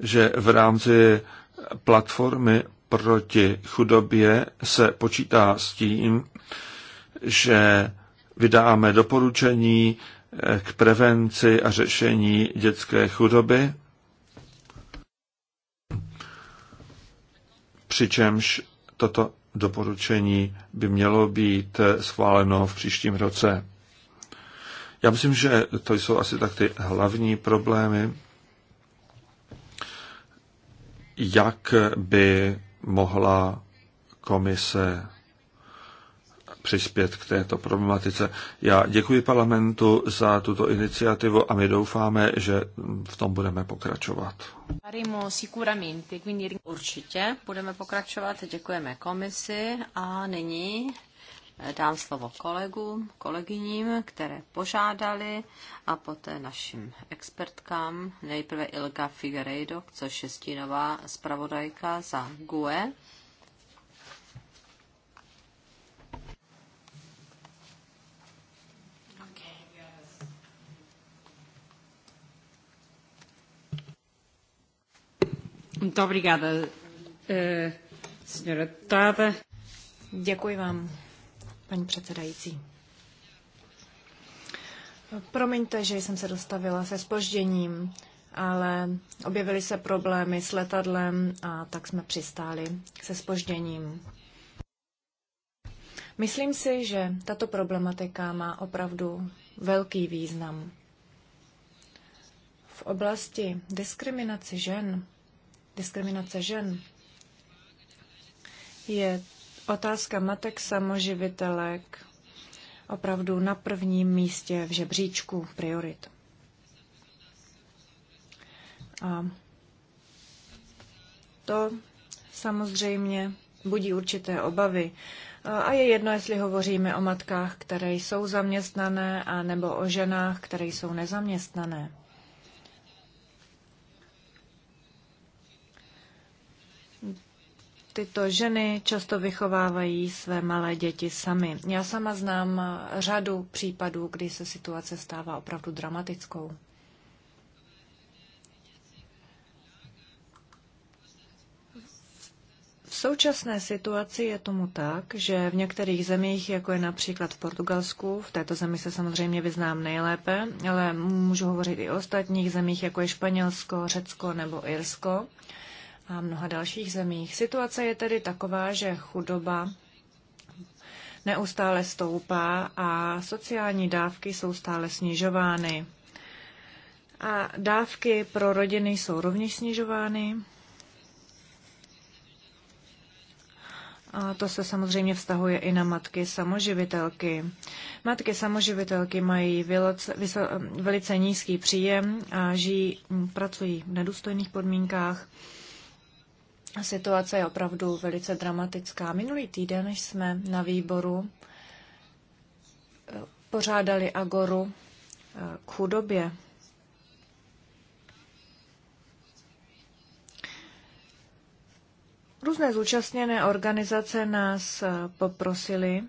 že v rámci platformy proti chudobě se počítá s tím, že vydáme doporučení k prevenci a řešení dětské chudoby, přičemž toto doporučení by mělo být schváleno v příštím roce. Já myslím, že to jsou asi tak ty hlavní problémy, jak by mohla komise přispět k této problematice. Já děkuji parlamentu za tuto iniciativu a my doufáme, že v tom budeme pokračovat. Určitě budeme pokračovat, děkujeme komisi a nyní eh, dám slovo kolegům, kolegyním, které požádali a poté našim expertkám. Nejprve Ilka Figueiredo, což je stínová zpravodajka za GUE Eh, Děkuji vám, paní předsedající. Promiňte, že jsem se dostavila se spožděním, ale objevily se problémy s letadlem a tak jsme přistáli se spožděním. Myslím si, že tato problematika má opravdu velký význam. V oblasti diskriminace žen diskriminace žen je otázka matek samoživitelek opravdu na prvním místě v žebříčku priorit. A to samozřejmě budí určité obavy. A je jedno, jestli hovoříme o matkách, které jsou zaměstnané, a nebo o ženách, které jsou nezaměstnané. Tyto ženy často vychovávají své malé děti sami. Já sama znám řadu případů, kdy se situace stává opravdu dramatickou. V současné situaci je tomu tak, že v některých zemích, jako je například v Portugalsku, v této zemi se samozřejmě vyznám nejlépe, ale můžu hovořit i o ostatních zemích, jako je Španělsko, Řecko nebo Irsko, a mnoha dalších zemích. Situace je tedy taková, že chudoba neustále stoupá a sociální dávky jsou stále snižovány. A dávky pro rodiny jsou rovněž snižovány. A to se samozřejmě vztahuje i na matky samoživitelky. Matky samoživitelky mají velice nízký příjem a žijí, pracují v nedůstojných podmínkách. Situace je opravdu velice dramatická. Minulý týden jsme na výboru eh, pořádali agoru eh, k chudobě. Různé zúčastněné organizace nás eh, poprosili,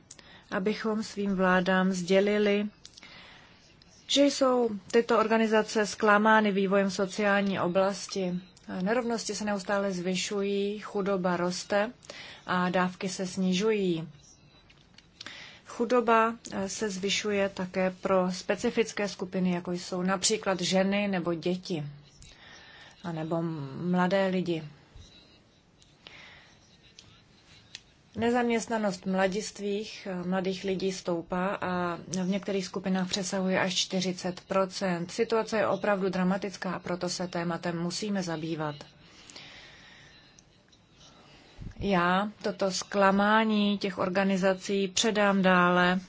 abychom svým vládám sdělili, že jsou tyto organizace zklamány vývojem sociální oblasti Nerovnosti se neustále zvyšují, chudoba roste a dávky se snižují. Chudoba eh, se zvyšuje také pro specifické skupiny, jako jsou například ženy nebo děti, nebo mladé lidi. Nezaměstnanost mladistvých, eh, mladých lidí stoupá a v některých skupinách přesahuje až 40 Situace je opravdu dramatická a proto se tématem musíme zabývat. Já toto zklamání těch organizací předám dále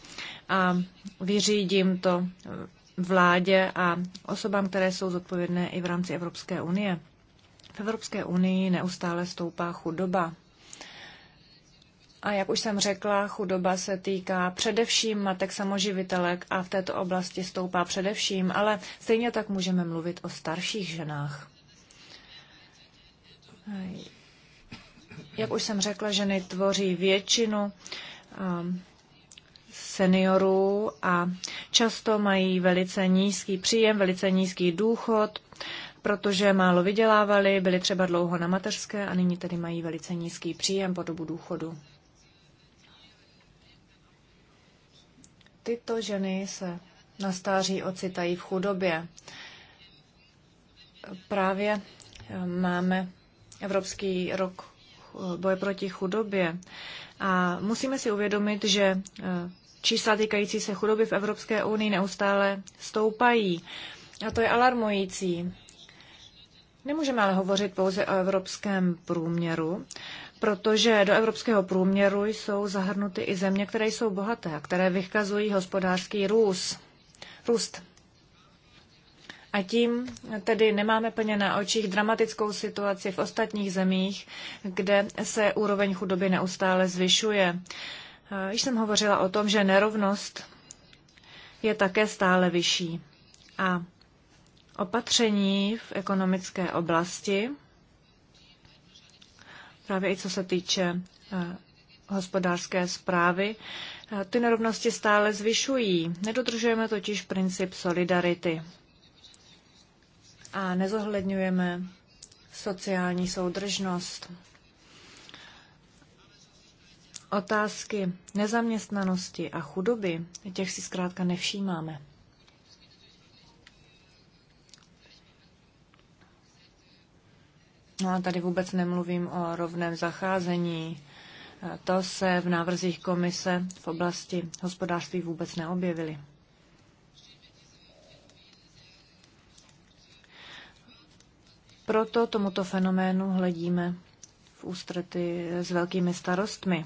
a vyřídím to vládě a osobám, které jsou zodpovědné i v rámci Evropské unie. V Evropské unii neustále stoupá chudoba. A jak už jsem řekla, chudoba se týká především matek samoživitelek a v této oblasti stoupá především, ale stejně tak můžeme mluvit o starších ženách. Jak už jsem řekla, ženy tvoří většinu um, seniorů a často mají velice nízký příjem, velice nízký důchod, protože málo vydělávali, byli třeba dlouho na mateřské a nyní tedy mají velice nízký příjem po dobu důchodu. tyto ženy se na stáří ocitají v chudobě. Právě eh, máme Evropský rok eh, boje proti chudobě a musíme si uvědomit, že eh, čísla týkající se chudoby v Evropské unii neustále stoupají. A to je alarmující. Nemůžeme ale hovořit pouze o evropském průměru, protože do evropského průměru jsou zahrnuty i země, které jsou bohaté a které vykazují hospodářský růst. růst. A tím tedy nemáme plně na očích dramatickou situaci v ostatních zemích, kde se úroveň chudoby neustále zvyšuje. Eh, již jsem hovořila o tom, že nerovnost je také stále vyšší. A opatření v ekonomické oblasti právě i co se týče eh, hospodářské zprávy. Eh, ty nerovnosti stále zvyšují. Nedodržujeme totiž princip solidarity a nezohledňujeme sociální soudržnost. Otázky nezaměstnanosti a chudoby, těch si zkrátka nevšímáme. No, a tady vůbec nemluvím o rovném zacházení. E, to se v návrzích komise v oblasti hospodářství vůbec neobjevily. Proto tomuto fenoménu hledíme v ústrety s velkými starostmi.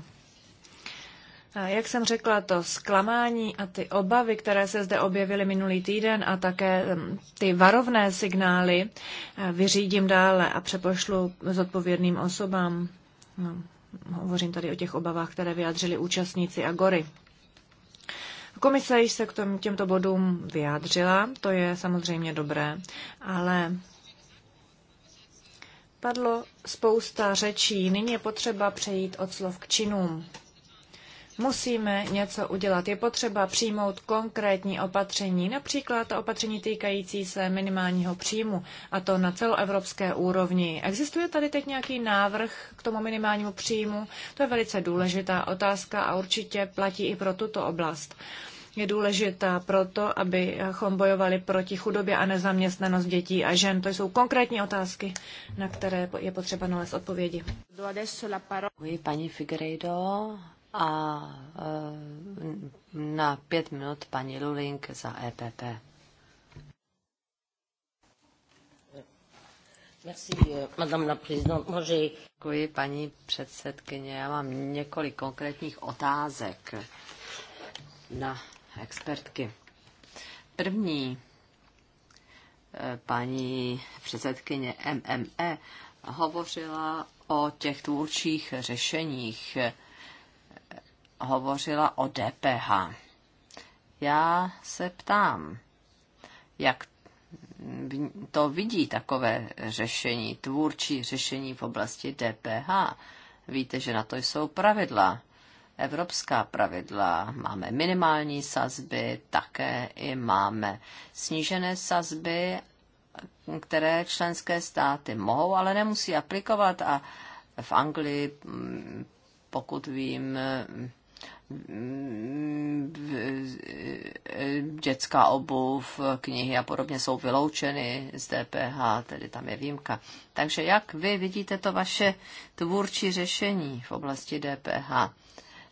Jak jsem řekla, to zklamání a ty obavy, které se zde objevily minulý týden a také mm, ty varovné signály e, vyřídím dále a přepošlu zodpovědným osobám. No, hovořím tady o těch obavách, které vyjádřili účastníci Agory. Komise již se k tom, těmto bodům vyjádřila, to je samozřejmě dobré, ale padlo spousta řečí. Nyní je potřeba přejít od slov k činům. Musíme něco udělat. Je potřeba přijmout konkrétní opatření, například opatření týkající se minimálního příjmu, a to na celoevropské úrovni. Existuje tady teď nějaký návrh k tomu minimálnímu příjmu? To je velice důležitá otázka a určitě platí i pro tuto oblast je důležitá proto, abychom bojovali proti chudobě a nezaměstnanost dětí a žen. To jsou konkrétní otázky, na které je potřeba nalézt odpovědi. Děkuji paní Figueiredo a eh, na pět minut paní Luling za EPP. Eh, Děkuji, paní předsedkyně. Já mám několik konkrétních otázek na expertky. První, eh, paní předsedkyně MME hovořila o těch tvůrčích řešeních hovořila o DPH. Já se ptám, jak to vidí takové řešení, tvůrčí řešení v oblasti DPH. Víte, že na to jsou pravidla, evropská pravidla. Máme minimální sazby, také i máme snížené sazby, které členské státy mohou, ale nemusí aplikovat. A v Anglii, mm, pokud vím, Mm, dětská obuv, knihy a podobně jsou vyloučeny z DPH, tedy tam je výjimka. Takže jak vy vidíte to vaše tvůrčí řešení v oblasti DPH?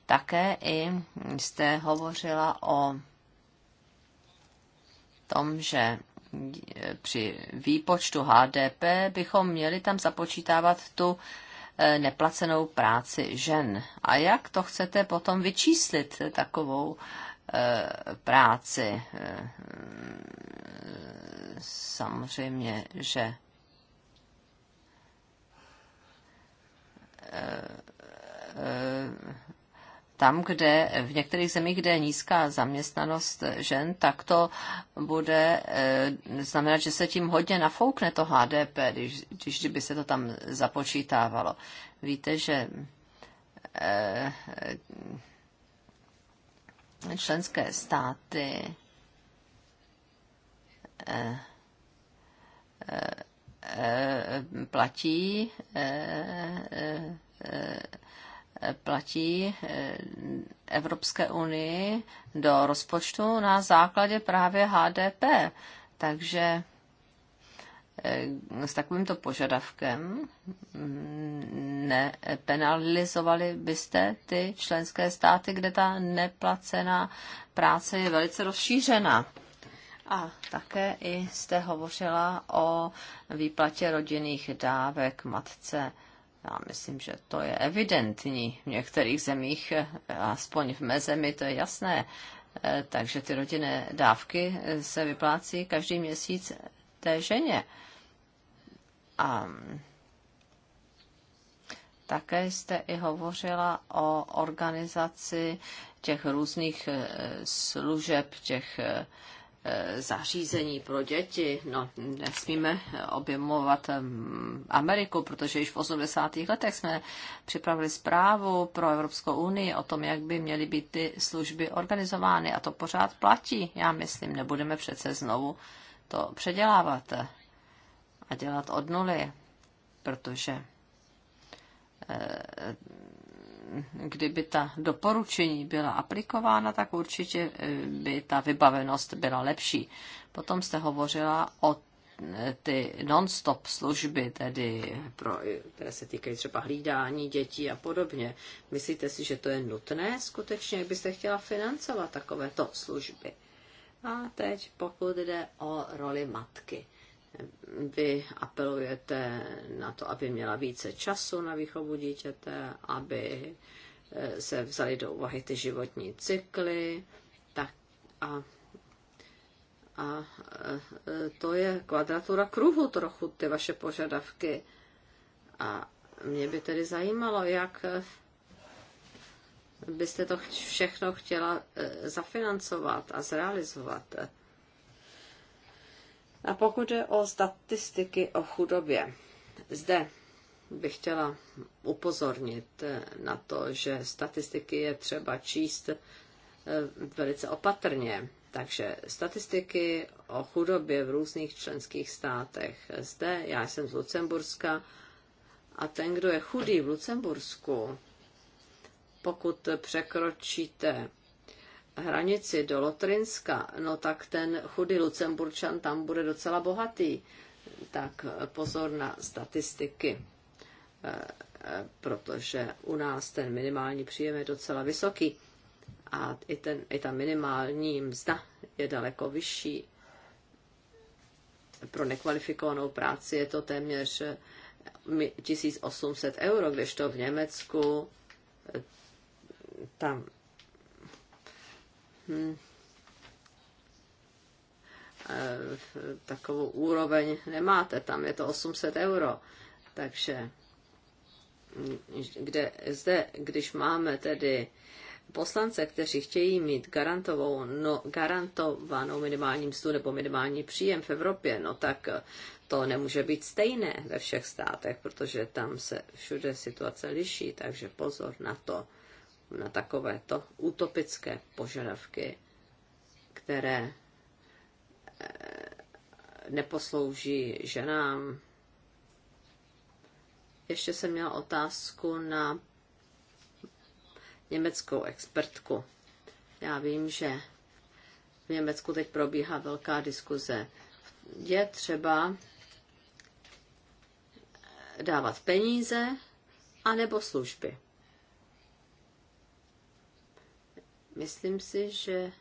Také i jste hovořila o tom, že při výpočtu HDP bychom měli tam započítávat tu Eh, neplacenou práci žen. A jak to chcete potom vyčíslit, takovou eh, práci? Eh, samozřejmě, že tam, kde v některých zemích, kde je nízká zaměstnanost žen, tak to bude eh, znamenat, že se tím hodně nafoukne to HDP, když, když by se to tam započítávalo. Víte, že eh, členské státy eh, platí platí eh, Evropské unii do rozpočtu na základě právě HDP. Takže eh, s takovýmto požadavkem mm, nepenalizovali byste ty členské státy, kde ta neplacená práce je velice rozšířena, A také i jste hovořila o výplatě rodinných dávek matce já myslím, že to je evidentní. V některých zemích, aspoň v mé zemi, to je jasné. Eh, takže ty rodinné dávky eh, se vyplácí každý měsíc té ženě. A mm, také jste i hovořila o organizaci těch různých eh, služeb, těch Eh, zařízení pro děti. No, nesmíme objemovat Ameriku, protože již v 80. letech jsme připravili zprávu pro Evropskou unii o tom, jak by měly být ty služby organizovány. A to pořád platí, já myslím. Nebudeme přece znovu to předělávat a dělat od nuly, protože eh, kdyby ta doporučení byla aplikována, tak určitě eh, by ta vybavenost byla lepší. Potom jste hovořila o eh, ty non-stop služby, tedy pro, které se týkají třeba hlídání dětí a podobně. Myslíte si, že to je nutné skutečně, jak byste chtěla financovat takovéto služby? A teď pokud jde o roli matky vy apelujete na to, aby měla více času na výchovu dítěte, aby eh, se vzali do úvahy ty životní cykly, tak a, a eh, to je kvadratura kruhu trochu, ty vaše požadavky. A mě by tedy zajímalo, jak eh, byste to všechno chtěla zafinancovat a zrealizovat. A pokud je o statistiky o chudobě, zde bych chtěla upozornit eh, na to, že statistiky je třeba číst eh, velice opatrně. Takže statistiky o chudobě v různých členských státech. Zde já jsem z Lucemburska a ten, kdo je chudý v Lucembursku, pokud překročíte hranici do Lotrinska, no tak ten chudý Lucemburčan tam bude docela bohatý. Tak pozor na statistiky, eh, eh, protože u nás ten minimální příjem je docela vysoký a i, ten, i ta minimální mzda je daleko vyšší. Pro nekvalifikovanou práci je to téměř 1800 eh, euro, kdežto v Německu tam hm, takovou úroveň nemáte, tam je to 800 euro. Takže kde, zde, když máme tedy poslance, kteří chtějí mít garantovou, no, garantovanou minimální mzdu nebo minimální příjem v Evropě, no tak to nemůže být stejné ve všech státech, protože tam se všude situace liší, takže pozor na to na takovéto utopické požadavky, které eh, neposlouží ženám. Ještě jsem měla otázku na německou expertku. Já vím, že v Německu teď probíhá velká diskuze. Je třeba dávat peníze anebo služby. Myslím si, že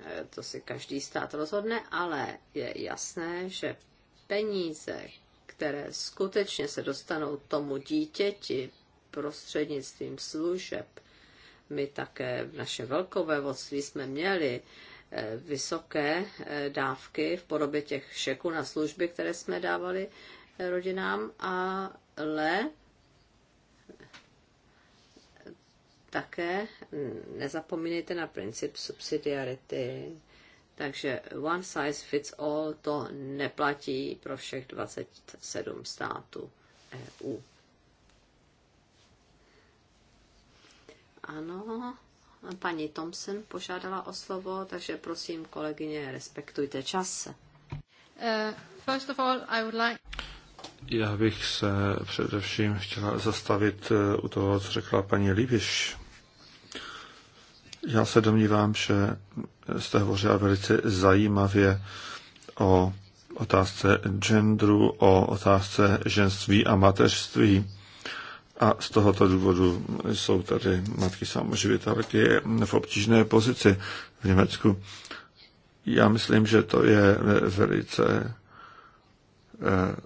eh, to si každý stát rozhodne, ale je jasné, že peníze, které skutečně se dostanou tomu dítěti prostřednictvím služeb, my také v našem velkovévodství jsme měli eh, vysoké eh, dávky v podobě těch šeků na služby, které jsme dávali rodinám, ale také nezapomínejte na princip subsidiarity. Takže one size fits all to neplatí pro všech 27 států EU. Ano, paní Thompson požádala o slovo, takže prosím, kolegyně, respektujte čas. Uh, first of all, I would like... Já bych se především chtěla zastavit uh, u toho, co řekla paní Libiš. Já se domnívám, že jste hovořila velice zajímavě o otázce genderu, o otázce ženství a mateřství. A z tohoto důvodu jsou tady matky samoživitelky v obtížné pozici v Německu. Já myslím, že to je velice eh,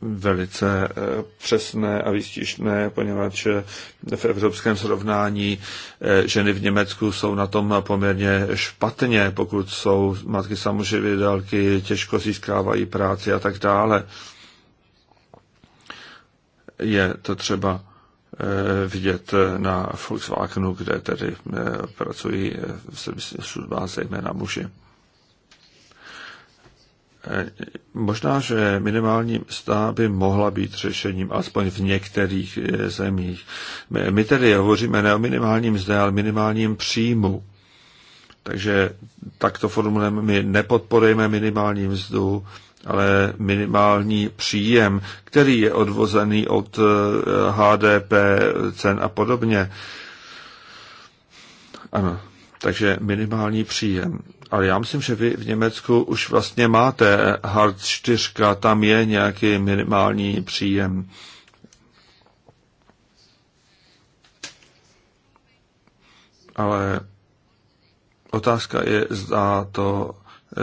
velice eh, přesné a výstižné, poněvadž v evropském srovnání eh, ženy v Německu jsou na tom poměrně špatně, pokud jsou matky samoživitelky, těžko získávají práci a tak dále. Je to třeba eh, vidět na Volkswagenu, kde tedy pracují v službách zejména muži. Eh, možná, že minimální mzda by mohla být řešením, aspoň v některých eh, zemích. My tedy hovoříme ne o minimálním mzdě, ale minimálním příjmu. Takže takto formulujeme, my nepodporujeme minimální mzdu, ale minimální příjem, který je odvozený od HDP, eh, cen a podobně. Ano, takže minimální příjem. Ale já myslím, že vy v Německu už vlastně máte Hard 4, tam je nějaký minimální příjem. Ale otázka je, zda to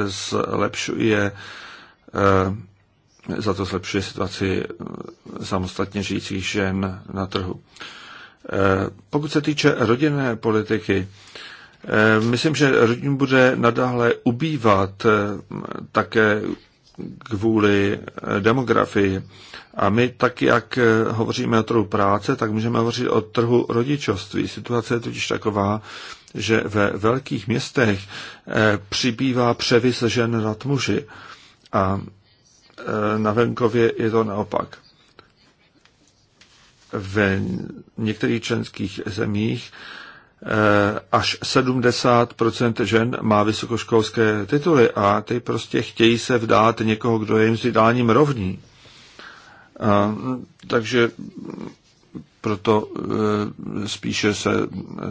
zlepšuje eh, za to zlepšuje situaci eh, samostatně žijících žen na trhu. Eh, pokud se týče rodinné politiky, Eh, myslím, že rodin bude nadále ubývat eh, také kvůli eh, demografii. A my tak, jak hovoříme o trhu práce, tak můžeme hovořit o trhu rodičovství. Situace je totiž taková, že ve velkých městech přibývá převis žen nad muži a na venkově je to naopak. Ve některých členských zemích Eh, až 70% žen má vysokoškolské tituly a ty prostě chtějí se vdát někoho, kdo je jim vzděláním rovní. A, eh, takže proto e, spíše se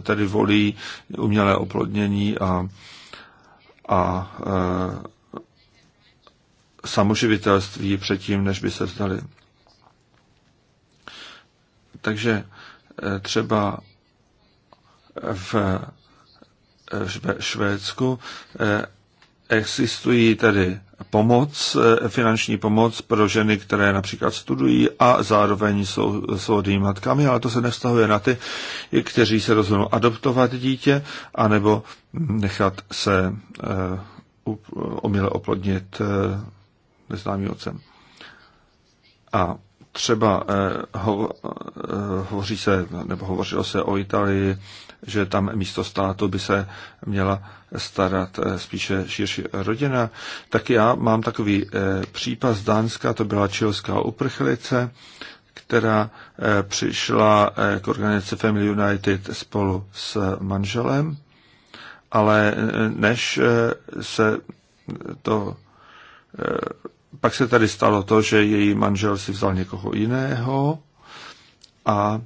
tady volí umělé oplodnění a, a e, samoživitelství předtím, než by se vzdali. Takže e, třeba v Švédsku eh, existují tedy pomoc, eh, finanční pomoc pro ženy, které například studují a zároveň jsou svobodnými matkami, ale to se nevztahuje na ty, kteří se rozhodnou adoptovat dítě anebo nechat se eh, uh, omile oplodnit neznámým otcem. A třeba hovoří se, nebo hovořilo se o Itálii, že tam místo státu by se měla starat eh, spíše širší rodina. Tak já mám takový eh, případ z Dánska, to byla čilská uprchlice, která eh, přišla k organizaci Family United spolu s manželem, ale než se to pak se tady stalo to, že její manžel si vzal někoho jiného a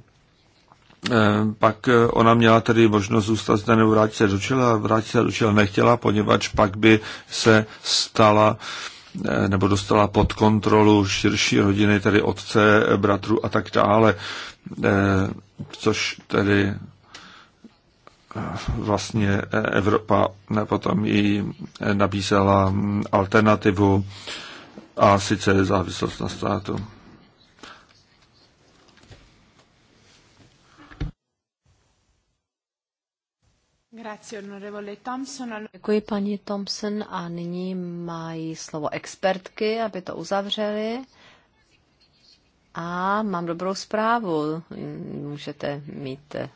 Eh, pak eh, ona měla tedy možnost zůstat zde nebo vrátit se do čela, vrátit se do čela nechtěla, poněvadž pak by se stala eh, nebo dostala pod kontrolu širší rodiny, tedy otce, bratru a tak dále, což tedy vlastně Evropa potom jí nabízela mm, alternativu a sice závislost na státu. Děkuji paní Thompson a nyní mají slovo expertky, aby to uzavřeli. A mám dobrou zprávu. Můžete mít eh,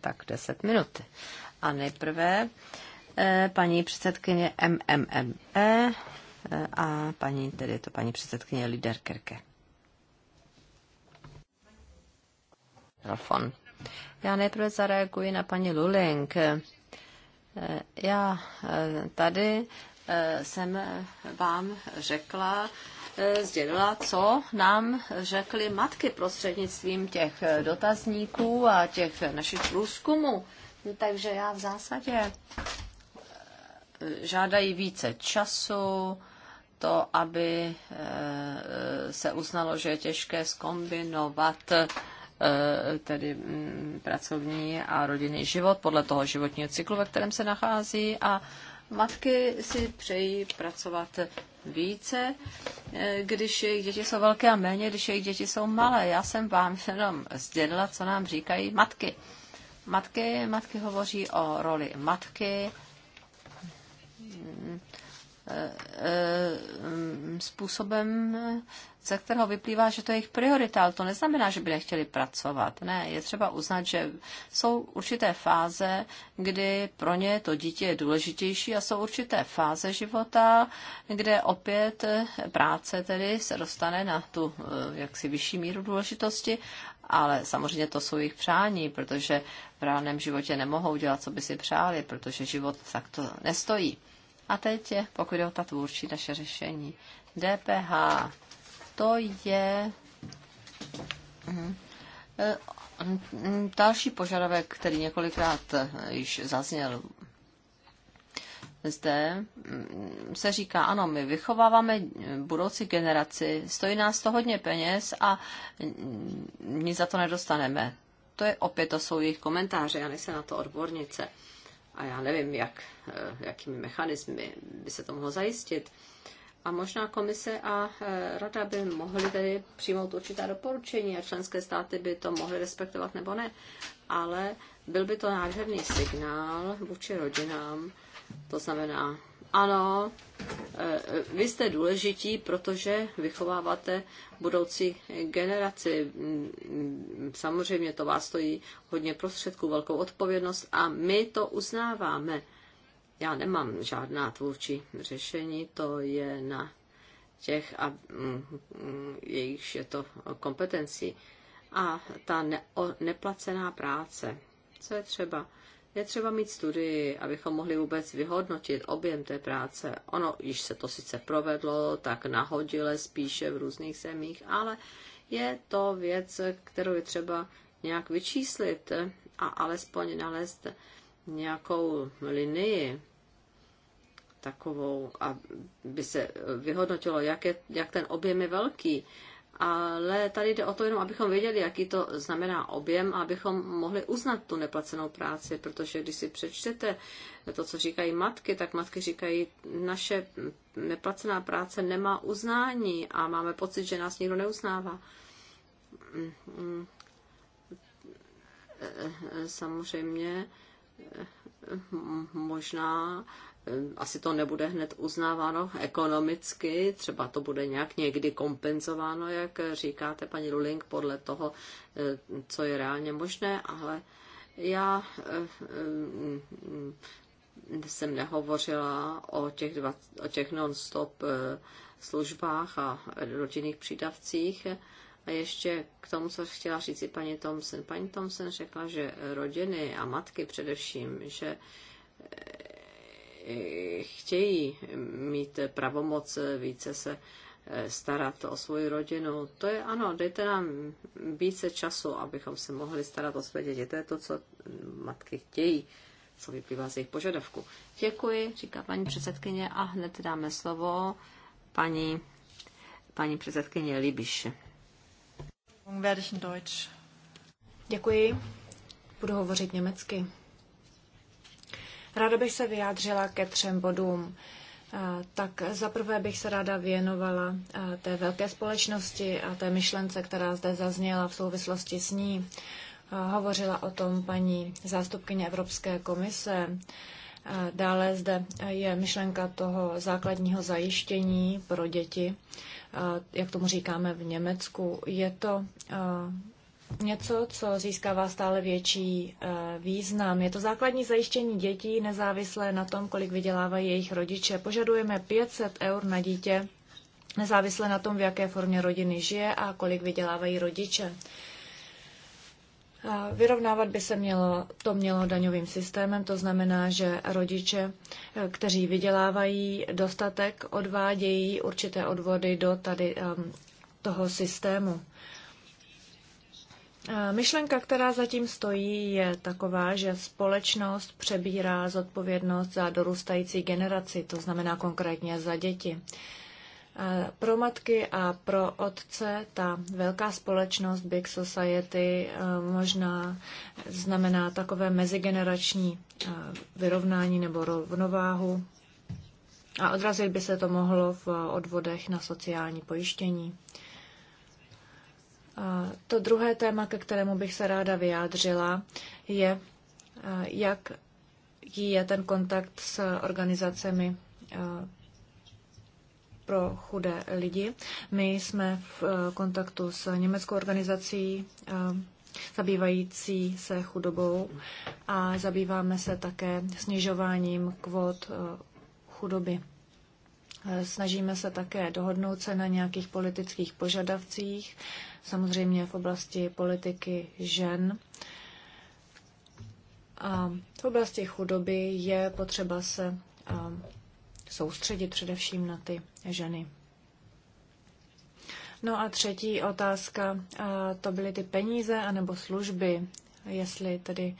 tak 10 minut. A nejprve eh, paní předsedkyně MMME eh, a paní, tedy je to paní předsedkyně Lider Kerke. Já nejprve zareaguji na paní Luling. Eh, já eh, tady eh, jsem vám řekla, sdělila, co nám řekly matky prostřednictvím těch dotazníků a těch našich průzkumů. Takže já v zásadě žádají více času, to, aby se uznalo, že je těžké skombinovat E, tedy mm, pracovní a rodinný život podle toho životního cyklu, ve kterém se nachází a matky si přejí pracovat více, e, když jejich děti jsou velké a méně, když jejich děti jsou malé. Já jsem vám jenom sdělila, co nám říkají matky. Matky, matky hovoří o roli matky, mm, e, mm, způsobem, ze kterého vyplývá, že to je jejich priorita, ale to neznamená, že by nechtěli pracovat. Ne, je třeba uznat, že jsou určité fáze, kdy pro ně to dítě je důležitější a jsou určité fáze života, kde opět práce tedy se dostane na tu eh, jaksi vyšší míru důležitosti, ale samozřejmě to jsou jejich přání, protože v reálném životě nemohou dělat, co by si přáli, protože život takto nestojí. A teď, pokud je o ta tvůrčí naše řešení, DPH, to je mhm, e, další požadavek, který několikrát e, již zazněl zde mm, se říká, ano, my vychováváme budoucí generaci, stojí nás to hodně peněz a mm, nic za to nedostaneme. To je opět, to jsou jejich komentáře, já nejsem na to odbornice. A já nevím, jak, e, jakými mechanismy by se to mohlo zajistit. A možná komise a e, rada by mohly tedy přijmout určitá doporučení a členské státy by to mohly respektovat nebo ne. Ale byl by to nádherný signál vůči rodinám. To znamená, ano, e, e, vy jste důležití, protože vychováváte budoucí generaci. Mm, samozřejmě to vás stojí hodně prostředků, velkou odpovědnost a my to uznáváme. Já nemám žádná tvůrčí řešení, to je na těch, a, mm, mm, jejichž je to kompetenci. A ta ne, o, neplacená práce, co je třeba? Je třeba mít studii, abychom mohli vůbec vyhodnotit objem té práce. Ono, již se to sice provedlo, tak nahodile spíše v různých zemích, ale je to věc, kterou je třeba nějak vyčíslit a alespoň nalézt nějakou linii takovou, aby se vyhodnotilo, jak, je, jak ten objem je velký. Ale tady jde o to jenom, abychom věděli, jaký to znamená objem a abychom mohli uznat tu neplacenou práci, protože když si přečtete to, co říkají matky, tak matky říkají, naše neplacená práce nemá uznání a máme pocit, že nás nikdo neuznává. Samozřejmě možná asi to nebude hned uznáváno ekonomicky, třeba to bude nějak někdy kompenzováno, jak říkáte, paní Luling, podle toho, eh, co je reálně možné, ale já eh, mm, jsem nehovořila o těch, dva, o těch non-stop eh, službách a rodinných přídavcích. A ještě k tomu, co chtěla říct i paní Thompson. Paní Thompson řekla, že rodiny a matky především, že chtějí mít pravomoc více se eh, starat o svoji rodinu. To je ano, dejte nám více času, abychom se mohli starat o své děti. To je to, co matky chtějí, co vyplývá z jejich požadavku. Děkuji, říká paní předsedkyně a hned dáme slovo paní, paní předsedkyně Libiš. Děkuji. Budu hovořit německy. Ráda bych se vyjádřila ke třem bodům. Tak zaprvé bych se ráda věnovala té velké společnosti a té myšlence, která zde zazněla v souvislosti s ní. Hovořila o tom paní zástupkyně Evropské komise. Dále zde je myšlenka toho základního zajištění pro děti, jak tomu říkáme v Německu. Je to něco, co získává stále větší eh, význam. Je to základní zajištění dětí nezávislé na tom, kolik vydělávají jejich rodiče. Požadujeme 500 eur na dítě nezávisle na tom, v jaké formě rodiny žije a kolik vydělávají rodiče. Vyrovnávat by se mělo, to mělo daňovým systémem, to znamená, že rodiče, eh, kteří vydělávají dostatek, odvádějí určité odvody do tady ehm, toho systému. Myšlenka, která zatím stojí, je taková, že společnost přebírá zodpovědnost za dorůstající generaci, to znamená konkrétně za děti. Pro matky a pro otce ta velká společnost Big Society e, možná znamená takové mezigenerační e, vyrovnání nebo rovnováhu a odrazit by se to mohlo v odvodech na sociální pojištění to druhé téma, ke kterému bych se ráda vyjádřila, je, jak je ten kontakt s organizacemi pro chudé lidi. My jsme v kontaktu s německou organizací zabývající se chudobou a zabýváme se také snižováním kvot chudoby. Snažíme se také dohodnout se na nějakých politických požadavcích, samozřejmě v oblasti politiky žen. A v oblasti chudoby je potřeba se soustředit především na ty ženy. No a třetí otázka, to byly ty peníze anebo služby, jestli tedy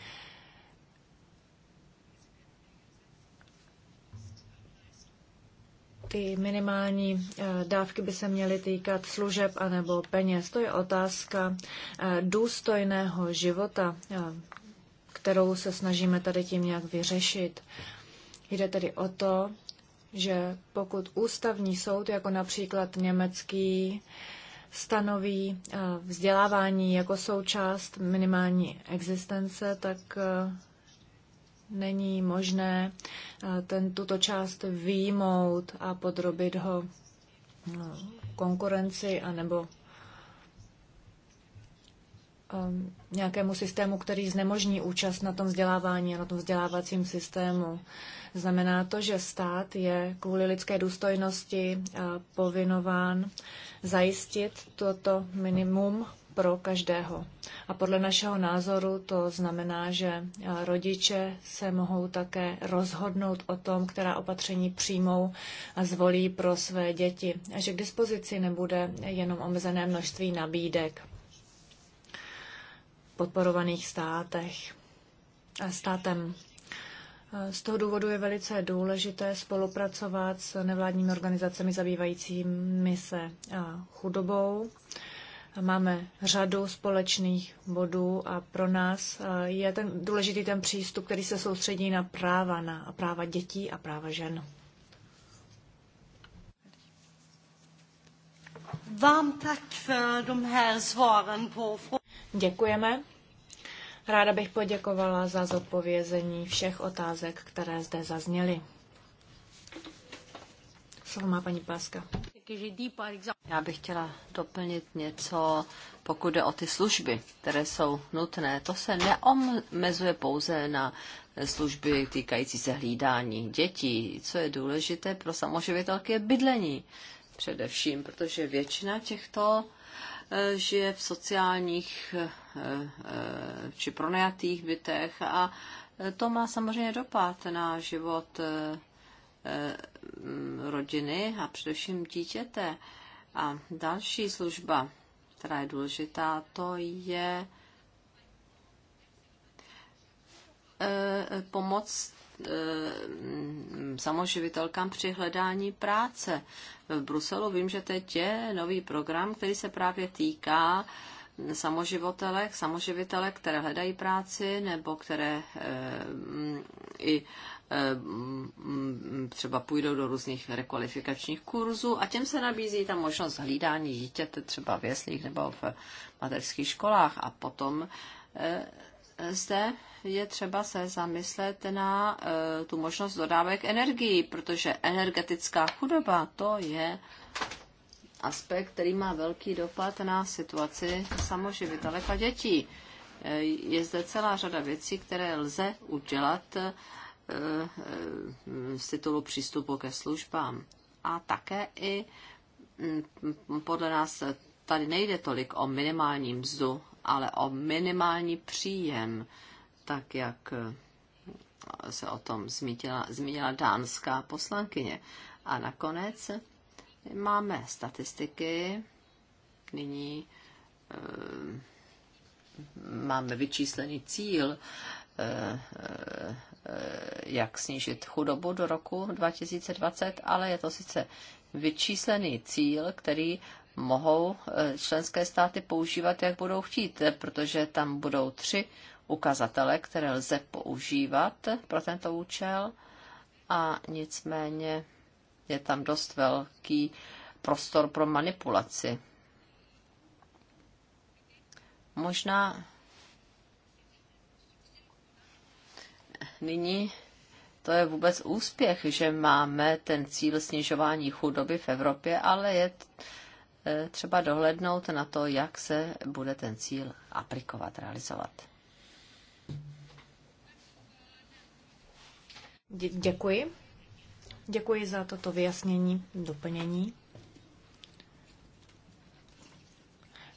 ty minimální eh, dávky by se měly týkat služeb anebo peněz. To je otázka eh, důstojného života, eh, kterou se snažíme tady tím nějak vyřešit. Jde tedy o to, že pokud ústavní soud, jako například německý, stanoví vzdělávání jako součást minimální existence, tak není možné eh, ten, tuto část výjmout a podrobit ho eh, konkurenci anebo ehm, nějakému systému, který znemožní účast na tom vzdělávání a na tom vzdělávacím systému. Znamená to, že stát je kvůli lidské důstojnosti eh, povinován zajistit toto minimum pro každého. A podle našeho názoru to znamená, že eh, rodiče se mohou také rozhodnout o tom, která opatření přijmou a zvolí pro své děti. A že k dispozici nebude jenom omezené množství nabídek podporovaných státech, a eh, státem. Eh, z toho důvodu je velice důležité spolupracovat s nevládními organizacemi zabývajícími se chudobou Máme řadu společných bodů a pro nás eh, je ten důležitý ten přístup, který se soustředí na práva, na práva dětí a práva žen. Vám tak Děkujeme. Ráda bych poděkovala za zodpovězení všech otázek, které zde zazněly. Slovo má paní Páska. Já bych chtěla doplnit něco, pokud jde o ty služby, které jsou nutné. To se neomezuje pouze na služby týkající se hlídání dětí. Co je důležité pro samoživitelky je bydlení především, protože většina těchto eh, žije v sociálních eh, eh, či pronajatých bytech a to má samozřejmě dopad na život Eh, rodiny a především dítěte. A další služba, která je důležitá, to je eh, pomoc eh, samoživitelkám při hledání práce. V Bruselu vím, že teď je nový program, který se právě týká samoživotelek, samoživitelek, které hledají práci nebo které eh, mm, i eh, mm, třeba půjdou do různých rekvalifikačních kurzů a těm se nabízí ta možnost hlídání dítěte třeba v jeslích nebo v mateřských školách a potom eh, zde je třeba se zamyslet na tu možnost dodávek energii, protože energetická chudoba to je aspekt, který má velký dopad na situaci samoživitelek a dětí. Je zde celá řada věcí, které lze udělat eh, eh, z titulu přístupu ke službám. A také i mm, podle nás tady nejde tolik o minimální mzdu, ale o minimální příjem, tak jak eh, se o tom zmínila dánská poslankyně. A nakonec Máme statistiky, nyní ehm, máme vyčíslený cíl, eh, eh, jak snížit chudobu do roku 2020, ale je to sice vyčíslený cíl, který mohou eh, členské státy používat, jak budou chtít, protože tam budou tři ukazatele, které lze používat pro tento účel a nicméně je tam dost velký prostor pro manipulaci. Možná nyní to je vůbec úspěch, že máme ten cíl snižování chudoby v Evropě, ale je e, třeba dohlednout na to, jak se bude ten cíl aplikovat, realizovat. Děkuji. Děkuji za toto vyjasnění, doplnění.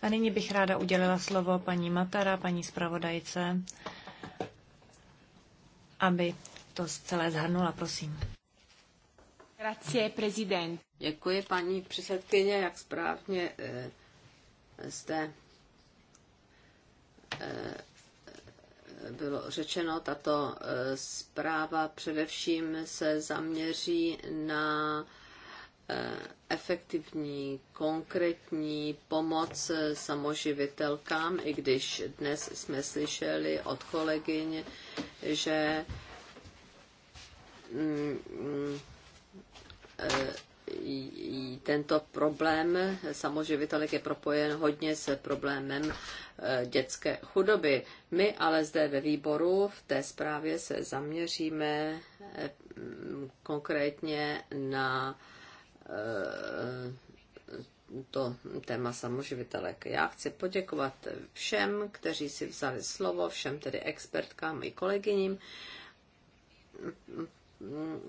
A nyní bych ráda udělila slovo paní Matara, paní zpravodajce, aby to celé zhrnula, prosím. Grazie, prezident. Děkuji, paní předsedkyně, jak správně jste eh, bylo řečeno, tato e, zpráva především se zaměří na e, efektivní, konkrétní pomoc samoživitelkám, i když dnes jsme slyšeli od kolegyň, že mm, e, tento problém samoživitelek je propojen hodně s problémem Eh, dětské chudoby. My ale zde ve výboru v té zprávě se zaměříme eh, konkrétně na eh, to téma samoživitelek. Já chci poděkovat všem, kteří si vzali slovo, všem tedy expertkám i kolegyním.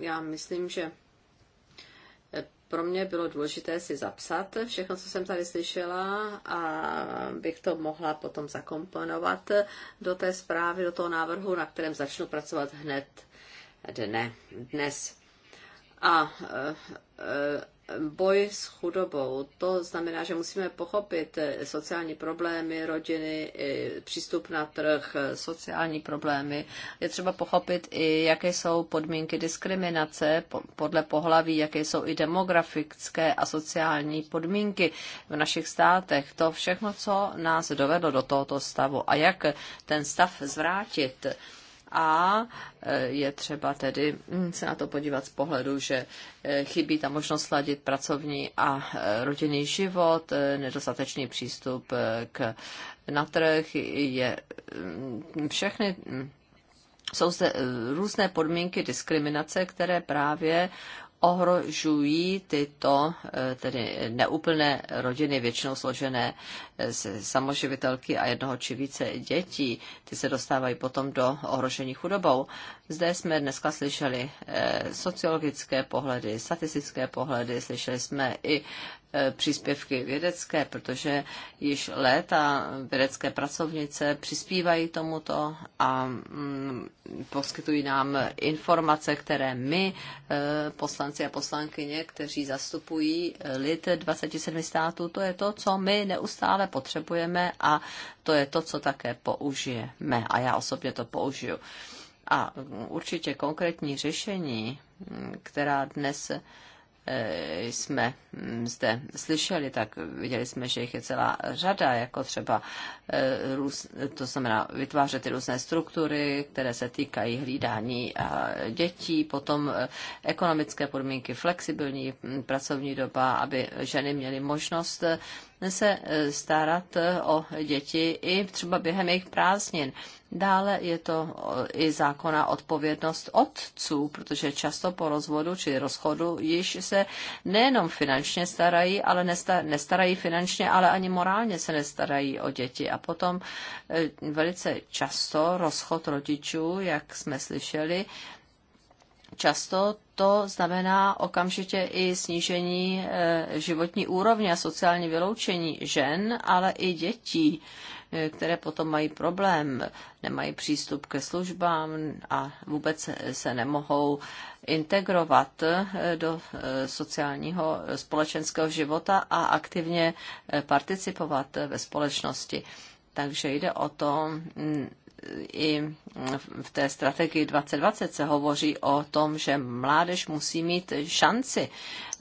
Já myslím, že pro mě bylo důležité si zapsat všechno, co jsem tady slyšela a bych to mohla potom zakomponovat do té zprávy, do toho návrhu, na kterém začnu pracovat hned dne, dnes. A e, e, boj s chudobou. To znamená, že musíme pochopit eh, sociální problémy rodiny, eh, přístup na trh, eh, sociální problémy. Je třeba pochopit i, jaké jsou podmínky diskriminace podle pohlaví, jaké jsou i demografické a sociální podmínky v našich státech. To všechno, co nás dovedlo do tohoto stavu a jak ten stav zvrátit a e, je třeba tedy mm, se na to podívat z pohledu, že e, chybí ta možnost sladit pracovní a e, rodinný život, nedostatečný přístup k, na trh, je mm, všechny mm, jsou zde různé podmínky diskriminace, které právě ohrožují tyto eh, tedy neúplné rodiny, většinou složené z eh, samoživitelky a jednoho či více dětí. Ty se dostávají potom do ohrožení chudobou. Zde jsme dneska slyšeli eh, sociologické pohledy, statistické pohledy, slyšeli jsme i E, příspěvky vědecké, protože již léta vědecké pracovnice přispívají tomuto a mm, poskytují nám informace, které my, e, poslanci a poslankyně, kteří zastupují e, lid 27 států, to je to, co my neustále potřebujeme a to je to, co také použijeme. A já osobně to použiju. A mm, určitě konkrétní řešení, mm, která dnes Eh, jsme hm, zde slyšeli, tak viděli jsme, že jich je celá řada, jako třeba eh, to znamená vytvářet ty různé struktury, které se týkají hlídání dětí, potom eh, ekonomické podmínky, flexibilní hm, pracovní doba, aby ženy měly možnost se eh, starat eh, o děti i třeba během jejich prázdnin. Dále je to eh, i zákona odpovědnost otců, protože často po rozvodu či rozchodu již se nejenom finančně starají, ale nestarají finančně, ale ani morálně se nestarají o děti. A potom velice často rozchod rodičů, jak jsme slyšeli, Často to znamená okamžitě i snížení eh, životní úrovně a sociální vyloučení žen, ale i dětí, eh, které potom mají problém, nemají přístup ke službám a vůbec se nemohou integrovat eh, do sociálního společenského života a aktivně participovat ve společnosti. Takže jde o to mm, i v té strategii 2020 se hovoří o tom, že mládež musí mít šanci.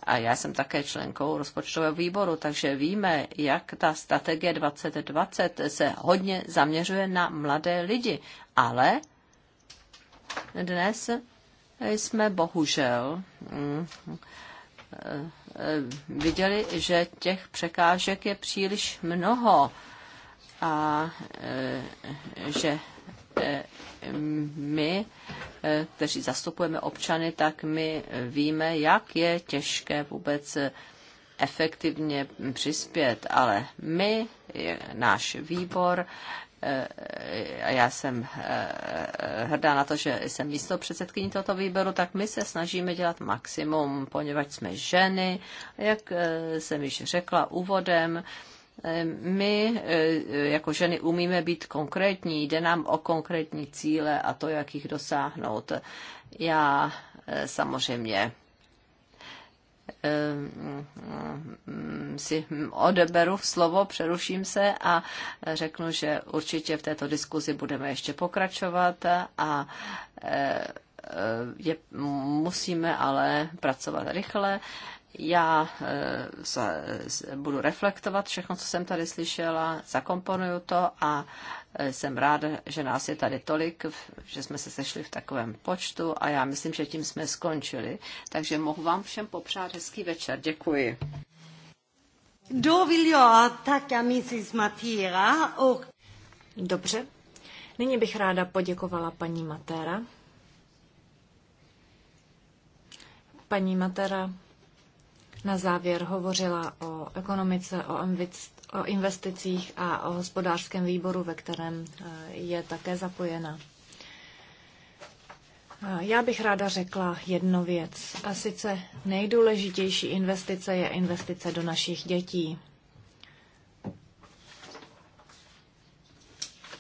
A já jsem také členkou rozpočtového výboru, takže víme, jak ta strategie 2020 se hodně zaměřuje na mladé lidi. Ale dnes jsme bohužel mm, eh, viděli, že těch překážek je příliš mnoho a eh, že Eh, my, eh, kteří zastupujeme občany, tak my víme, jak je těžké vůbec eh, efektivně přispět, ale my, náš výbor, a já jsem hrdá na to, že jsem místo předsedkyní tohoto výboru, tak my se snažíme dělat maximum, poněvadž jsme ženy, jak jsem již řekla úvodem, my eh, jako ženy umíme být konkrétní, jde nám o konkrétní cíle a to, jak jich dosáhnout. Já eh, samozřejmě eh, si odeberu slovo, přeruším se a řeknu, že určitě v této diskuzi budeme ještě pokračovat a je, musíme ale pracovat rychle já eh, budu reflektovat všechno, co jsem tady slyšela, zakomponuju to a eh, jsem rád, že nás je tady tolik, že jsme se sešli v takovém počtu a já myslím, že tím jsme skončili. Takže mohu vám všem popřát hezký večer. Děkuji. Mrs. Dobře. Nyní bych ráda poděkovala paní Matera. Paní Matera na závěr hovořila o ekonomice, o, ambic, o investicích a o hospodářském výboru, ve kterém eh, je také zapojena. Eh, já bych ráda řekla jednu věc. A sice nejdůležitější investice je investice do našich dětí.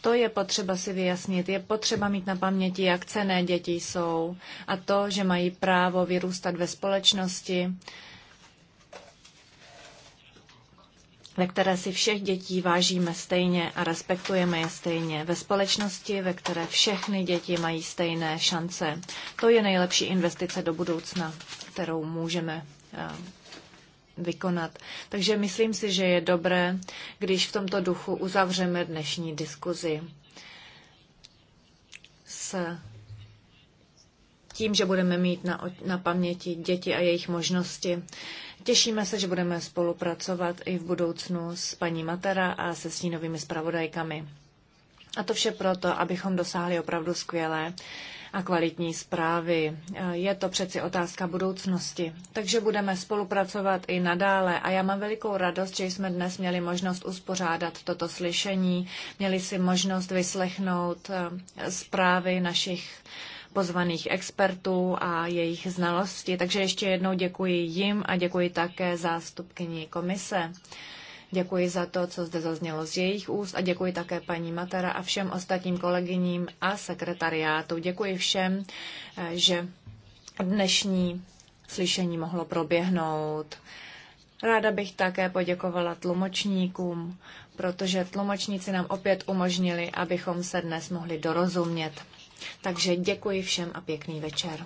To je potřeba si vyjasnit. Je potřeba mít na paměti, jak cené děti jsou a to, že mají právo vyrůstat ve společnosti, ve které si všech dětí vážíme stejně a respektujeme je stejně. Ve společnosti, ve které všechny děti mají stejné šance. To je nejlepší investice do budoucna, kterou můžeme eh, vykonat. Takže myslím si, že je dobré, když v tomto duchu uzavřeme dnešní diskuzi s tím, že budeme mít na, na paměti děti a jejich možnosti. Těšíme se, že budeme spolupracovat i v budoucnu s paní Matera a se stínovými zpravodajkami. A to vše proto, abychom dosáhli opravdu skvělé a kvalitní zprávy. Je to přeci otázka budoucnosti. Takže budeme spolupracovat i nadále a já mám velikou radost, že jsme dnes měli možnost uspořádat toto slyšení, měli si možnost vyslechnout eh, zprávy našich pozvaných expertů a jejich znalosti. Takže ještě jednou děkuji jim a děkuji také zástupkyni komise. Děkuji za to, co zde zaznělo z jejich úst a děkuji také paní Matera a všem ostatním kolegyním a sekretariátu. Děkuji všem, že dnešní slyšení mohlo proběhnout. Ráda bych také poděkovala tlumočníkům, protože tlumočníci nám opět umožnili, abychom se dnes mohli dorozumět. Takže děkuji všem a pěkný večer.